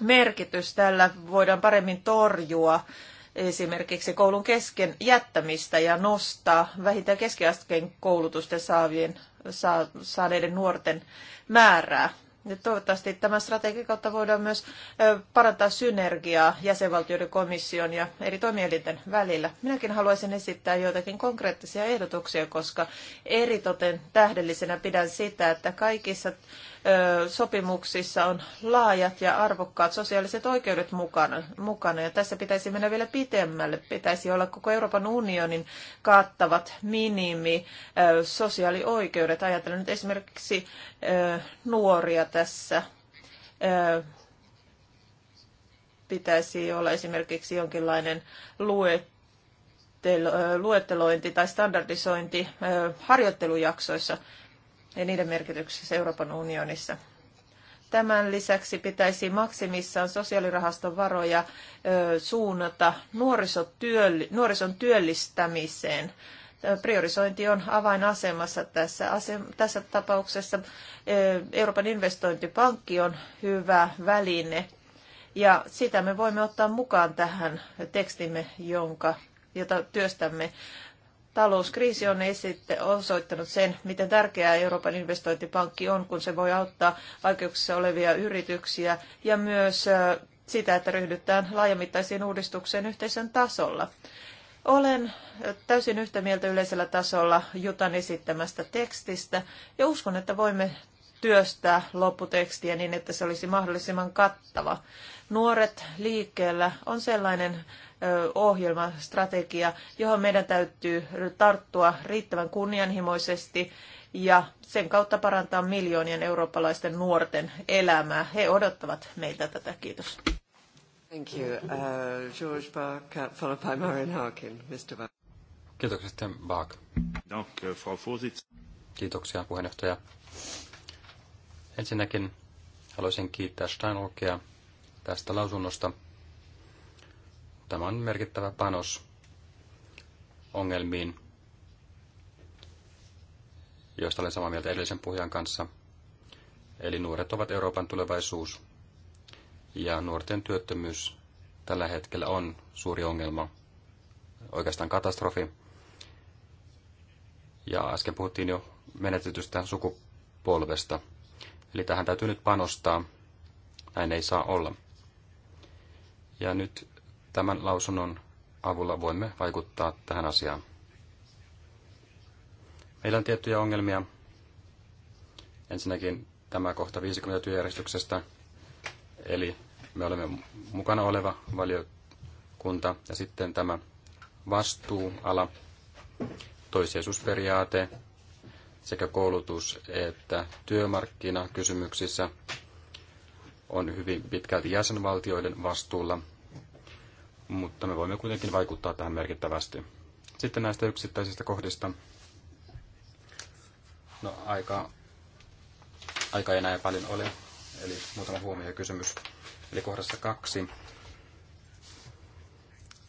merkitys. Tällä voidaan paremmin torjua esimerkiksi koulun kesken jättämistä ja nostaa vähintään keskiasteen koulutusten saavien, saaneiden nuorten määrää. Ja toivottavasti tämän strategian kautta voidaan myös parantaa synergiaa jäsenvaltioiden komission ja eri toimielinten välillä. Minäkin haluaisin esittää joitakin konkreettisia ehdotuksia, koska eritoten tähdellisenä pidän sitä, että kaikissa sopimuksissa on laajat ja arvokkaat sosiaaliset oikeudet mukana, mukana. Ja tässä pitäisi mennä vielä pitemmälle. Pitäisi olla koko Euroopan unionin kattavat minimi sosiaalioikeudet. Ajatellaan nyt esimerkiksi nuoria tässä pitäisi olla esimerkiksi jonkinlainen luettelo, luettelointi tai standardisointi harjoittelujaksoissa ja niiden merkityksessä Euroopan unionissa. Tämän lisäksi pitäisi maksimissaan sosiaalirahaston varoja suunnata nuorison työllistämiseen. Priorisointi on avainasemassa tässä, tässä tapauksessa. Euroopan investointipankki on hyvä väline ja sitä me voimme ottaa mukaan tähän tekstimme, jonka, jota työstämme talouskriisi on esitte, osoittanut sen, miten tärkeää Euroopan investointipankki on, kun se voi auttaa vaikeuksissa olevia yrityksiä ja myös sitä, että ryhdytään laajamittaisiin uudistukseen yhteisön tasolla. Olen täysin yhtä mieltä yleisellä tasolla Jutan esittämästä tekstistä ja uskon, että voimme työstää lopputekstiä niin, että se olisi mahdollisimman kattava. Nuoret liikkeellä on sellainen ohjelma, strategia, johon meidän täytyy tarttua riittävän kunnianhimoisesti ja sen kautta parantaa miljoonien eurooppalaisten nuorten elämää. He odottavat meiltä tätä. Kiitos. Thank you. Uh, George Bach, uh, followed by Marin Harkin. Mr. Bach. Kiitoksia sitten Bach. you, Frau Kiitoksia puheenjohtaja. Ensinnäkin haluaisin kiittää Steinrockia tästä lausunnosta. Tämä on merkittävä panos ongelmiin, joista olen samaa mieltä edellisen puhujan kanssa. Eli nuoret ovat Euroopan tulevaisuus ja nuorten työttömyys tällä hetkellä on suuri ongelma, oikeastaan katastrofi. Ja äsken puhuttiin jo menetetystä sukupolvesta. Eli tähän täytyy nyt panostaa. Näin ei saa olla. Ja nyt Tämän lausunnon avulla voimme vaikuttaa tähän asiaan. Meillä on tiettyjä ongelmia. Ensinnäkin tämä kohta 50 työjärjestyksestä, eli me olemme mukana oleva valiokunta, ja sitten tämä vastuuala, toisiesusperiaate, sekä koulutus että työmarkkinakysymyksissä on hyvin pitkälti jäsenvaltioiden vastuulla, mutta me voimme kuitenkin vaikuttaa tähän merkittävästi. Sitten näistä yksittäisistä kohdista. No aika, aika ei näin paljon ole, eli muutama huomio ja kysymys. Eli kohdassa kaksi.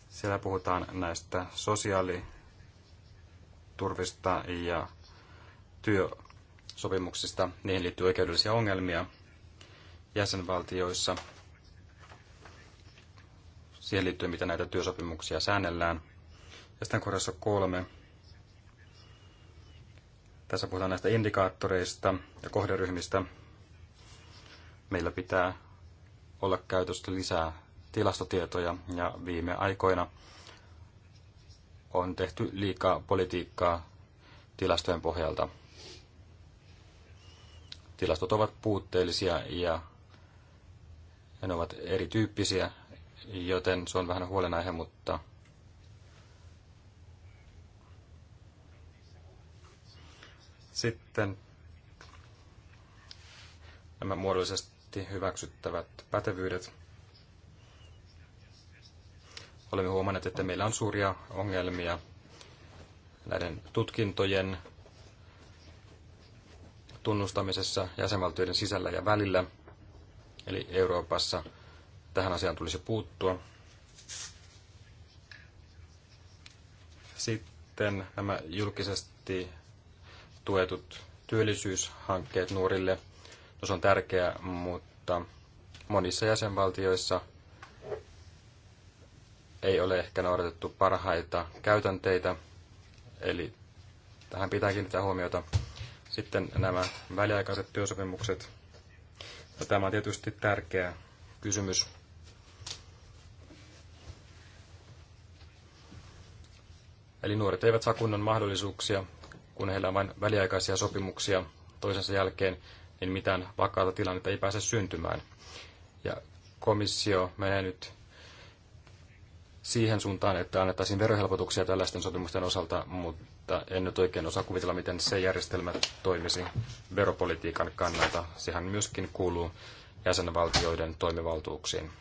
Siellä puhutaan näistä sosiaaliturvista ja työsopimuksista. Niihin liittyy oikeudellisia ongelmia jäsenvaltioissa – siihen liittyen, mitä näitä työsopimuksia säännellään. Ja sitten kohdassa kolme. Tässä puhutaan näistä indikaattoreista ja kohderyhmistä. Meillä pitää olla käytöstä lisää tilastotietoja ja viime aikoina on tehty liikaa politiikkaa tilastojen pohjalta. Tilastot ovat puutteellisia ja ne ovat erityyppisiä joten se on vähän huolenaihe, mutta sitten nämä muodollisesti hyväksyttävät pätevyydet. Olemme huomanneet, että meillä on suuria ongelmia näiden tutkintojen tunnustamisessa jäsenvaltioiden sisällä ja välillä, eli Euroopassa – tähän asiaan tulisi puuttua. Sitten nämä julkisesti tuetut työllisyyshankkeet nuorille. No se on tärkeää, mutta monissa jäsenvaltioissa ei ole ehkä noudatettu parhaita käytänteitä, eli tähän pitää kiinnittää huomiota. Sitten nämä väliaikaiset työsopimukset. No, tämä on tietysti tärkeä kysymys. Eli nuoret eivät saa kunnon mahdollisuuksia, kun heillä on vain väliaikaisia sopimuksia toisensa jälkeen, niin mitään vakaata tilannetta ei pääse syntymään. Ja komissio menee nyt siihen suuntaan, että annettaisiin verohelpotuksia tällaisten sopimusten osalta, mutta en nyt oikein osaa kuvitella, miten se järjestelmä toimisi veropolitiikan kannalta. Sehän myöskin kuuluu jäsenvaltioiden toimivaltuuksiin.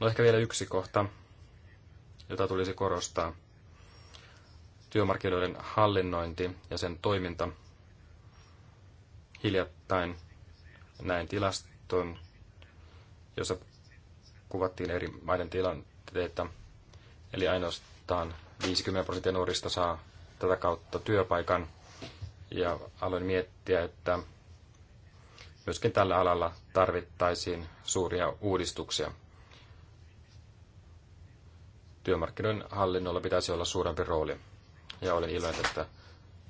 No ehkä vielä yksi kohta, jota tulisi korostaa. Työmarkkinoiden hallinnointi ja sen toiminta. Hiljattain näin tilaston, jossa kuvattiin eri maiden tilanteita. Eli ainoastaan 50 prosenttia nuorista saa tätä kautta työpaikan. Ja aloin miettiä, että myöskin tällä alalla tarvittaisiin suuria uudistuksia työmarkkinoiden hallinnolla pitäisi olla suurempi rooli. Ja olen iloinen tästä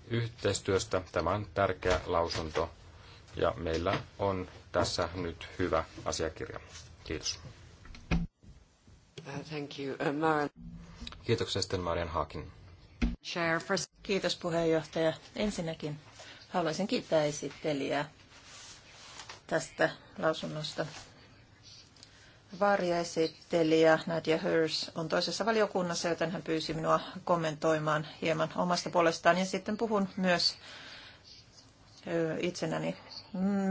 yhteistyöstä. Tämä on tärkeä lausunto ja meillä on tässä nyt hyvä asiakirja. Kiitos. Uh, thank you. Uh, Kiitoksia sitten Marian Haakin. Kiitos puheenjohtaja. Ensinnäkin haluaisin kiittää esittelijää tästä lausunnosta varjaesittelijä Nadia Hirsch on toisessa valiokunnassa, joten hän pyysi minua kommentoimaan hieman omasta puolestaan ja sitten puhun myös itsenäni.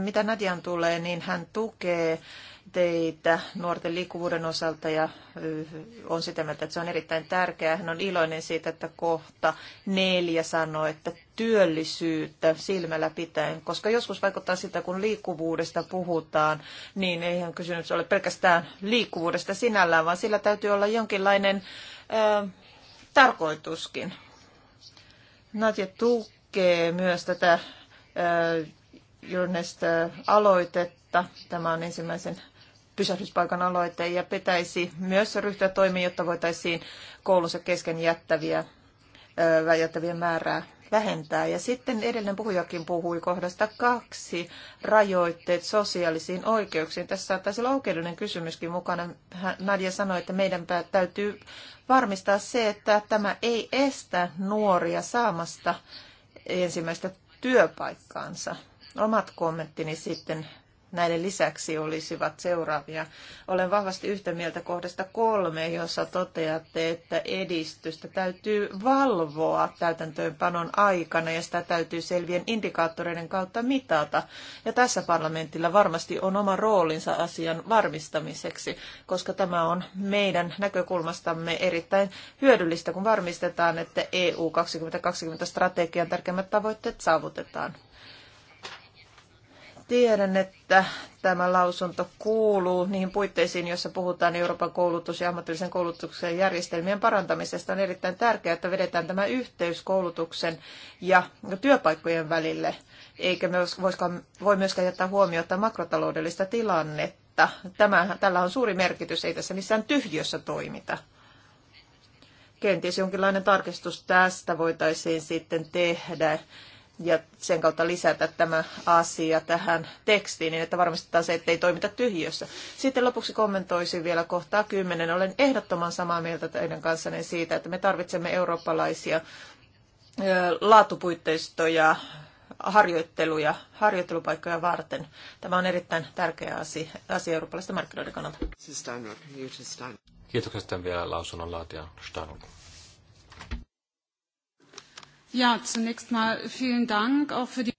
Mitä Nadian tulee, niin hän tukee teitä nuorten liikkuvuuden osalta ja on sitä mieltä, että se on erittäin tärkeää. Hän on iloinen siitä, että kohta neljä sanoo, että työllisyyttä silmällä pitäen, koska joskus vaikuttaa siltä, kun liikkuvuudesta puhutaan, niin eihän kysymys ole pelkästään liikkuvuudesta sinällään, vaan sillä täytyy olla jonkinlainen ö, tarkoituskin. Nadja tukee myös tätä Jurnesta aloitetta Tämä on ensimmäisen pysähdyspaikan aloite ja pitäisi myös ryhtyä toimiin, jotta voitaisiin koulussa kesken jättäviä jättävien määrää vähentää. Ja sitten edellinen puhujakin puhui kohdasta kaksi, rajoitteet sosiaalisiin oikeuksiin. Tässä saattaisi olla oikeudellinen kysymyskin mukana. Nadia sanoi, että meidän täytyy varmistaa se, että tämä ei estä nuoria saamasta ensimmäistä työpaikkaansa. Omat kommenttini sitten näiden lisäksi olisivat seuraavia. Olen vahvasti yhtä mieltä kohdasta kolme, jossa toteatte, että edistystä täytyy valvoa täytäntöönpanon aikana ja sitä täytyy selvien indikaattoreiden kautta mitata. Ja tässä parlamentilla varmasti on oma roolinsa asian varmistamiseksi, koska tämä on meidän näkökulmastamme erittäin hyödyllistä, kun varmistetaan, että EU 2020 strategian tärkeimmät tavoitteet saavutetaan. Tiedän, että tämä lausunto kuuluu niihin puitteisiin, joissa puhutaan Euroopan koulutus- ja ammatillisen koulutuksen järjestelmien parantamisesta. On erittäin tärkeää, että vedetään tämä yhteys koulutuksen ja työpaikkojen välille, eikä myöskään, voi myöskään jättää huomiota makrotaloudellista tilannetta. Tämä, tällä on suuri merkitys, ei tässä missään tyhjössä toimita. Kenties jonkinlainen tarkistus tästä voitaisiin sitten tehdä ja sen kautta lisätä tämä asia tähän tekstiin, niin että varmistetaan se, ettei toimita tyhjössä. Sitten lopuksi kommentoisin vielä kohtaa 10. Olen ehdottoman samaa mieltä teidän kanssanne siitä, että me tarvitsemme eurooppalaisia laatupuitteistoja, harjoitteluja, harjoittelupaikkoja varten. Tämä on erittäin tärkeä asia, asia eurooppalaisten markkinoiden kannalta. Kiitoksia vielä lausunnon laatia. Steinrock. Ja, zunächst mal vielen Dank auch für die...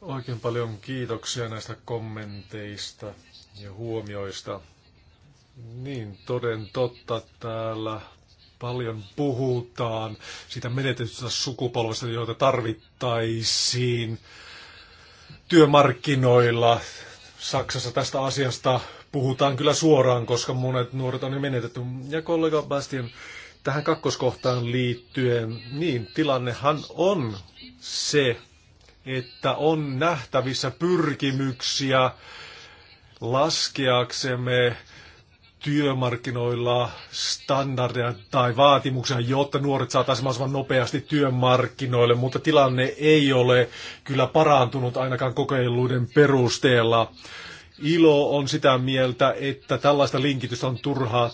Oikein paljon kiitoksia näistä kommenteista ja huomioista. Niin, toden totta, täällä paljon puhutaan sitä menetetystä sukupolvesta, joita tarvittaisiin työmarkkinoilla. Saksassa tästä asiasta puhutaan kyllä suoraan, koska monet nuoret on jo menetetty. Ja kollega Bastian Tähän kakkoskohtaan liittyen, niin tilannehan on se, että on nähtävissä pyrkimyksiä laskeaksemme työmarkkinoilla standardeja tai vaatimuksia, jotta nuoret saataisiin mahdollisimman nopeasti työmarkkinoille, mutta tilanne ei ole kyllä parantunut ainakaan kokeiluiden perusteella. Ilo on sitä mieltä, että tällaista linkitystä on turha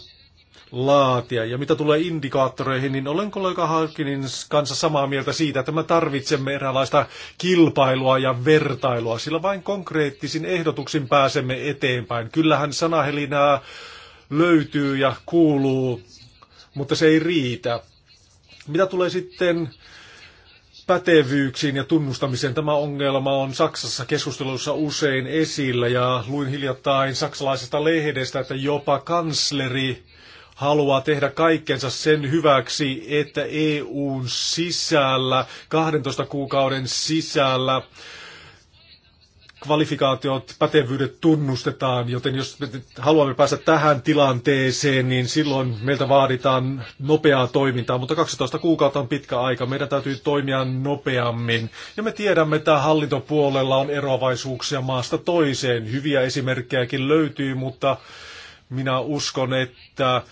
laatia. Ja mitä tulee indikaattoreihin, niin olen kollega Harkinin kanssa samaa mieltä siitä, että me tarvitsemme eräänlaista kilpailua ja vertailua, sillä vain konkreettisin ehdotuksin pääsemme eteenpäin. Kyllähän sanahelinää löytyy ja kuuluu, mutta se ei riitä. Mitä tulee sitten pätevyyksiin ja tunnustamiseen. Tämä ongelma on Saksassa keskustelussa usein esillä ja luin hiljattain saksalaisesta lehdestä, että jopa kansleri haluaa tehdä kaikkensa sen hyväksi, että EUn sisällä, 12 kuukauden sisällä, kvalifikaatiot, pätevyydet tunnustetaan, joten jos me haluamme päästä tähän tilanteeseen, niin silloin meiltä vaaditaan nopeaa toimintaa, mutta 12 kuukautta on pitkä aika, meidän täytyy toimia nopeammin. Ja me tiedämme, että hallintopuolella on eroavaisuuksia maasta toiseen, hyviä esimerkkejäkin löytyy, mutta minä uskon, että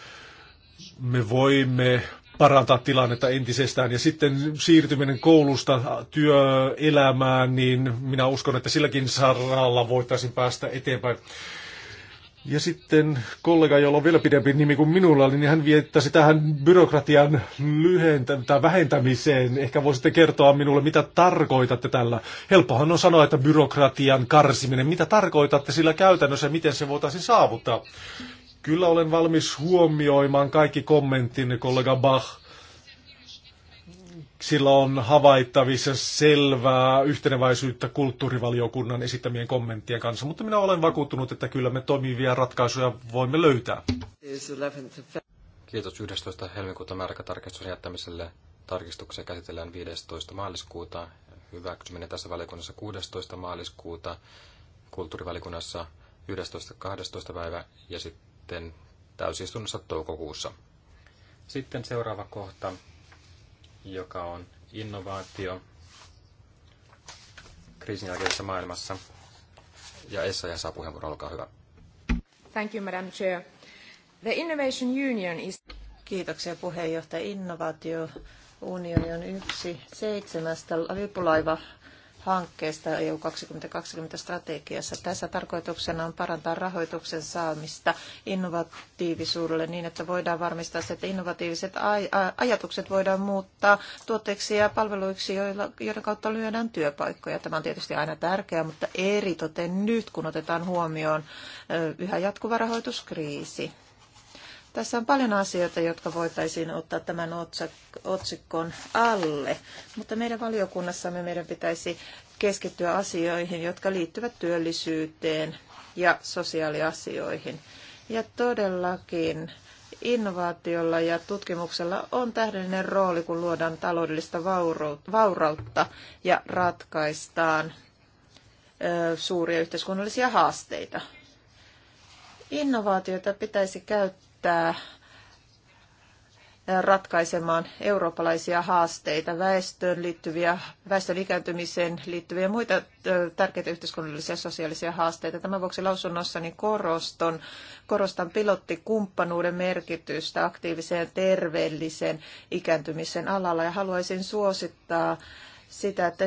me voimme parantaa tilannetta entisestään. Ja sitten siirtyminen koulusta työelämään, niin minä uskon, että silläkin saralla voitaisiin päästä eteenpäin. Ja sitten kollega, jolla on vielä pidempi nimi kuin minulla, niin hän viettäisi tähän byrokratian lyhentä- tai vähentämiseen. Ehkä voisitte kertoa minulle, mitä tarkoitatte tällä. Helppohan on sanoa, että byrokratian karsiminen. Mitä tarkoitatte sillä käytännössä ja miten se voitaisiin saavuttaa? Kyllä olen valmis huomioimaan kaikki kommenttinne, kollega Bach. Sillä on havaittavissa selvää yhteneväisyyttä kulttuurivaliokunnan esittämien kommenttien kanssa, mutta minä olen vakuuttunut, että kyllä me toimivia ratkaisuja voimme löytää. Kiitos 11. helmikuuta määräkätarkistuksen jättämiselle. Tarkistuksia käsitellään 15. maaliskuuta. Hyväksyminen tässä valiokunnassa 16. maaliskuuta. Kulttuurivaliokunnassa 11.12. päivä ja sitten sitten täysistunnossa toukokuussa. Sitten seuraava kohta, joka on innovaatio kriisin jälkeisessä maailmassa. Ja Essa ja saa puheenvuoron, olkaa hyvä. Thank you, Madam Chair. The Innovation Union is... Kiitoksia puheenjohtaja. Innovaatio unioni on yksi seitsemästä lippulaiva hankkeesta EU 2020 strategiassa. Tässä tarkoituksena on parantaa rahoituksen saamista innovatiivisuudelle niin, että voidaan varmistaa se, että innovatiiviset ajatukset voidaan muuttaa tuotteiksi ja palveluiksi, joiden kautta lyödään työpaikkoja. Tämä on tietysti aina tärkeää, mutta eritoten nyt, kun otetaan huomioon yhä jatkuva rahoituskriisi. Tässä on paljon asioita, jotka voitaisiin ottaa tämän otsikon alle, mutta meidän valiokunnassamme meidän pitäisi keskittyä asioihin, jotka liittyvät työllisyyteen ja sosiaaliasioihin. Ja todellakin innovaatiolla ja tutkimuksella on tähdellinen rooli, kun luodaan taloudellista vaurautta ja ratkaistaan suuria yhteiskunnallisia haasteita. Innovaatioita pitäisi käyttää yrittää ratkaisemaan eurooppalaisia haasteita, väestön liittyviä, väestön ikääntymiseen liittyviä muita tärkeitä yhteiskunnallisia ja sosiaalisia haasteita. Tämän vuoksi lausunnossani korostan, korostan pilottikumppanuuden merkitystä aktiiviseen terveelliseen ikääntymisen alalla ja haluaisin suosittaa sitä, että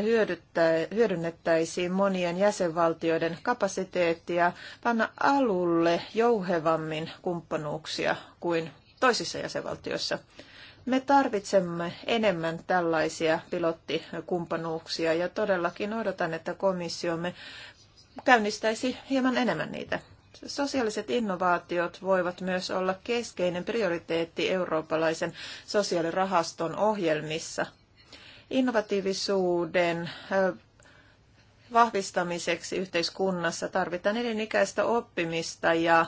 hyödynnettäisiin monien jäsenvaltioiden kapasiteettia panna alulle jouhevammin kumppanuuksia kuin toisissa jäsenvaltioissa. Me tarvitsemme enemmän tällaisia pilottikumppanuuksia ja todellakin odotan, että komissiomme käynnistäisi hieman enemmän niitä. Sosiaaliset innovaatiot voivat myös olla keskeinen prioriteetti eurooppalaisen sosiaalirahaston ohjelmissa – Innovatiivisuuden vahvistamiseksi yhteiskunnassa tarvitaan elinikäistä oppimista ja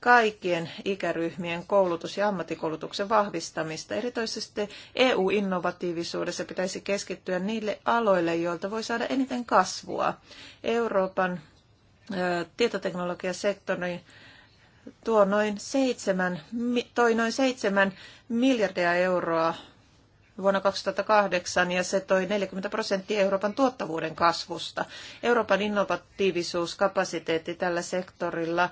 kaikkien ikäryhmien koulutus- ja ammattikoulutuksen vahvistamista. Erityisesti EU-innovatiivisuudessa pitäisi keskittyä niille aloille, joilta voi saada eniten kasvua. Euroopan tietoteknologiasektori tuo noin seitsemän, toi noin seitsemän miljardia euroa vuonna 2008 ja se toi 40 prosenttia Euroopan tuottavuuden kasvusta. Euroopan innovatiivisuuskapasiteetti tällä sektorilla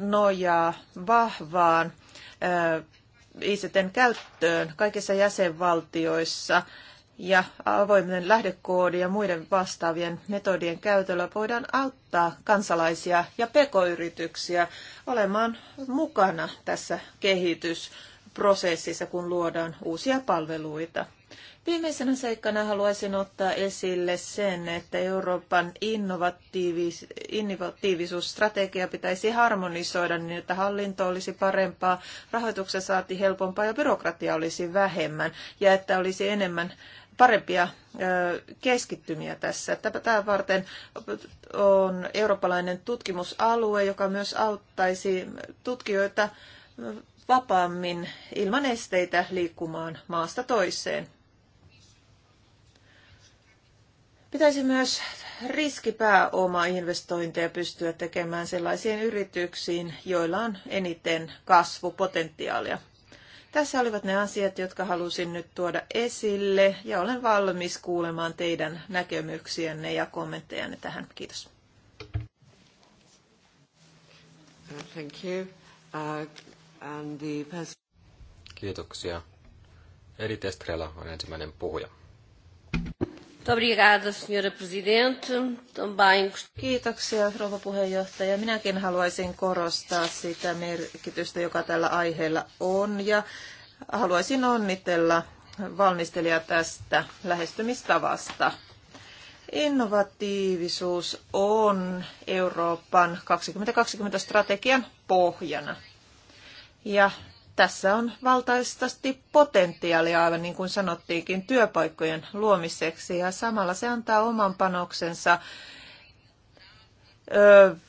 nojaa vahvaan ICTn käyttöön kaikissa jäsenvaltioissa ja avoimen lähdekoodi ja muiden vastaavien metodien käytöllä voidaan auttaa kansalaisia ja pekoyrityksiä olemaan mukana tässä kehitys- prosessissa, kun luodaan uusia palveluita. Viimeisenä seikkana haluaisin ottaa esille sen, että Euroopan innovatiivis, innovatiivisuusstrategia pitäisi harmonisoida niin, että hallinto olisi parempaa, rahoituksen saati helpompaa ja byrokratia olisi vähemmän ja että olisi enemmän parempia keskittymiä tässä. Tätä varten on eurooppalainen tutkimusalue, joka myös auttaisi tutkijoita vapaammin ilman esteitä liikkumaan maasta toiseen. Pitäisi myös riskipääoma-investointeja pystyä tekemään sellaisiin yrityksiin, joilla on eniten kasvupotentiaalia. Tässä olivat ne asiat, jotka halusin nyt tuoda esille ja olen valmis kuulemaan teidän näkemyksiänne ja kommenttejanne tähän. Kiitos. Thank you. Uh, Kiitoksia. Eri Testrella on ensimmäinen puhuja. Kiitoksia, rouva puheenjohtaja. Minäkin haluaisin korostaa sitä merkitystä, joka tällä aiheella on, ja haluaisin onnitella valmistelija tästä lähestymistavasta. Innovatiivisuus on Euroopan 2020 strategian pohjana. Ja tässä on valtaisesti potentiaalia, aivan niin kuin sanottiinkin, työpaikkojen luomiseksi ja samalla se antaa oman panoksensa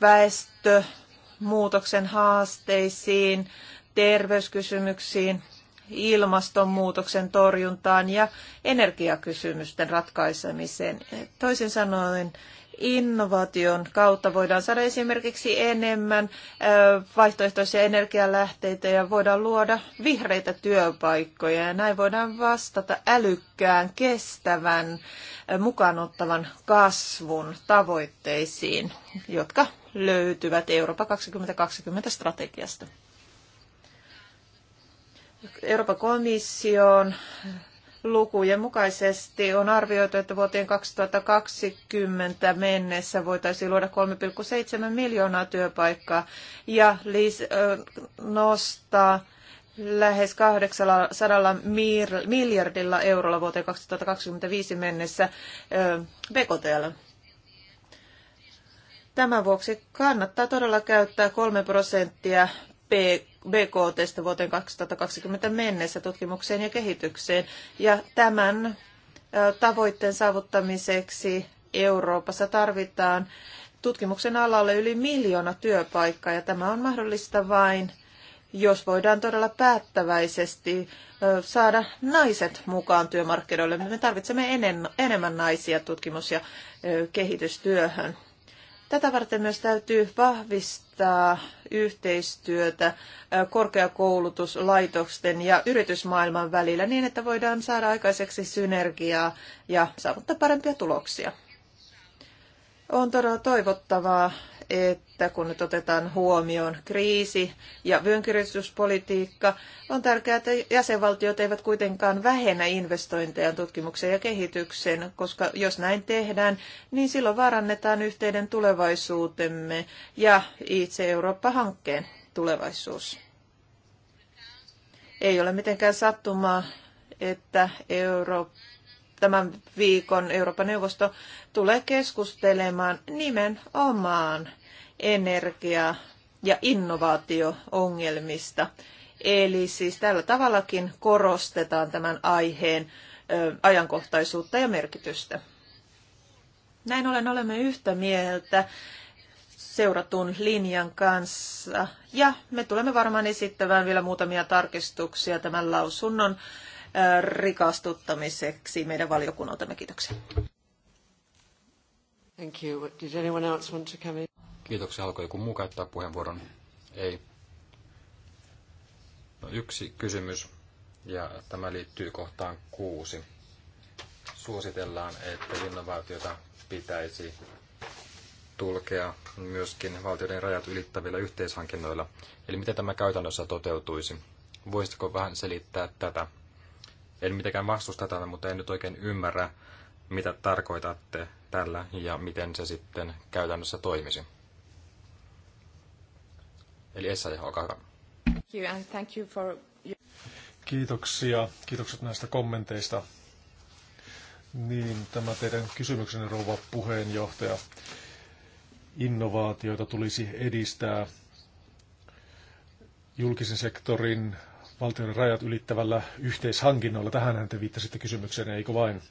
väestömuutoksen haasteisiin, terveyskysymyksiin, ilmastonmuutoksen torjuntaan ja energiakysymysten ratkaisemiseen. Toisin sanoen innovaation kautta voidaan saada esimerkiksi enemmän vaihtoehtoisia energialähteitä ja voidaan luoda vihreitä työpaikkoja ja näin voidaan vastata älykkään, kestävän, mukaanottavan kasvun tavoitteisiin, jotka löytyvät Eurooppa 2020 strategiasta. Euroopan komission lukujen mukaisesti on arvioitu, että vuoteen 2020 mennessä voitaisiin luoda 3,7 miljoonaa työpaikkaa ja nostaa lähes 800 miljardilla eurolla vuoteen 2025 mennessä BKTL. Tämän vuoksi kannattaa todella käyttää 3 prosenttia BKT vuoteen 2020 mennessä tutkimukseen ja kehitykseen. Ja tämän tavoitteen saavuttamiseksi Euroopassa tarvitaan tutkimuksen alalle yli miljoona työpaikkaa ja tämä on mahdollista vain jos voidaan todella päättäväisesti saada naiset mukaan työmarkkinoille. Me tarvitsemme enemmän naisia tutkimus- ja kehitystyöhön. Tätä varten myös täytyy vahvistaa yhteistyötä korkeakoulutuslaitosten ja yritysmaailman välillä niin, että voidaan saada aikaiseksi synergiaa ja saavuttaa parempia tuloksia. On todella toivottavaa, että kun nyt otetaan huomioon kriisi ja vyönkiristyspolitiikka, on tärkeää, että jäsenvaltiot eivät kuitenkaan vähennä investointeja tutkimukseen ja kehitykseen, koska jos näin tehdään, niin silloin vaarannetaan yhteinen tulevaisuutemme ja itse Eurooppa-hankkeen tulevaisuus. Ei ole mitenkään sattumaa, että Eurooppa tämän viikon Euroopan neuvosto tulee keskustelemaan nimenomaan energia- ja innovaatio-ongelmista. Eli siis tällä tavallakin korostetaan tämän aiheen ajankohtaisuutta ja merkitystä. Näin ollen olemme yhtä mieltä seuratun linjan kanssa ja me tulemme varmaan esittämään vielä muutamia tarkistuksia tämän lausunnon rikastuttamiseksi meidän valiokunnaltamme. Kiitoksia. Thank you. Did anyone else want to come in? Kiitoksia. Alkoi joku muu käyttää puheenvuoron? Ei. No, yksi kysymys, ja tämä liittyy kohtaan kuusi. Suositellaan, että innovaatiota pitäisi tulkea myöskin valtioiden rajat ylittävillä yhteishankinnoilla. Eli miten tämä käytännössä toteutuisi? Voisitko vähän selittää tätä? En mitenkään vastusta tätä, mutta en nyt oikein ymmärrä, mitä tarkoitatte tällä ja miten se sitten käytännössä toimisi. Eli Essa, olkaa hyvä. Kiitoksia. Kiitokset näistä kommenteista. Niin, tämä teidän kysymyksenne, rouva puheenjohtaja. Innovaatioita tulisi edistää julkisen sektorin valtion rajat ylittävällä yhteishankinnoilla. Tähän te viittasitte kysymykseen, eikö vain?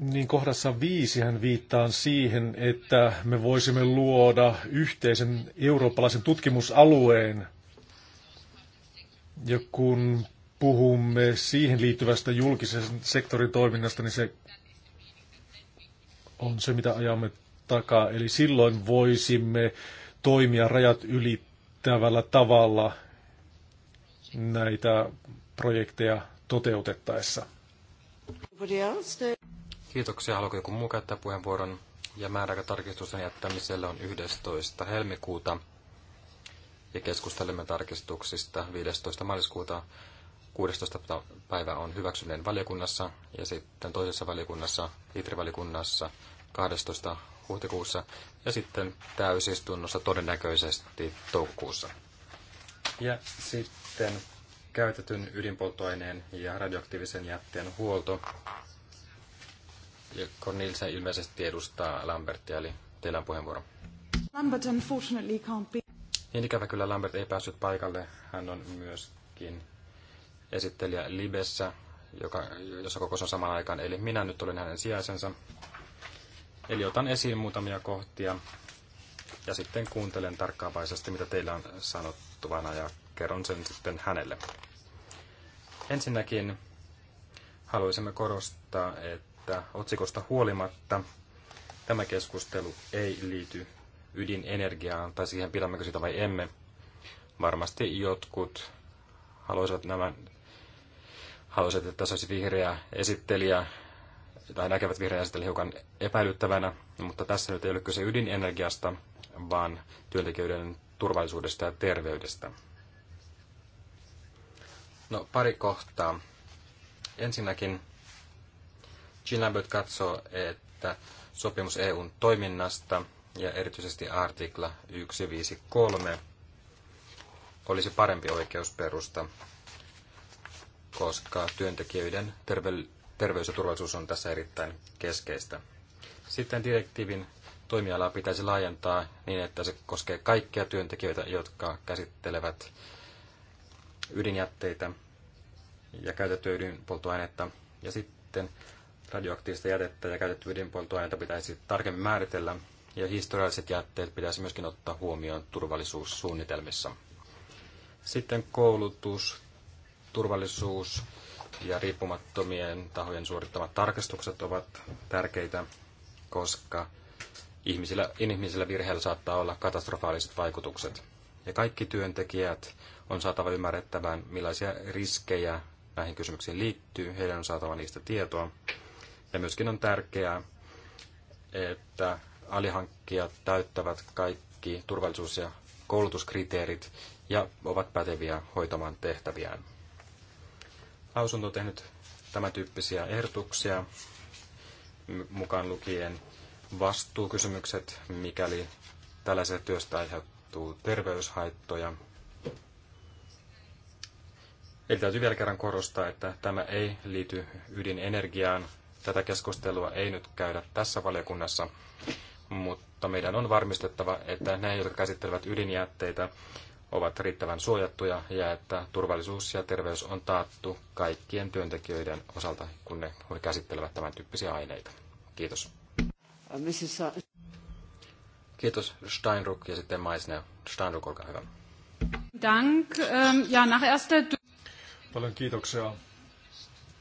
Niin kohdassa viisi hän viittaan siihen, että me voisimme luoda yhteisen eurooppalaisen tutkimusalueen. Ja kun puhumme siihen liittyvästä julkisen sektorin toiminnasta, niin se on se, mitä ajamme takaa. Eli silloin voisimme toimia rajat ylittävällä tavalla näitä projekteja toteutettaessa. Kiitoksia. Haluatko joku muu käyttää puheenvuoron? Ja määräaikatarkistusten jättämiselle on 11. helmikuuta. Ja keskustelemme tarkistuksista 15. maaliskuuta. 16. päivä on hyväksyneen valiokunnassa ja sitten toisessa valiokunnassa, itri 12 huhtikuussa ja sitten täysistunnossa todennäköisesti toukokuussa. Ja sitten käytetyn ydinpolttoaineen ja radioaktiivisen jätteen huolto. Ja Cornelsen ilmeisesti edustaa Lambertia, eli teillä on puheenvuoro. Lambert unfortunately can't be. Niin ikävä kyllä Lambert ei päässyt paikalle. Hän on myöskin esittelijä Libessä, joka, jossa kokous on samaan aikaan. Eli minä nyt olen hänen sijaisensa. Eli otan esiin muutamia kohtia ja sitten kuuntelen tarkkaavaisesti, mitä teillä on sanottavana ja kerron sen sitten hänelle. Ensinnäkin haluaisimme korostaa, että otsikosta huolimatta tämä keskustelu ei liity ydinenergiaan tai siihen pidämmekö sitä vai emme. Varmasti jotkut haluaisivat nämä haluaisit, että tässä olisi vihreä esittelijä sitä näkevät vihreät hiukan epäilyttävänä, mutta tässä nyt ei ole kyse ydinenergiasta, vaan työntekijöiden turvallisuudesta ja terveydestä. No, pari kohtaa. Ensinnäkin Jean Lambert katsoo, että sopimus EUn toiminnasta ja erityisesti artikla 153 olisi parempi oikeusperusta, koska työntekijöiden terve- terveys ja turvallisuus on tässä erittäin keskeistä. Sitten direktiivin toimialaa pitäisi laajentaa niin, että se koskee kaikkia työntekijöitä, jotka käsittelevät ydinjätteitä ja käytettyä ydinpolttoainetta. Ja sitten radioaktiivista jätettä ja käytettyä ydinpolttoainetta pitäisi tarkemmin määritellä, ja historialliset jätteet pitäisi myöskin ottaa huomioon turvallisuussuunnitelmissa. Sitten koulutus, turvallisuus, ja riippumattomien tahojen suorittamat tarkastukset ovat tärkeitä, koska ihmisillä, inhimillisillä virheillä saattaa olla katastrofaaliset vaikutukset. Ja kaikki työntekijät on saatava ymmärrettävän, millaisia riskejä näihin kysymyksiin liittyy. Heidän on saatava niistä tietoa. Ja myöskin on tärkeää, että alihankkijat täyttävät kaikki turvallisuus- ja koulutuskriteerit ja ovat päteviä hoitamaan tehtäviään lausunto tehnyt tämän tyyppisiä ehdotuksia, mukaan lukien vastuukysymykset, mikäli tällaisesta työstä aiheutuu terveyshaittoja. Eli täytyy vielä kerran korostaa, että tämä ei liity ydinenergiaan. Tätä keskustelua ei nyt käydä tässä valiokunnassa, mutta meidän on varmistettava, että ne, jotka käsittelevät ydinjätteitä, ovat riittävän suojattuja ja että turvallisuus ja terveys on taattu kaikkien työntekijöiden osalta, kun ne käsittelevät tämän tyyppisiä aineita. Kiitos. Kiitos Steinruck ja sitten Maisner. Steinruck, olkaa hyvä. Dank. Ähm, ja nach erster... Paljon kiitoksia.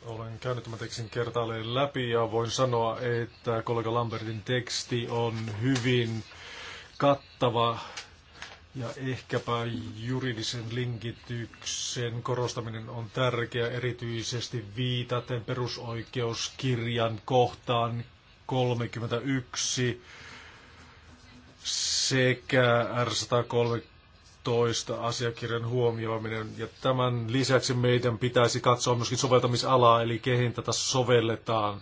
Olen käynyt tämän tekstin kertaalleen läpi ja voin sanoa, että kollega Lambertin teksti on hyvin kattava ja ehkäpä juridisen linkityksen korostaminen on tärkeä erityisesti viitaten perusoikeuskirjan kohtaan 31 sekä R113 asiakirjan huomioiminen. Ja tämän lisäksi meidän pitäisi katsoa myöskin soveltamisalaa, eli kehen tätä sovelletaan.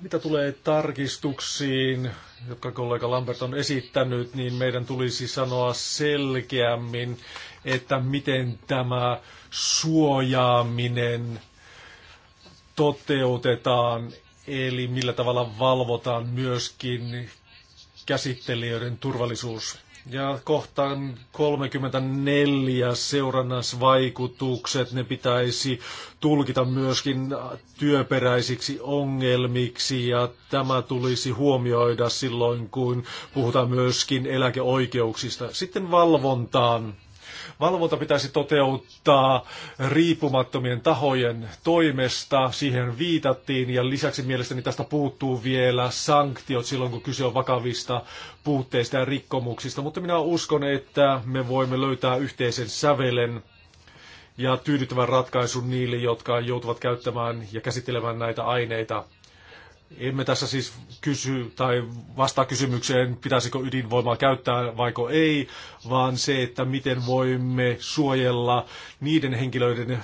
Mitä tulee tarkistuksiin, jotka kollega Lambert on esittänyt, niin meidän tulisi sanoa selkeämmin, että miten tämä suojaaminen toteutetaan, eli millä tavalla valvotaan myöskin käsittelijöiden turvallisuus. Ja kohtaan 34 seurannasvaikutukset, ne pitäisi tulkita myöskin työperäisiksi ongelmiksi ja tämä tulisi huomioida silloin, kun puhutaan myöskin eläkeoikeuksista. Sitten valvontaan Valvonta pitäisi toteuttaa riippumattomien tahojen toimesta, siihen viitattiin, ja lisäksi mielestäni tästä puuttuu vielä sanktiot silloin, kun kyse on vakavista puutteista ja rikkomuksista, mutta minä uskon, että me voimme löytää yhteisen sävelen ja tyydyttävän ratkaisun niille, jotka joutuvat käyttämään ja käsittelemään näitä aineita. Emme tässä siis kysy tai vastaa kysymykseen, pitäisikö ydinvoimaa käyttää vaiko ei, vaan se, että miten voimme suojella niiden henkilöiden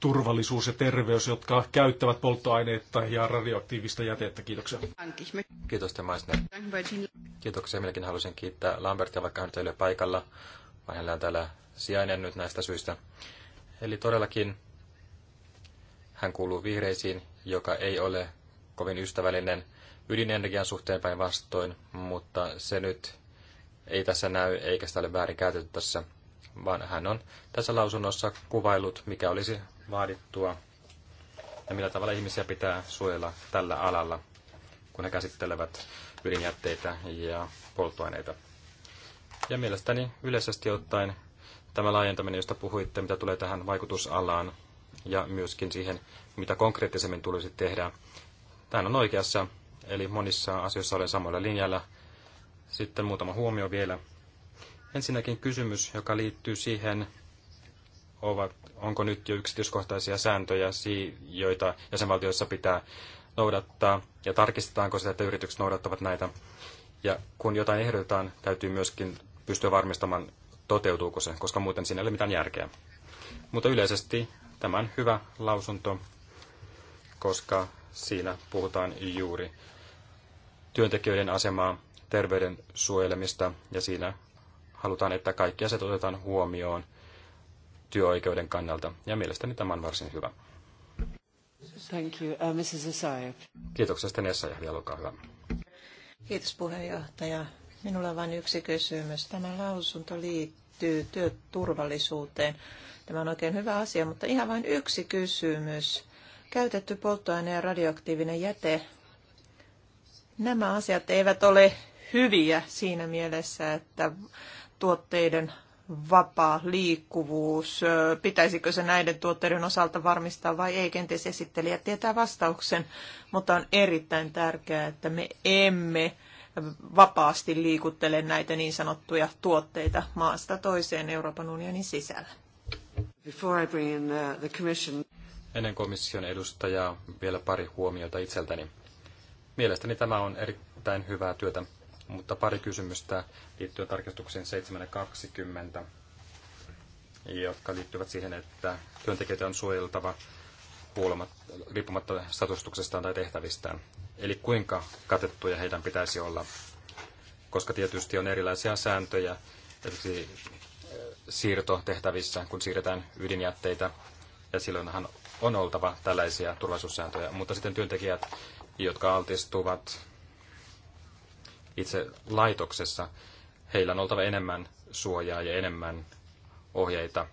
turvallisuus ja terveys, jotka käyttävät polttoaineita ja radioaktiivista jätettä. Kiitoksia. Kiitos, Maisner. Kiitoksia. Minäkin haluaisin kiittää Lambertia, vaikka hän ei ole paikalla, vaan hänellä on täällä sijainen nyt näistä syistä. Eli todellakin hän kuuluu vihreisiin, joka ei ole kovin ystävällinen ydinenergian suhteen päinvastoin, mutta se nyt ei tässä näy eikä sitä ole väärin käytetty tässä, vaan hän on tässä lausunnossa kuvailut, mikä olisi vaadittua ja millä tavalla ihmisiä pitää suojella tällä alalla, kun he käsittelevät ydinjätteitä ja polttoaineita. Ja mielestäni yleisesti ottaen tämä laajentaminen, josta puhuitte, mitä tulee tähän vaikutusalaan ja myöskin siihen, mitä konkreettisemmin tulisi tehdä, Tähän on oikeassa, eli monissa asioissa olen samalla linjalla. Sitten muutama huomio vielä. Ensinnäkin kysymys, joka liittyy siihen, ovat, onko nyt jo yksityiskohtaisia sääntöjä, joita jäsenvaltioissa pitää noudattaa, ja tarkistetaanko sitä, että yritykset noudattavat näitä. Ja kun jotain ehdotetaan, täytyy myöskin pystyä varmistamaan, toteutuuko se, koska muuten siinä ei ole mitään järkeä. Mutta yleisesti tämä on hyvä lausunto, koska Siinä puhutaan juuri työntekijöiden asemaa, terveyden suojelemista ja siinä halutaan, että kaikki asiat otetaan huomioon työoikeuden kannalta. Ja mielestäni tämä on varsin hyvä. Thank you. Uh, Mrs. Kiitoksia sitten Essayah vielä, olkaa hyvä. Kiitos puheenjohtaja. Minulla on vain yksi kysymys. Tämä lausunto liittyy työturvallisuuteen. Tämä on oikein hyvä asia, mutta ihan vain yksi kysymys. Käytetty polttoaine ja radioaktiivinen jäte. Nämä asiat eivät ole hyviä siinä mielessä, että tuotteiden vapaa liikkuvuus, pitäisikö se näiden tuotteiden osalta varmistaa vai ei, kenties esittelijä tietää vastauksen, mutta on erittäin tärkeää, että me emme vapaasti liikuttele näitä niin sanottuja tuotteita maasta toiseen Euroopan unionin sisällä. Before I bring in the commission... Ennen komission edustajaa vielä pari huomiota itseltäni. Mielestäni tämä on erittäin hyvää työtä, mutta pari kysymystä liittyy tarkistukseen 720, jotka liittyvät siihen, että työntekijöitä on suojeltava riippumatta statustuksestaan tai tehtävistään. Eli kuinka katettuja heidän pitäisi olla, koska tietysti on erilaisia sääntöjä, esimerkiksi siirtotehtävissä, kun siirretään ydinjätteitä, ja silloinhan on oltava tällaisia turvallisuussääntöjä, mutta sitten työntekijät, jotka altistuvat itse laitoksessa, heillä on oltava enemmän suojaa ja enemmän ohjeita.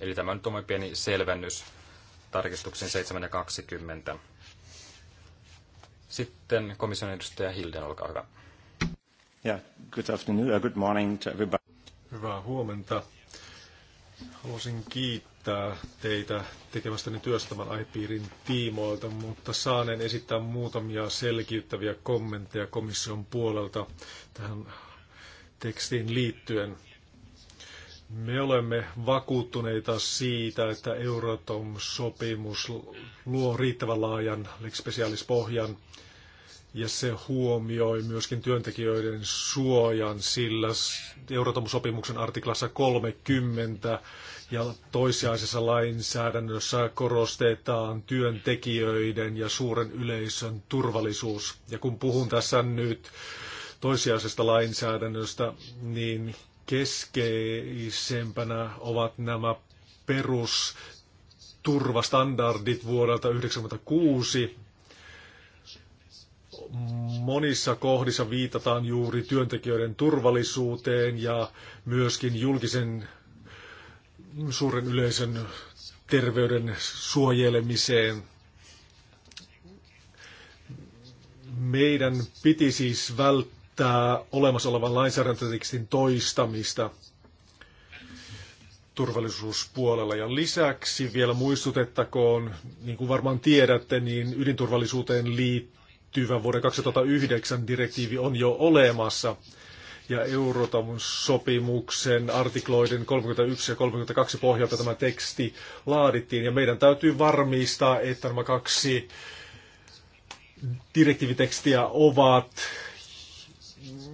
Eli tämä nyt on pieni selvennys tarkistuksen 7 ja 20. Sitten komission edustaja Hilden, olkaa hyvä. Yeah, good afternoon, uh, good morning to everybody. Hyvää huomenta Haluaisin kiittää teitä tekemästäni työstä tämän aihepiirin tiimoilta, mutta saaneen esittää muutamia selkiyttäviä kommentteja komission puolelta tähän tekstiin liittyen. Me olemme vakuuttuneita siitä, että Euratom-sopimus luo riittävän laajan lex pohjan ja se huomioi myöskin työntekijöiden suojan, sillä Euratomusopimuksen artiklassa 30 ja toisiaisessa lainsäädännössä korostetaan työntekijöiden ja suuren yleisön turvallisuus. Ja kun puhun tässä nyt toisiaisesta lainsäädännöstä, niin keskeisempänä ovat nämä perusturvastandardit vuodelta 1996, monissa kohdissa viitataan juuri työntekijöiden turvallisuuteen ja myöskin julkisen suuren yleisön terveyden suojelemiseen. Meidän piti siis välttää olemassa olevan lainsäädäntötekstin toistamista turvallisuuspuolella. Ja lisäksi vielä muistutettakoon, niin kuin varmaan tiedätte, niin ydinturvallisuuteen liittyy liittyvä vuoden 2009 direktiivi on jo olemassa ja Euroopan sopimuksen artikloiden 31 ja 32 pohjalta tämä teksti laadittiin. Ja meidän täytyy varmistaa, että nämä kaksi direktiivitekstiä ovat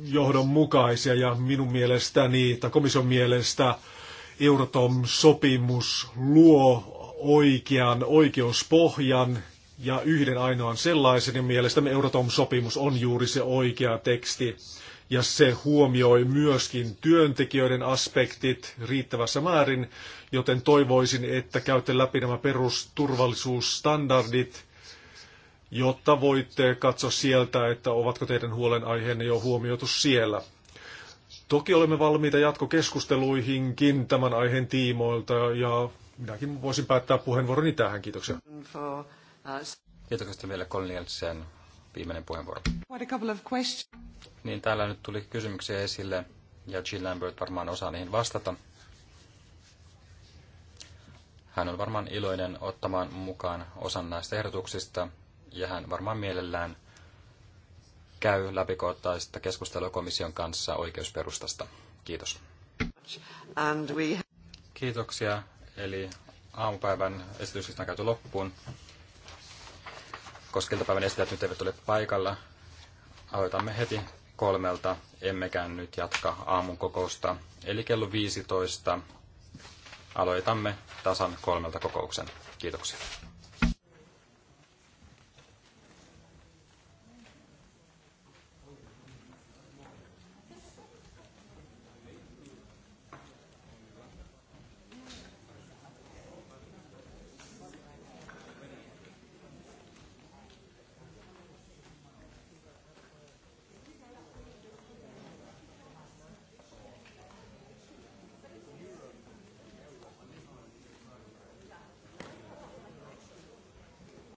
johdonmukaisia ja minun mielestäni tai komission mielestä Euroopan sopimus luo oikean oikeuspohjan ja yhden ainoan sellaisen, ja mielestämme Euratom-sopimus on juuri se oikea teksti, ja se huomioi myöskin työntekijöiden aspektit riittävässä määrin, joten toivoisin, että käytte läpi nämä perusturvallisuusstandardit, jotta voitte katsoa sieltä, että ovatko teidän huolenaiheenne jo huomioitu siellä. Toki olemme valmiita jatkokeskusteluihinkin tämän aiheen tiimoilta ja minäkin voisin päättää puheenvuoroni tähän. Kiitoksia. Kiitoksia vielä Kolnielsen viimeinen puheenvuoro. What a couple of questions. Niin täällä nyt tuli kysymyksiä esille ja Jill Lambert varmaan osaa niihin vastata. Hän on varmaan iloinen ottamaan mukaan osan näistä ehdotuksista ja hän varmaan mielellään käy läpikohtaista keskustelua komission kanssa oikeusperustasta. Kiitos. Kiitoksia. Eli aamupäivän esityksestä on käyty loppuun koska iltapäivän esittäjät nyt eivät ole paikalla, aloitamme heti kolmelta, emmekä nyt jatka aamun kokousta. Eli kello 15 aloitamme tasan kolmelta kokouksen. Kiitoksia.